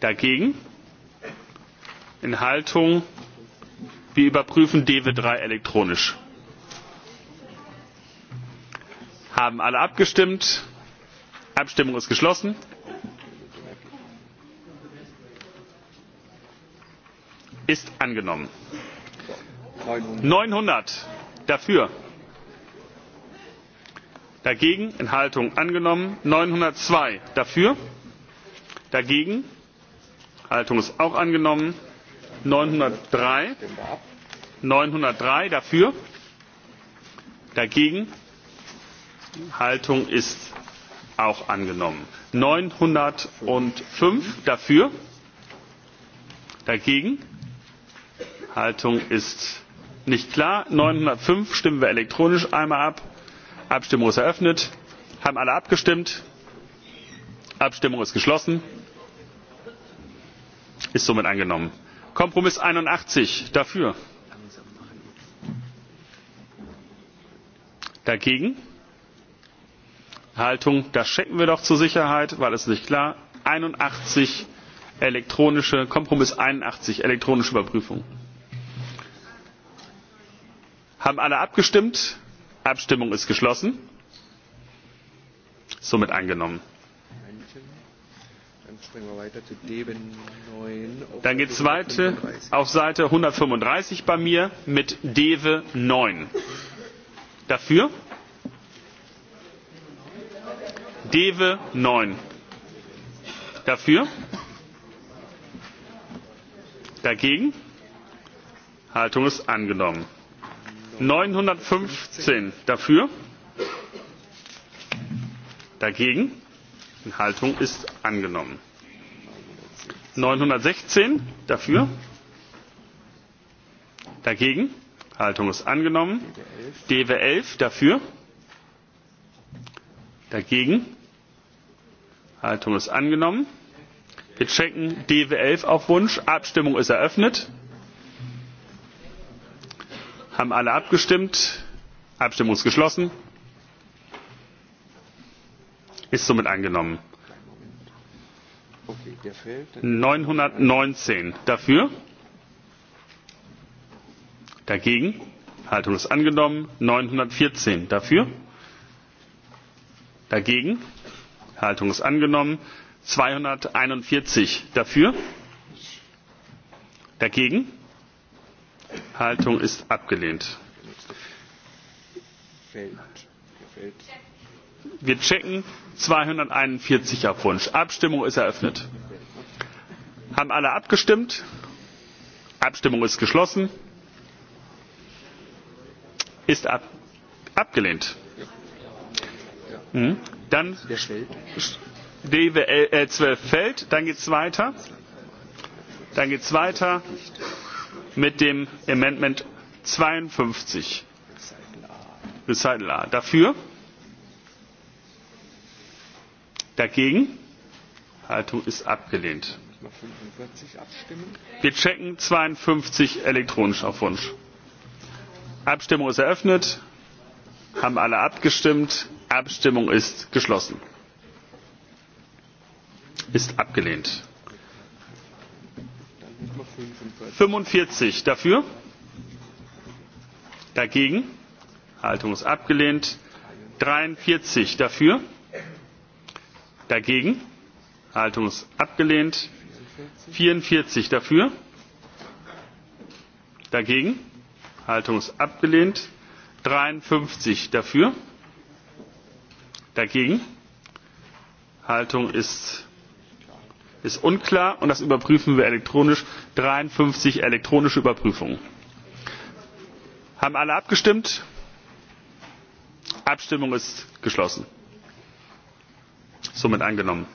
Dagegen? Enthaltung? Wir überprüfen Dewe 3 elektronisch. Haben alle abgestimmt? Abstimmung ist geschlossen. Ist angenommen neunhundert dafür dagegen enthaltung angenommen neunhundertzwei dafür dagegen enthaltung ist auch angenommen neunhundertdrei neunhundertdrei dafür dagegen enthaltung ist auch angenommen neunhundertfünf dafür dagegen enthaltung ist nicht klar. neunhundertfünf stimmen wir elektronisch einmal ab. abstimmung ist eröffnet. haben alle abgestimmt? abstimmung ist geschlossen. ist somit angenommen. kompromiss einundachtzig dafür. dagegen? Haltung, das checken wir doch zur Sicherheit, weil es nicht klar. 81 elektronische, Kompromiss 81 elektronische Überprüfung haben alle abgestimmt? abstimmung ist geschlossen. somit angenommen. dann geht es weiter auf seite einhundertfünfunddreißig bei mir mit Deve neun dafür Deve neun dafür dagegen haltung ist angenommen neunhundertfünfzehn dafür dagegen enthaltung ist angenommen neunhundertsechzehn dafür dagegen enthaltung ist angenommen dw elf dafür dagegen enthaltung ist angenommen wir checken dw elf auf wunsch abstimmung ist eröffnet haben alle abgestimmt? abstimmung ist geschlossen. ist somit angenommen. neunhundertneunzehn dafür dagegen enthaltung ist angenommen. neunhundertvierzehn dafür dagegen enthaltung ist angenommen. zweihunderteinundvierzig dafür dagegen Enthaltung ist abgelehnt. Wir checken 241 auf Wunsch. Abstimmung ist eröffnet. Haben alle abgestimmt? Abstimmung ist geschlossen. Ist ab, abgelehnt. Mhm. Dann DWL 12 äh, fällt. Dann geht es weiter. Dann geht es weiter mit dem Amendment 52. Recital A. Dafür? Dagegen? Haltung ist abgelehnt. Wir checken 52 elektronisch auf Wunsch. Abstimmung ist eröffnet. Haben alle abgestimmt. Abstimmung ist geschlossen. Ist abgelehnt fünfundvierzig dafür dagegen enthaltung ist abgelehnt dreiundvierzig dafür dagegen enthaltung ist abgelehnt vierundvierzig dafür dagegen enthaltung ist abgelehnt dreiundfünfzig dafür dagegen enthaltung ist ist unklar und das überprüfen wir elektronisch. dreiundfünfzig elektronische Überprüfungen. haben alle abgestimmt? abstimmung ist geschlossen. somit angenommen.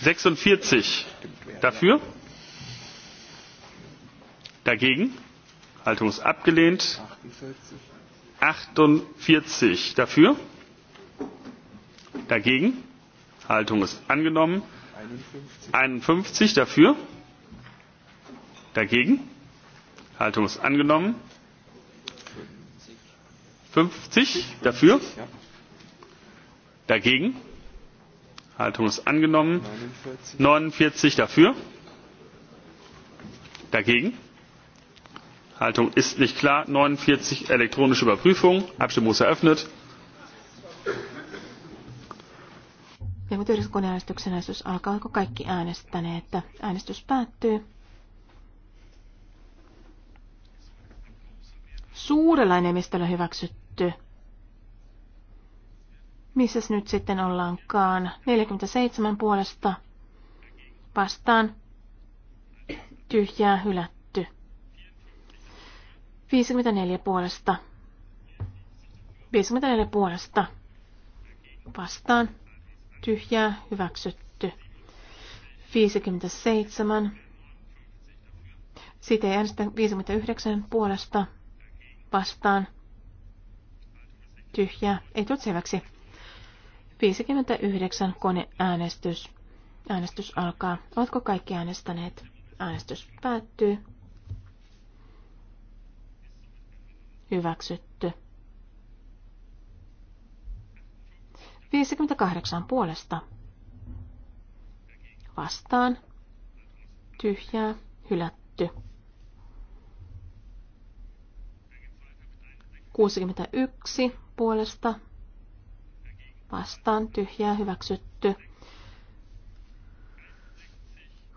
sechsundvierzig dafür? dagegen? haltung ist abgelehnt. achtundvierzig dafür? dagegen Haltung ist angenommen 51, 51 dafür dagegen Haltung ist angenommen 50 dafür dagegen Haltung ist angenommen 49, dafür dagegen Haltung ist nicht klar 49 elektronische Überprüfung Abstimmung ist eröffnet Ja kun yhdeksän äänestyksen äänestys alkaa, onko kaikki äänestäneet, että äänestys päättyy. Suurella enemmistöllä hyväksytty. Missä nyt sitten ollaankaan? 47 puolesta vastaan tyhjää hylätty. 54 puolesta. 54 puolesta vastaan tyhjää hyväksytty. 57. Siitä ei äänestä 59 puolesta vastaan tyhjää. Ei tullut selväksi. 59 äänestys. Äänestys alkaa. Oletko kaikki äänestäneet? Äänestys päättyy. Hyväksytty. 58 puolesta. Vastaan. Tyhjää. Hylätty. 61 puolesta. Vastaan. Tyhjää. Hyväksytty.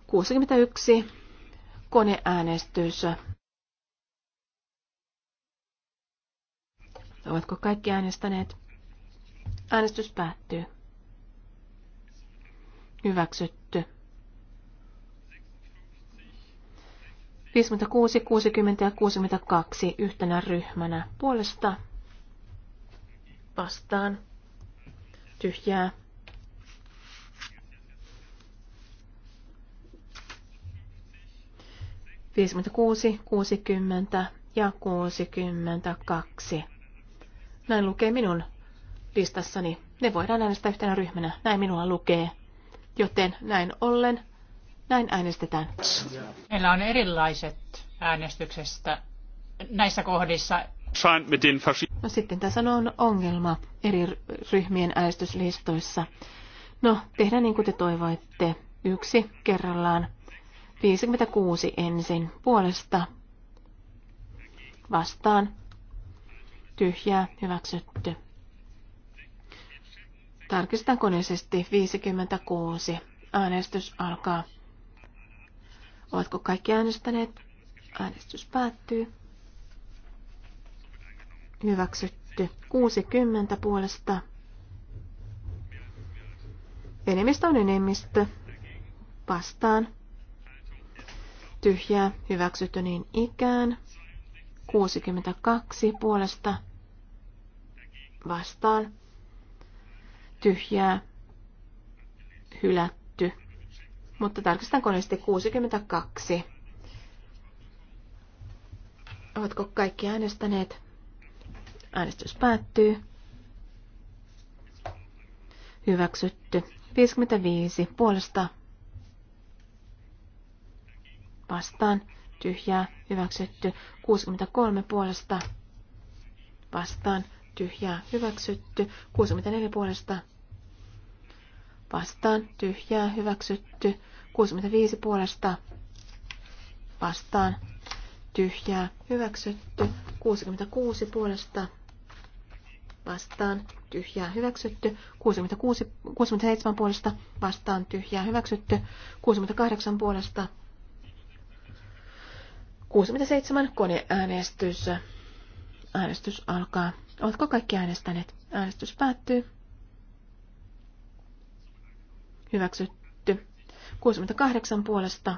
61. Koneäänestys. Ovatko kaikki äänestäneet? Äänestys päättyy. Hyväksytty. 56, 60 ja 62 yhtenä ryhmänä puolesta vastaan tyhjää. Viisikymmentäkuusi, kuusikymmentä ja kuusikymmentäkaksi. Näin lukee minun listassani. Ne voidaan äänestää yhtenä ryhmänä, näin minulla lukee. Joten näin ollen, näin äänestetään. Meillä on erilaiset äänestyksestä näissä kohdissa. No sitten tässä on ongelma eri ryhmien äänestyslistoissa. No, tehdään niin kuin te toivoitte. Yksi kerrallaan. 56 ensin puolesta. Vastaan. Tyhjää, hyväksytty. Tarkistan koneisesti 56. Äänestys alkaa. Oletko kaikki äänestäneet? Äänestys päättyy. Hyväksytty. 60 puolesta. Enemmistö on enemmistö. Vastaan. Tyhjää. Hyväksytty niin ikään. 62 puolesta. Vastaan tyhjää, hylätty. Mutta tarkistan koneesti 62. Ovatko kaikki äänestäneet? Äänestys päättyy. Hyväksytty. 55 puolesta. Vastaan. Tyhjää. Hyväksytty. 63 puolesta. Vastaan ja hyväksytty. 64 puolesta vastaan tyhjää hyväksytty. 65 puolesta vastaan tyhjää hyväksytty. 66 puolesta vastaan tyhjää hyväksytty. 66, 67 puolesta vastaan tyhjää hyväksytty. 68 puolesta 67 koneäänestys. Äänestys alkaa. Oletko kaikki äänestäneet? Äänestys päättyy. Hyväksytty. 68 puolesta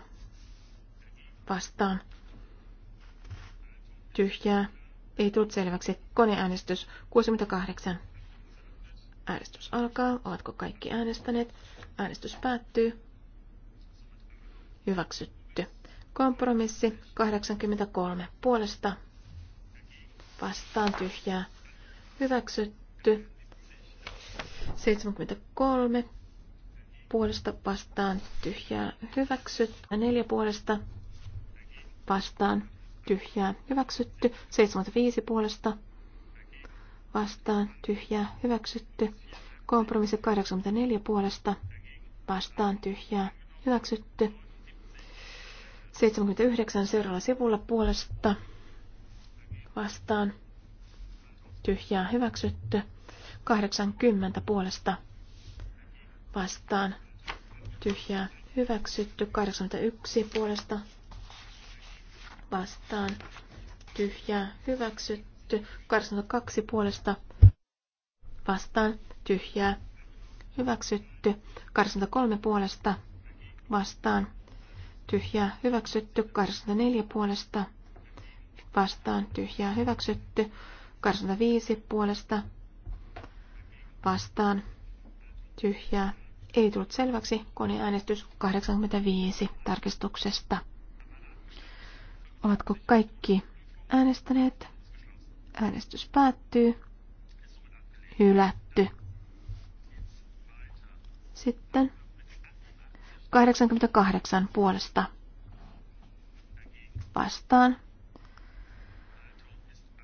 vastaan. Tyhjää. Ei tullut selväksi. Koneäänestys 68. Äänestys alkaa. Oletko kaikki äänestäneet? Äänestys päättyy. Hyväksytty. Kompromissi 83 puolesta vastaan tyhjää hyväksytty. 73 puolesta vastaan tyhjää hyväksytty. 4 puolesta vastaan tyhjää hyväksytty. 75 puolesta vastaan tyhjää hyväksytty. Kompromissi 84 puolesta vastaan tyhjää hyväksytty. 79 seuraavalla sivulla puolesta vastaan tyhjää hyväksytty. 80 puolesta vastaan tyhjää hyväksytty. 81 puolesta vastaan tyhjää hyväksytty. 82 puolesta vastaan tyhjää hyväksytty. 83 puolesta vastaan tyhjää hyväksytty. 84 puolesta vastaan, vastaan tyhjää hyväksytty. 85 puolesta vastaan tyhjää. Ei tullut selväksi koneäänestys 85 tarkistuksesta. Ovatko kaikki äänestäneet? Äänestys päättyy. Hylätty. Sitten 88 puolesta vastaan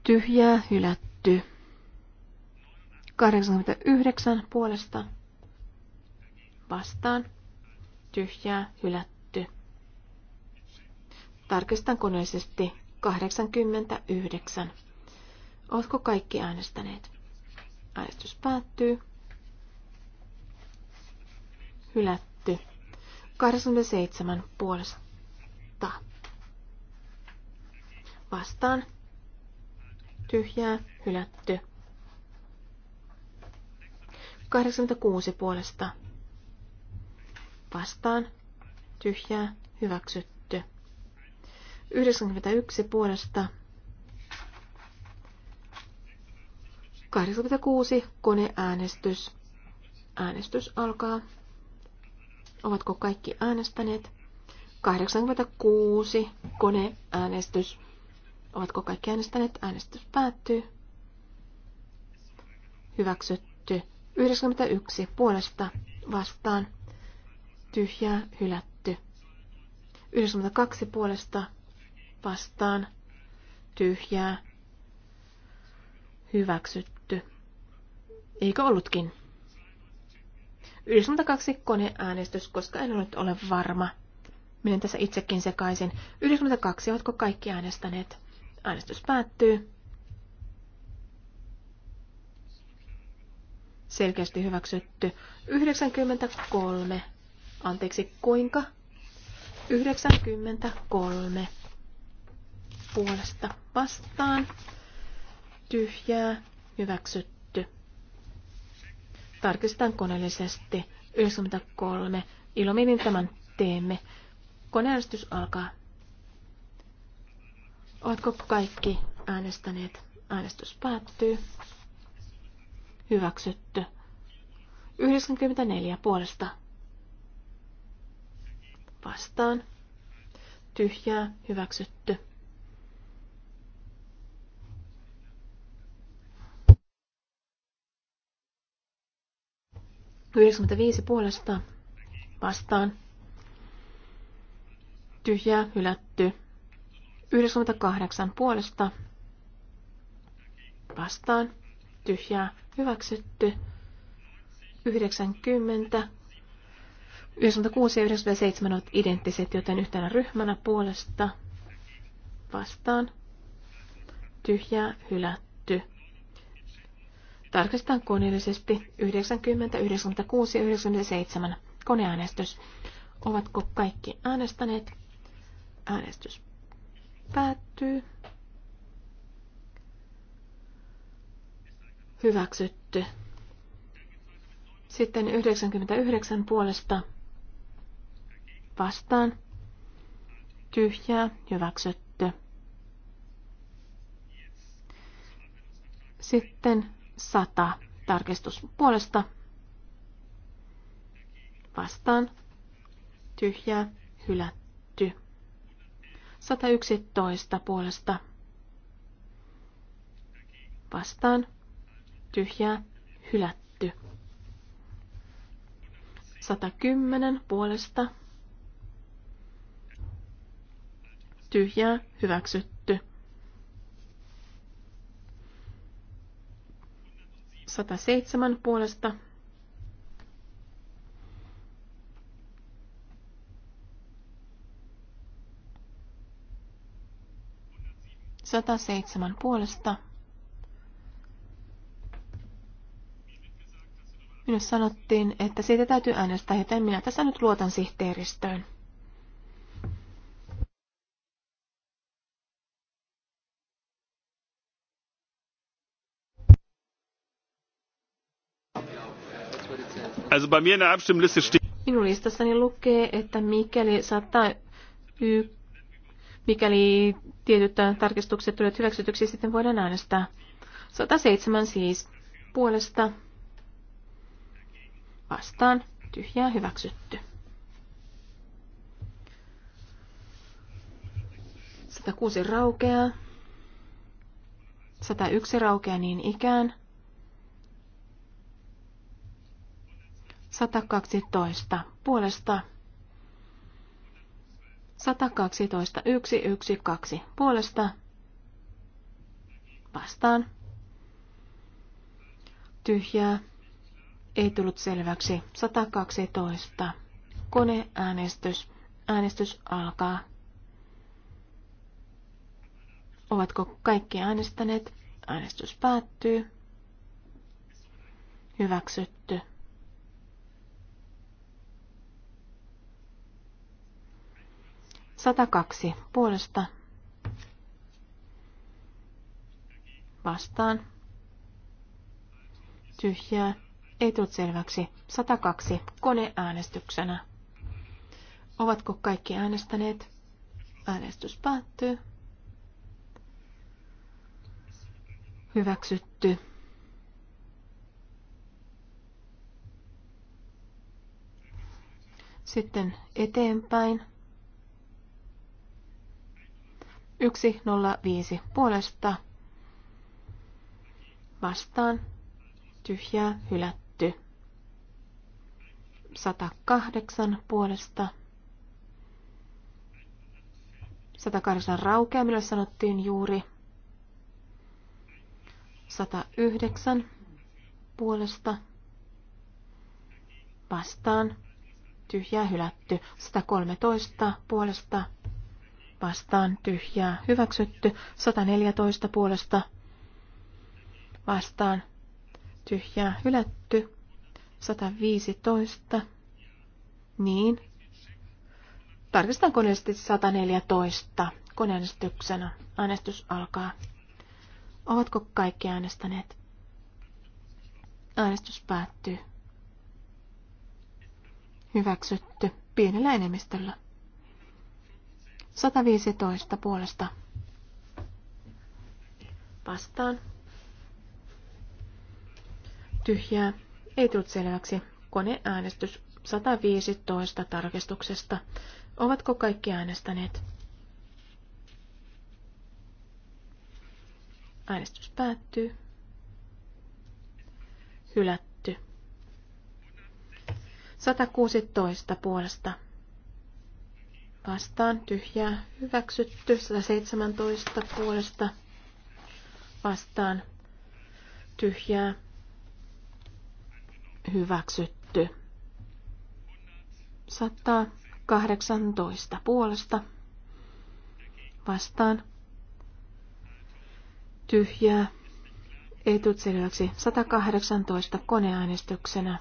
tyhjää hylätty. 89 puolesta vastaan tyhjää hylätty. Tarkistan koneellisesti 89. Oletko kaikki äänestäneet? Äänestys päättyy. Hylätty. 87 puolesta vastaan tyhjää, hylätty. 86 puolesta vastaan, tyhjää, hyväksytty. 91 puolesta 86 koneäänestys. Äänestys alkaa. Ovatko kaikki äänestäneet? 86 koneäänestys. Ovatko kaikki äänestäneet? Äänestys päättyy. Hyväksytty. 91 puolesta vastaan. Tyhjää hylätty. 92 puolesta vastaan. Tyhjää. Hyväksytty. Eikö ollutkin? 92 koneäänestys, koska en nyt ole varma. Menen tässä itsekin sekaisin. 92, Ovatko kaikki äänestäneet? Äänestys päättyy. Selkeästi hyväksytty. 93. Anteeksi, kuinka? 93 puolesta vastaan. Tyhjää, hyväksytty. Tarkistetaan koneellisesti. 93. Ilomielin tämän teemme. Koneäänestys alkaa. Oletko kaikki äänestäneet? Äänestys päättyy. Hyväksytty. 94 puolesta. Vastaan. Tyhjää. Hyväksytty. Yhdeksänkymmentäviisi puolesta vastaan. Tyhjää, hylätty. 98 puolesta vastaan tyhjää hyväksytty. 90, 96 ja 97 ovat identtiset, joten yhtenä ryhmänä puolesta vastaan tyhjää hylätty. Tarkistetaan koneellisesti 90, 96 ja 97 koneäänestys. Ovatko kaikki äänestäneet? Äänestys Päättyy. Hyväksytty. Sitten 99 puolesta vastaan. Tyhjää, hyväksytty. Sitten 100 tarkistus puolesta vastaan. Tyhjää, hylätty. 111 puolesta vastaan tyhjää hylätty. 110 puolesta tyhjää hyväksytty. 107 puolesta 107 puolesta. Minulle sanottiin, että siitä täytyy äänestää, joten minä tässä nyt luotan sihteeristöön. Also bei mir in der Abstimmliste steht. Minun listassani lukee, että mikäli 101 Mikäli tietyt tarkistukset tulevat hyväksytyksi, sitten voidaan äänestää. 107 siis puolesta vastaan tyhjää hyväksytty. 106 raukeaa. 101 raukeaa niin ikään. 112 puolesta 112.112 puolesta vastaan. Tyhjää. Ei tullut selväksi. 112. Koneäänestys. Äänestys alkaa. Ovatko kaikki äänestäneet? Äänestys päättyy. Hyväksytty. 102 puolesta vastaan. Tyhjää. Ei tullut selväksi. 102 koneäänestyksenä. Ovatko kaikki äänestäneet? Äänestys päättyy. Hyväksytty. Sitten eteenpäin. 105 puolesta vastaan tyhjää hylätty. 108 puolesta 108 raukea, millä sanottiin juuri 109 puolesta vastaan tyhjää hylätty. 113 puolesta vastaan tyhjää hyväksytty. 114 puolesta vastaan tyhjää hylätty. 115. Niin. Tarkistan koneellisesti 114 koneäänestyksenä. Äänestys alkaa. Ovatko kaikki äänestäneet? Äänestys päättyy. Hyväksytty pienellä enemmistöllä. 115 puolesta vastaan. Tyhjää. Ei tullut selväksi. Koneäänestys 115 tarkistuksesta. Ovatko kaikki äänestäneet? Äänestys päättyy. Hylätty. 116 puolesta vastaan tyhjää hyväksytty. 117 puolesta vastaan tyhjää hyväksytty. 118 puolesta vastaan tyhjää ei tullut selväksi 118 koneäänestyksenä.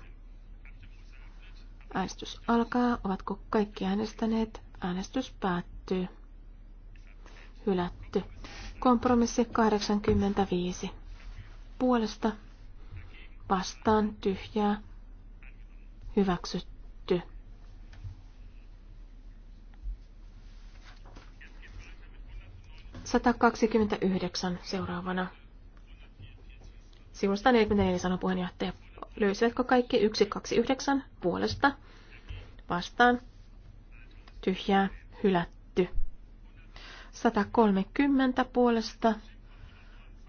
Äänestys alkaa. Ovatko kaikki äänestäneet? Äänestys päättyy. Hylätty. Kompromissi 85. Puolesta vastaan tyhjää. Hyväksytty. yhdeksän seuraavana. Sivusta 44 sanoi puheenjohtaja. Löysivätkö kaikki 129 puolesta vastaan tyhjää hylätty. 130 puolesta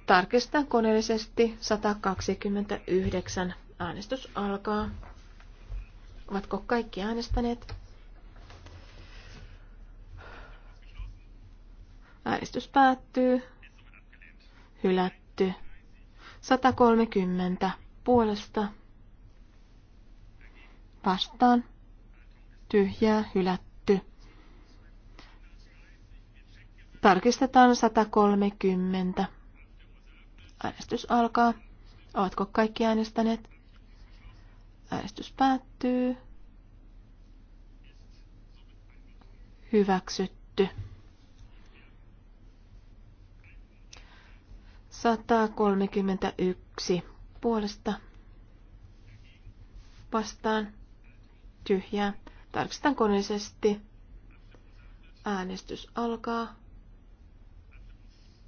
tarkistan koneellisesti 129. Äänestys alkaa. Ovatko kaikki äänestäneet? Äänestys päättyy. Hylätty. 130 puolesta. Vastaan. Tyhjää hylätty. Tarkistetaan 130. Äänestys alkaa. Ovatko kaikki äänestäneet? Äänestys päättyy. Hyväksytty. 131 puolesta vastaan tyhjää. Tarkistan koneisesti. Äänestys alkaa.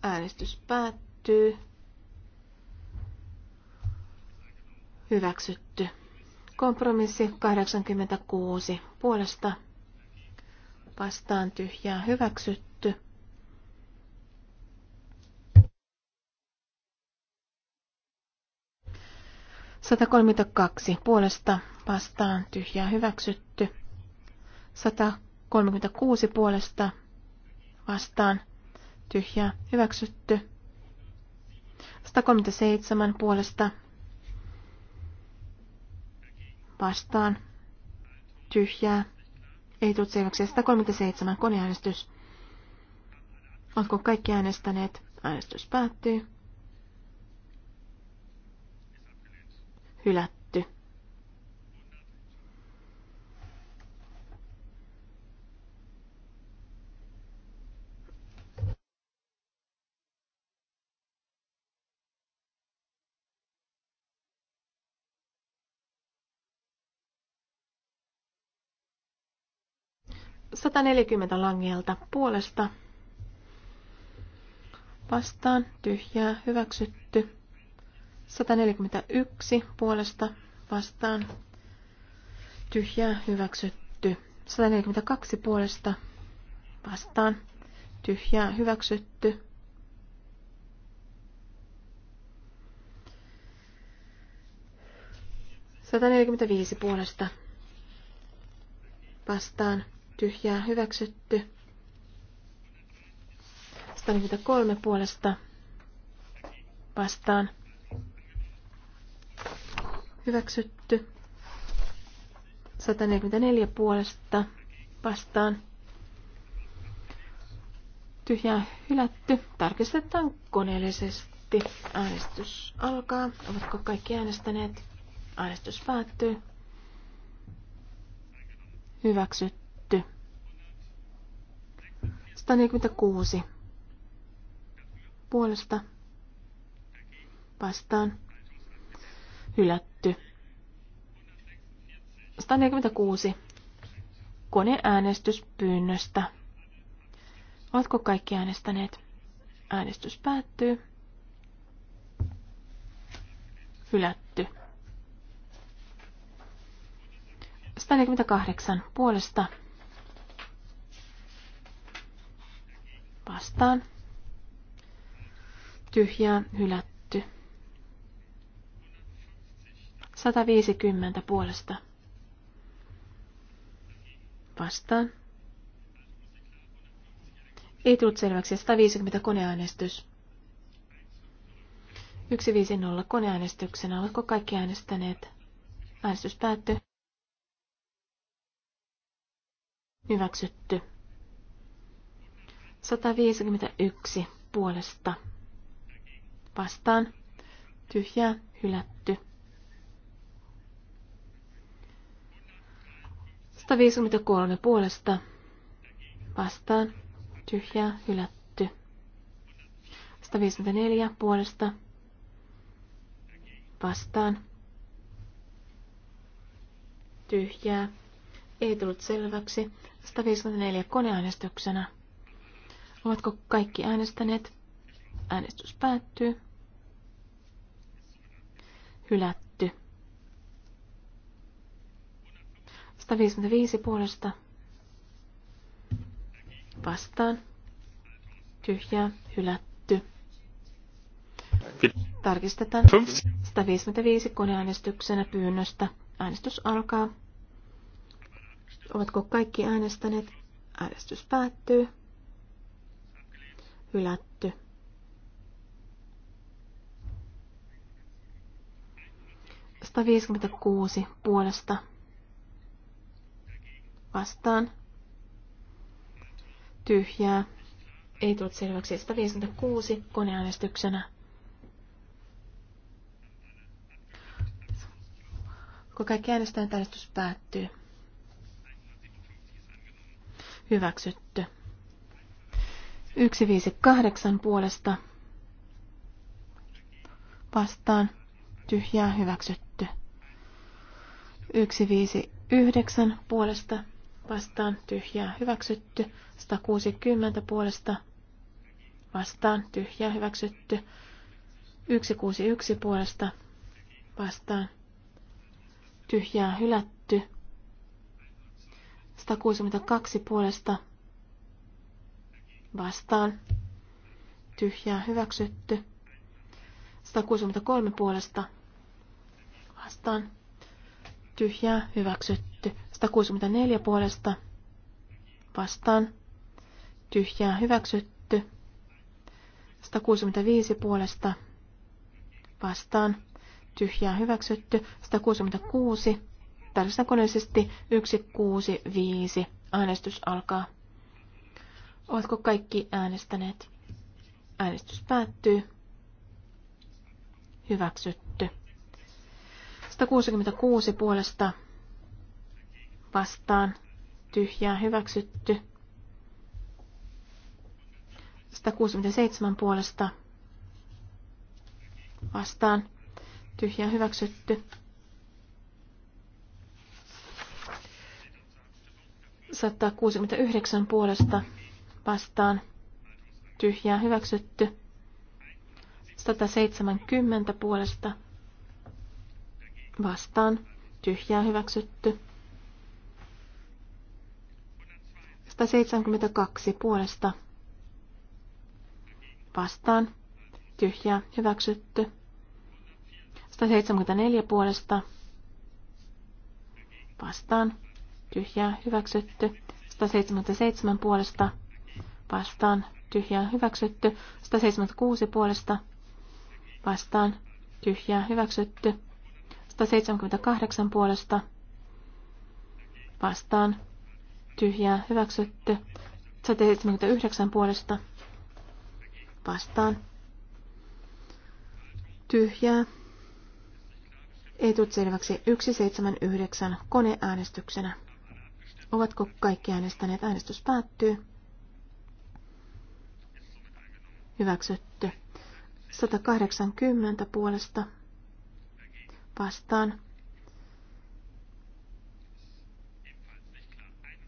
Äänestys päättyy. Hyväksytty. Kompromissi 86. Puolesta vastaan tyhjää hyväksytty. Satakolmekymmentäkaksi puolesta vastaan tyhjää hyväksytty. 136 puolesta vastaan tyhjä, hyväksytty. 137 puolesta vastaan, tyhjää, ei tullut selväksi. 137 koneäänestys. Oletko kaikki äänestäneet? Äänestys päättyy. Hylät. 140 langelta puolesta vastaan tyhjää hyväksytty. 141 puolesta vastaan tyhjää hyväksytty. 142 puolesta vastaan tyhjää hyväksytty. 145 puolesta vastaan tyhjää hyväksytty. 143 puolesta vastaan hyväksytty. 144 puolesta vastaan tyhjää hylätty. Tarkistetaan koneellisesti. Äänestys alkaa. Ovatko kaikki äänestäneet? Äänestys päättyy. Hyväksytty. 146. Puolesta. Vastaan. Hylätty. 146. Koneäänestyspyynnöstä. Oletko kaikki äänestäneet? Äänestys päättyy. Hylätty. 148 puolesta vastaan. Tyhjään hylätty. 150 puolesta vastaan. Ei tullut selväksi. 150 koneäänestys. 150 koneäänestyksenä. Oletko kaikki äänestäneet? Äänestys päättyi. Hyväksytty. 151 puolesta vastaan tyhjää hylätty. 153 puolesta vastaan tyhjää hylätty. 154 puolesta vastaan tyhjää ei tullut selväksi. 154 koneäänestyksenä. Ovatko kaikki äänestäneet? Äänestys päättyy. Hylätty. 155 puolesta. Vastaan. Tyhjää. Hylätty. Tarkistetaan 155 koneäänestyksenä pyynnöstä. Äänestys alkaa. Ovatko kaikki äänestäneet? Äänestys päättyy hylätty. Sta 56 puolesta vastaan tyhjää. Ei tullut selväksi 156 koneäänestyksenä. Kun kaikki äänestäjät äänestys päättyy. Hyväksytty. 158 puolesta vastaan tyhjää hyväksytty. 159 puolesta vastaan tyhjää hyväksytty. 160 puolesta vastaan tyhjää hyväksytty. 161 puolesta vastaan tyhjää hylätty. 162 puolesta vastaan. Tyhjää hyväksytty. 163 puolesta vastaan. Tyhjää hyväksytty. 164 puolesta vastaan. Tyhjää hyväksytty. 165 puolesta vastaan. Tyhjää hyväksytty. 166. koneellisesti 165. Äänestys alkaa. Ovatko kaikki äänestäneet? Äänestys päättyy. Hyväksytty. 166 puolesta vastaan. Tyhjää hyväksytty. 167 puolesta vastaan. Tyhjää hyväksytty. 169 puolesta vastaan tyhjää hyväksytty. 170 puolesta vastaan tyhjää hyväksytty. 172 puolesta vastaan tyhjää hyväksytty. 174 puolesta vastaan tyhjää hyväksytty. 177 puolesta vastaan, vastaan tyhjää hyväksytty. 176 puolesta vastaan tyhjää hyväksytty. 178 puolesta vastaan tyhjää hyväksytty. 179 puolesta vastaan tyhjää. Ei tule selväksi 179 koneäänestyksenä. Ovatko kaikki äänestäneet? Äänestys päättyy. Hyväksytty. 180 puolesta vastaan.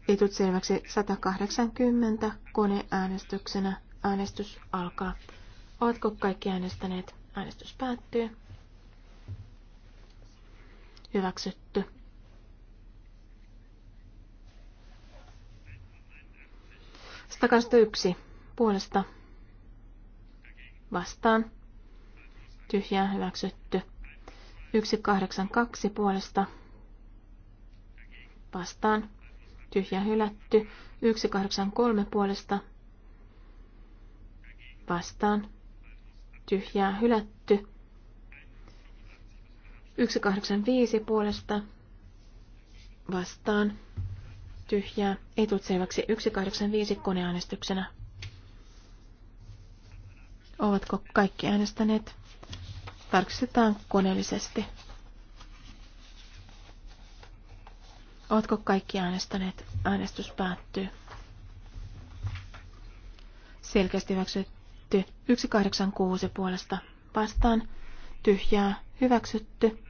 Ei selväksi 180 koneäänestyksenä. Äänestys alkaa. Oletko kaikki äänestäneet? Äänestys päättyy. Hyväksytty. Takaisin puolesta vastaan. Tyhjää hyväksytty. 182 puolesta vastaan. Tyhjä hylätty. 183 puolesta vastaan. Tyhjää hylätty. 185 puolesta vastaan. Tyhjää. Ei tullut 185 koneäänestyksenä. Ovatko kaikki äänestäneet? Tarkistetaan koneellisesti. Ovatko kaikki äänestäneet? Äänestys päättyy. Selkeästi hyväksytty. 186 puolesta vastaan. Tyhjää hyväksytty.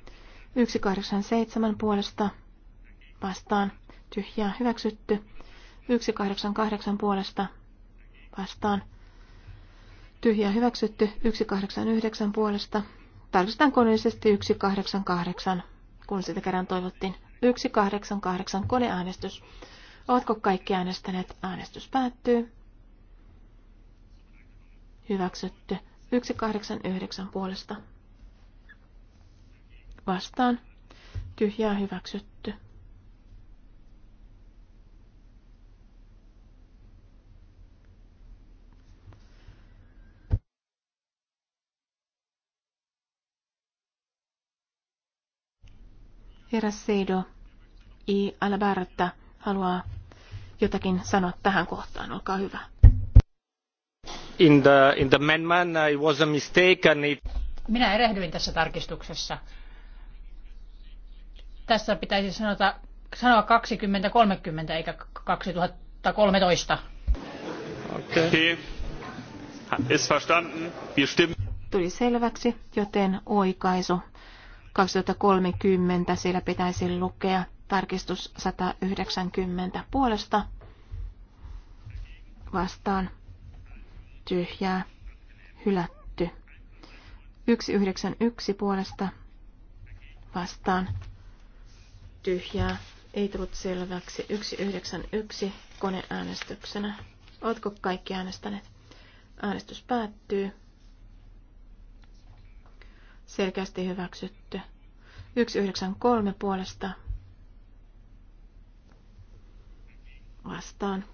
187 puolesta vastaan. Tyhjää hyväksytty. 188 puolesta vastaan tyhjä hyväksytty 189 puolesta. Tarkistetaan koneellisesti 188, kun sitä kerran toivottiin. 188 koneäänestys. Ovatko kaikki äänestäneet? Äänestys päättyy. Hyväksytty 189 puolesta. Vastaan. Tyhjää hyväksytty. Herra Seido I. Alberta haluaa jotakin sanoa tähän kohtaan. Olkaa hyvä. In the, in the man, uh, it was a mistake and it... Minä erehdyin tässä tarkistuksessa. Tässä pitäisi sanota, sanoa 2030 eikä 2013. Okei. Okay. Ist verstanden. Wir stimmen. Tuli selväksi, joten oikaisu 2030 siellä pitäisi lukea tarkistus 190 puolesta vastaan tyhjää hylätty. 191 puolesta vastaan tyhjää ei tullut selväksi 191 koneäänestyksenä. Oletko kaikki äänestäneet? Äänestys päättyy selkeästi hyväksytty. 193 puolesta vastaan.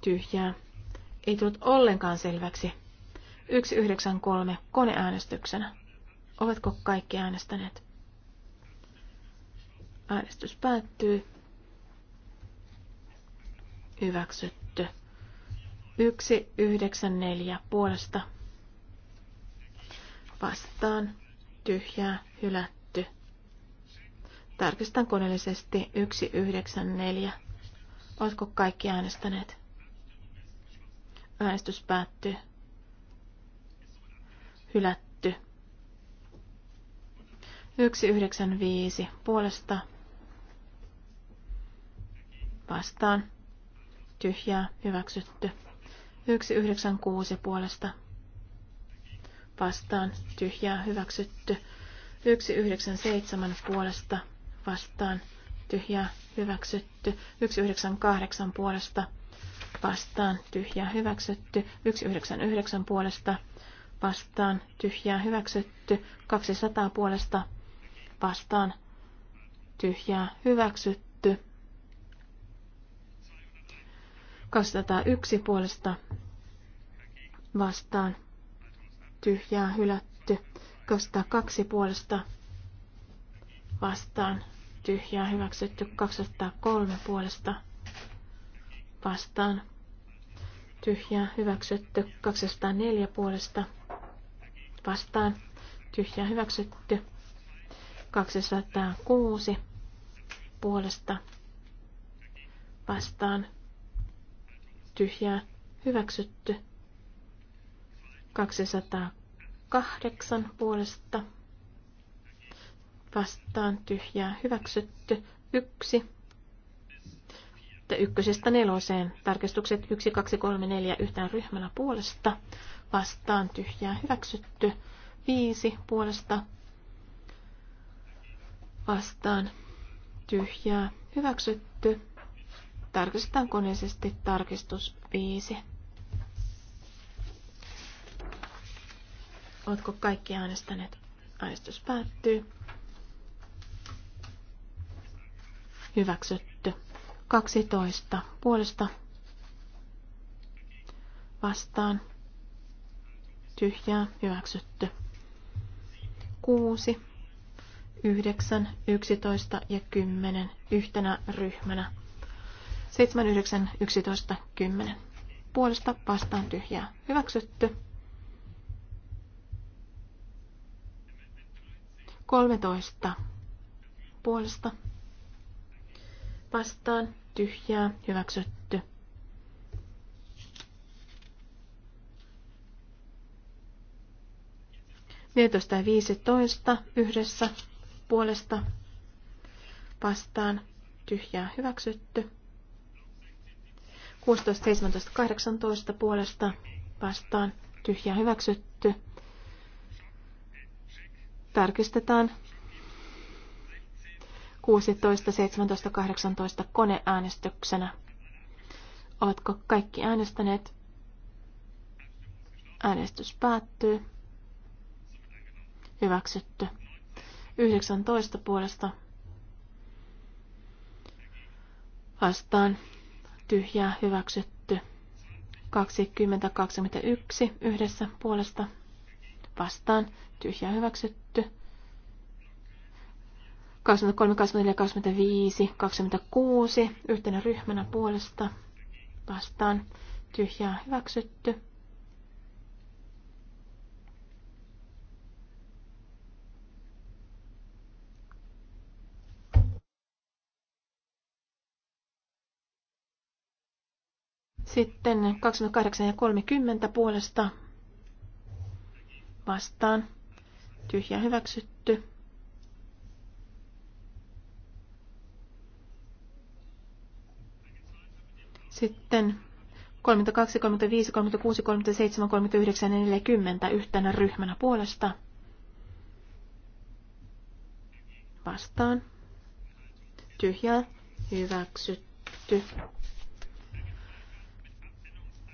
Tyhjää. Ei tullut ollenkaan selväksi. 193 koneäänestyksenä. Ovatko kaikki äänestäneet? Äänestys päättyy. Hyväksytty. 194 puolesta vastaan tyhjää hylätty. Tarkistan koneellisesti 194. Oletko kaikki äänestäneet? Äänestys päättyy. Hylätty. 195 puolesta vastaan tyhjää hyväksytty. 196 puolesta vastaan tyhjää hyväksytty. 197 puolesta vastaan tyhjää hyväksytty. 198 puolesta vastaan tyhjää hyväksytty. 199 puolesta vastaan tyhjää hyväksytty. 200 puolesta vastaan tyhjää hyväksytty. 201 puolesta vastaan tyhjää hylätty. 202 puolesta vastaan tyhjää hyväksytty. 203 puolesta vastaan tyhjää hyväksytty. 204 puolesta vastaan tyhjää hyväksytty. 206 puolesta vastaan tyhjää hyväksytty. 208 puolesta vastaan tyhjää hyväksytty. Yksi. ykkösestä neloseen. Tarkistukset 1, 2, 3, 4 yhtään ryhmänä puolesta. Vastaan tyhjää hyväksytty. 5 puolesta. Vastaan tyhjää hyväksytty. Tarkistetaan koneisesti tarkistus 5. Oletko kaikki äänestäneet? Äänestys päättyy. Hyväksytty. 12 puolesta vastaan. Tyhjää hyväksytty. 6, 9, 11 ja 10 yhtenä ryhmänä. 7, 9, 11, 10. Puolesta vastaan tyhjää hyväksytty. 13 puolesta vastaan tyhjää hyväksytty. Neljätoista ja viisitoista yhdessä puolesta vastaan tyhjää hyväksytty. 16, 17, 18 puolesta vastaan tyhjää hyväksytty. Tarkistetaan 16, 17, 18 koneäänestyksenä. Ovatko kaikki äänestäneet? Äänestys päättyy. Hyväksytty. 19 puolesta vastaan tyhjää hyväksytty. 20, 21 yhdessä puolesta vastaan tyhjää hyväksytty. 23, 24, 25, 26 yhtenä ryhmänä puolesta vastaan tyhjää hyväksytty. Sitten 28 ja 30 puolesta vastaan tyhjä hyväksytty. Sitten 32, 35, 36, 37, 39 ja 40 yhtenä ryhmänä puolesta. Vastaan. Tyhjä. Hyväksytty.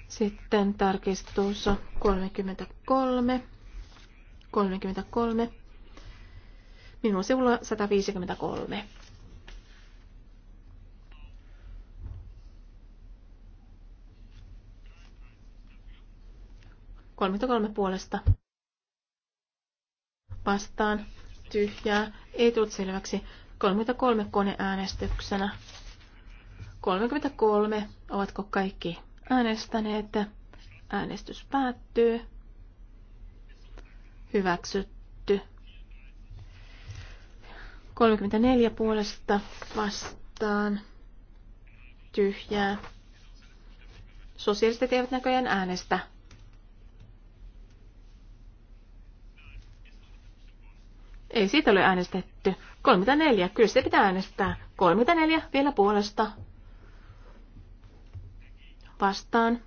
Sitten tarkistus 33. 33. Minun sivulla 153. 33 puolesta vastaan tyhjää ei tullut selväksi 33 koneäänestyksenä. 33 ovatko kaikki äänestäneet? Äänestys päättyy. Hyväksytty. 34 puolesta vastaan tyhjää. Sosialistit eivät näköjään äänestä. Ei siitä ole äänestetty. 34. Kyllä se pitää äänestää. 34 vielä puolesta. Vastaan.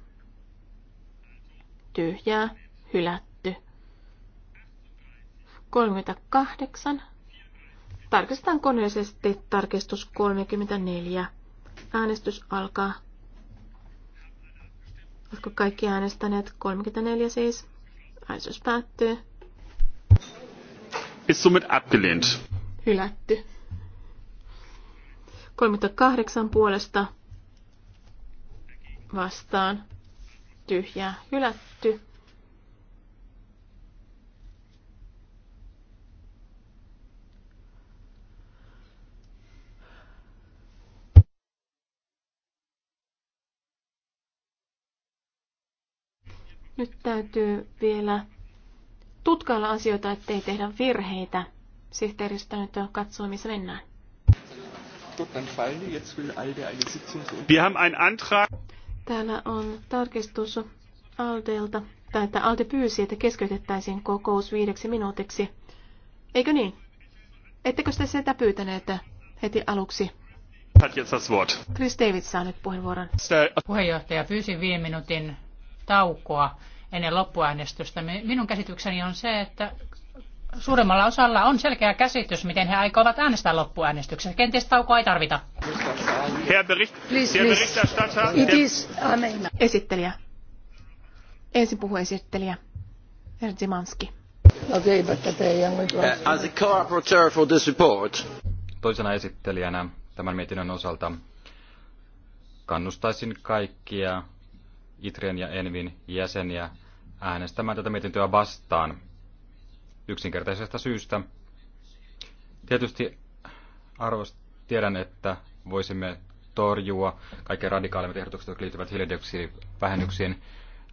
Tyhjää. Hylätty. 38. Tarkistetaan koneellisesti tarkistus 34. Äänestys alkaa. Oletko kaikki äänestäneet? 34 siis. Äänestys päättyy. Ist somit abgelehnt. Hylätty. 38 puolesta vastaan tyhjää hylätty. Nyt täytyy vielä tutkailla asioita, ettei tehdä virheitä. Sihteeristö nyt katsoo, missä mennään. Wir haben einen Antrag. Täällä on tarkistus Aldelta, tai että Alde pyysi, että keskeytettäisiin kokous viideksi minuutiksi. Eikö niin? Ettekö te sitä pyytäneet heti aluksi? Chris David saa nyt puheenvuoron. Puheenjohtaja pyysi viiden minuutin taukoa ennen loppuäänestystä. Minun käsitykseni on se, että suuremmalla osalla on selkeä käsitys, miten he aikovat äänestää loppuäänestyksessä. Kenties taukoa ei tarvita. Esittelijä. Ensin puhuu esittelijä. Erdzimanski. Uh, Toisena esittelijänä tämän mietinnön osalta kannustaisin kaikkia ITREN ja ENVin jäseniä äänestämään tätä mietintöä vastaan yksinkertaisesta syystä. Tietysti arvost, tiedän, että voisimme torjua kaikki radikaalimmat ehdotukset, jotka liittyvät hiilidioksidivähennyksiin,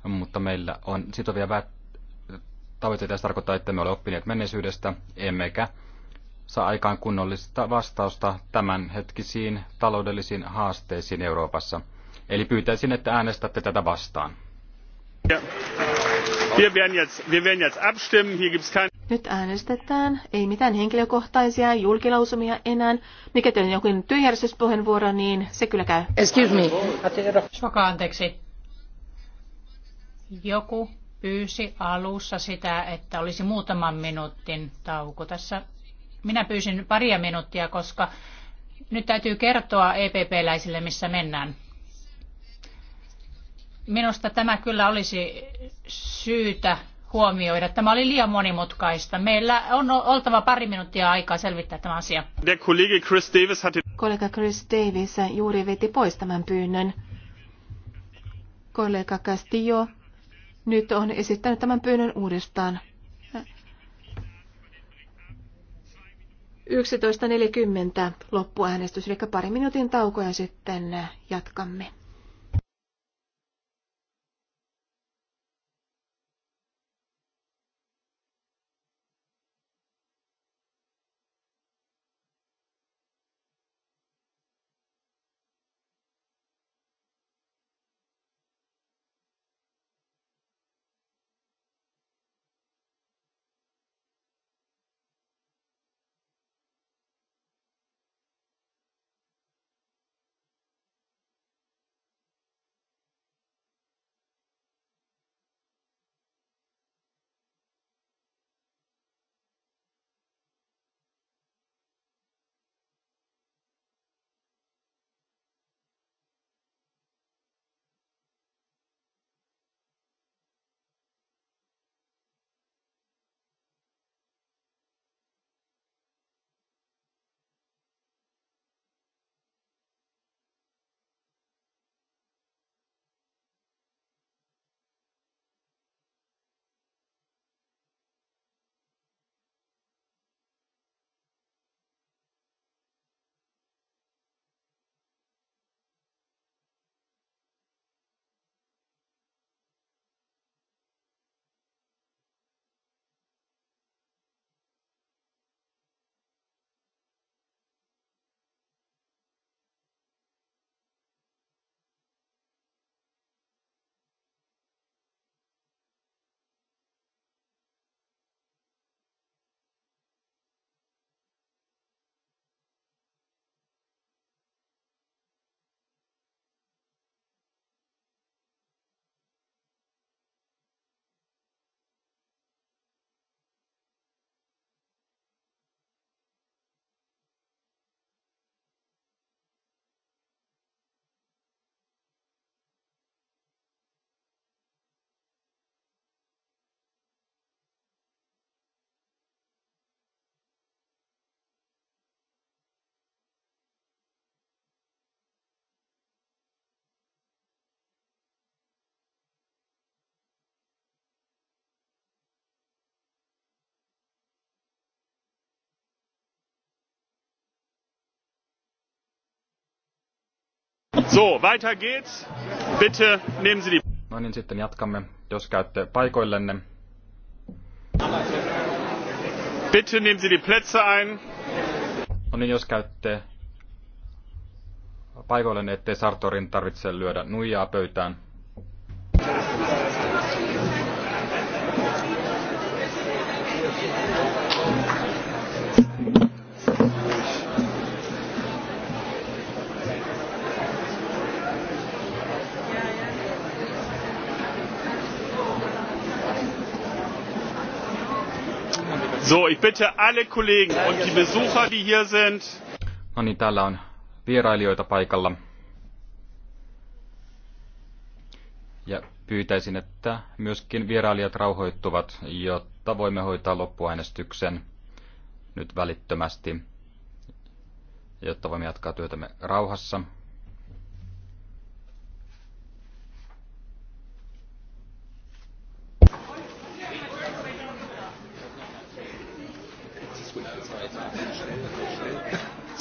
mutta meillä on sitovia tavoitteita, se tarkoittaa, että me ole oppineet menneisyydestä, emmekä saa aikaan kunnollista vastausta tämänhetkisiin taloudellisiin haasteisiin Euroopassa. Eli pyytäisin, että äänestätte tätä vastaan. Yeah. Nyt äänestetään. Ei mitään henkilökohtaisia julkilausumia enää. Mikä teillä on jokin työjärjestyspuheenvuoro, niin se kyllä käy. Excuse me. Suokaa anteeksi. Joku pyysi alussa sitä, että olisi muutaman minuutin tauko. Tässä minä pyysin paria minuuttia, koska nyt täytyy kertoa EPP-läisille, missä mennään. Minusta tämä kyllä olisi syytä huomioida. Tämä oli liian monimutkaista. Meillä on oltava pari minuuttia aikaa selvittää tämä asia. Kollega Chris Davis, hati... kollega Chris Davis juuri veti pois tämän pyynnön. Kollega Castillo nyt on esittänyt tämän pyynnön uudestaan. 11.40 loppuäänestys, eli pari minuutin taukoja sitten jatkamme. So, weiter geht's. Bitte nehmen Sie die... No niin, sitten jatkamme, jos käytte paikoillenne. Bitte nehmen Sie die Plätze ein. No niin, jos käytte paikoillenne, ettei Sartorin tarvitse lyödä nuijaa pöytään. So, ich bitte alle Kollegen und die Besucher, die hier sind. No niin, täällä on vierailijoita paikalla. Ja pyytäisin, että myöskin vierailijat rauhoittuvat, jotta voimme hoitaa loppuäänestyksen nyt välittömästi, jotta voimme jatkaa työtämme rauhassa.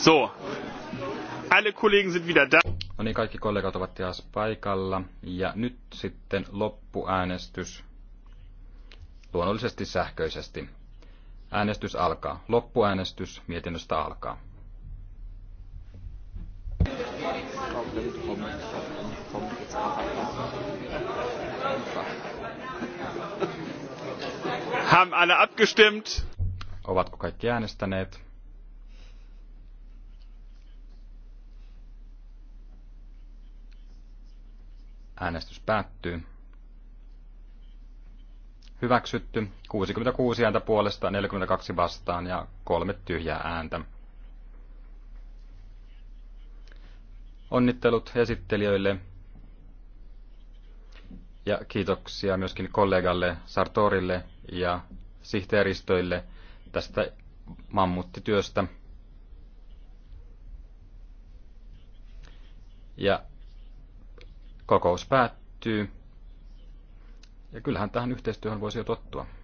So, alle Kollegen sind wieder da. No niin, kaikki kollegat ovat taas paikalla. Ja nyt sitten loppuäänestys. Luonnollisesti sähköisesti. Äänestys alkaa. Loppuäänestys mietinnöstä alkaa. Haben alle abgestimmt? Ovatko kaikki äänestäneet? Äänestys päättyy. Hyväksytty. 66 ääntä puolesta, 42 vastaan ja kolme tyhjää ääntä. Onnittelut esittelijöille ja kiitoksia myöskin kollegalle Sartorille ja sihteeristöille tästä mammuttityöstä. Ja Kokous päättyy. Ja kyllähän tähän yhteistyöhön voisi jo tottua.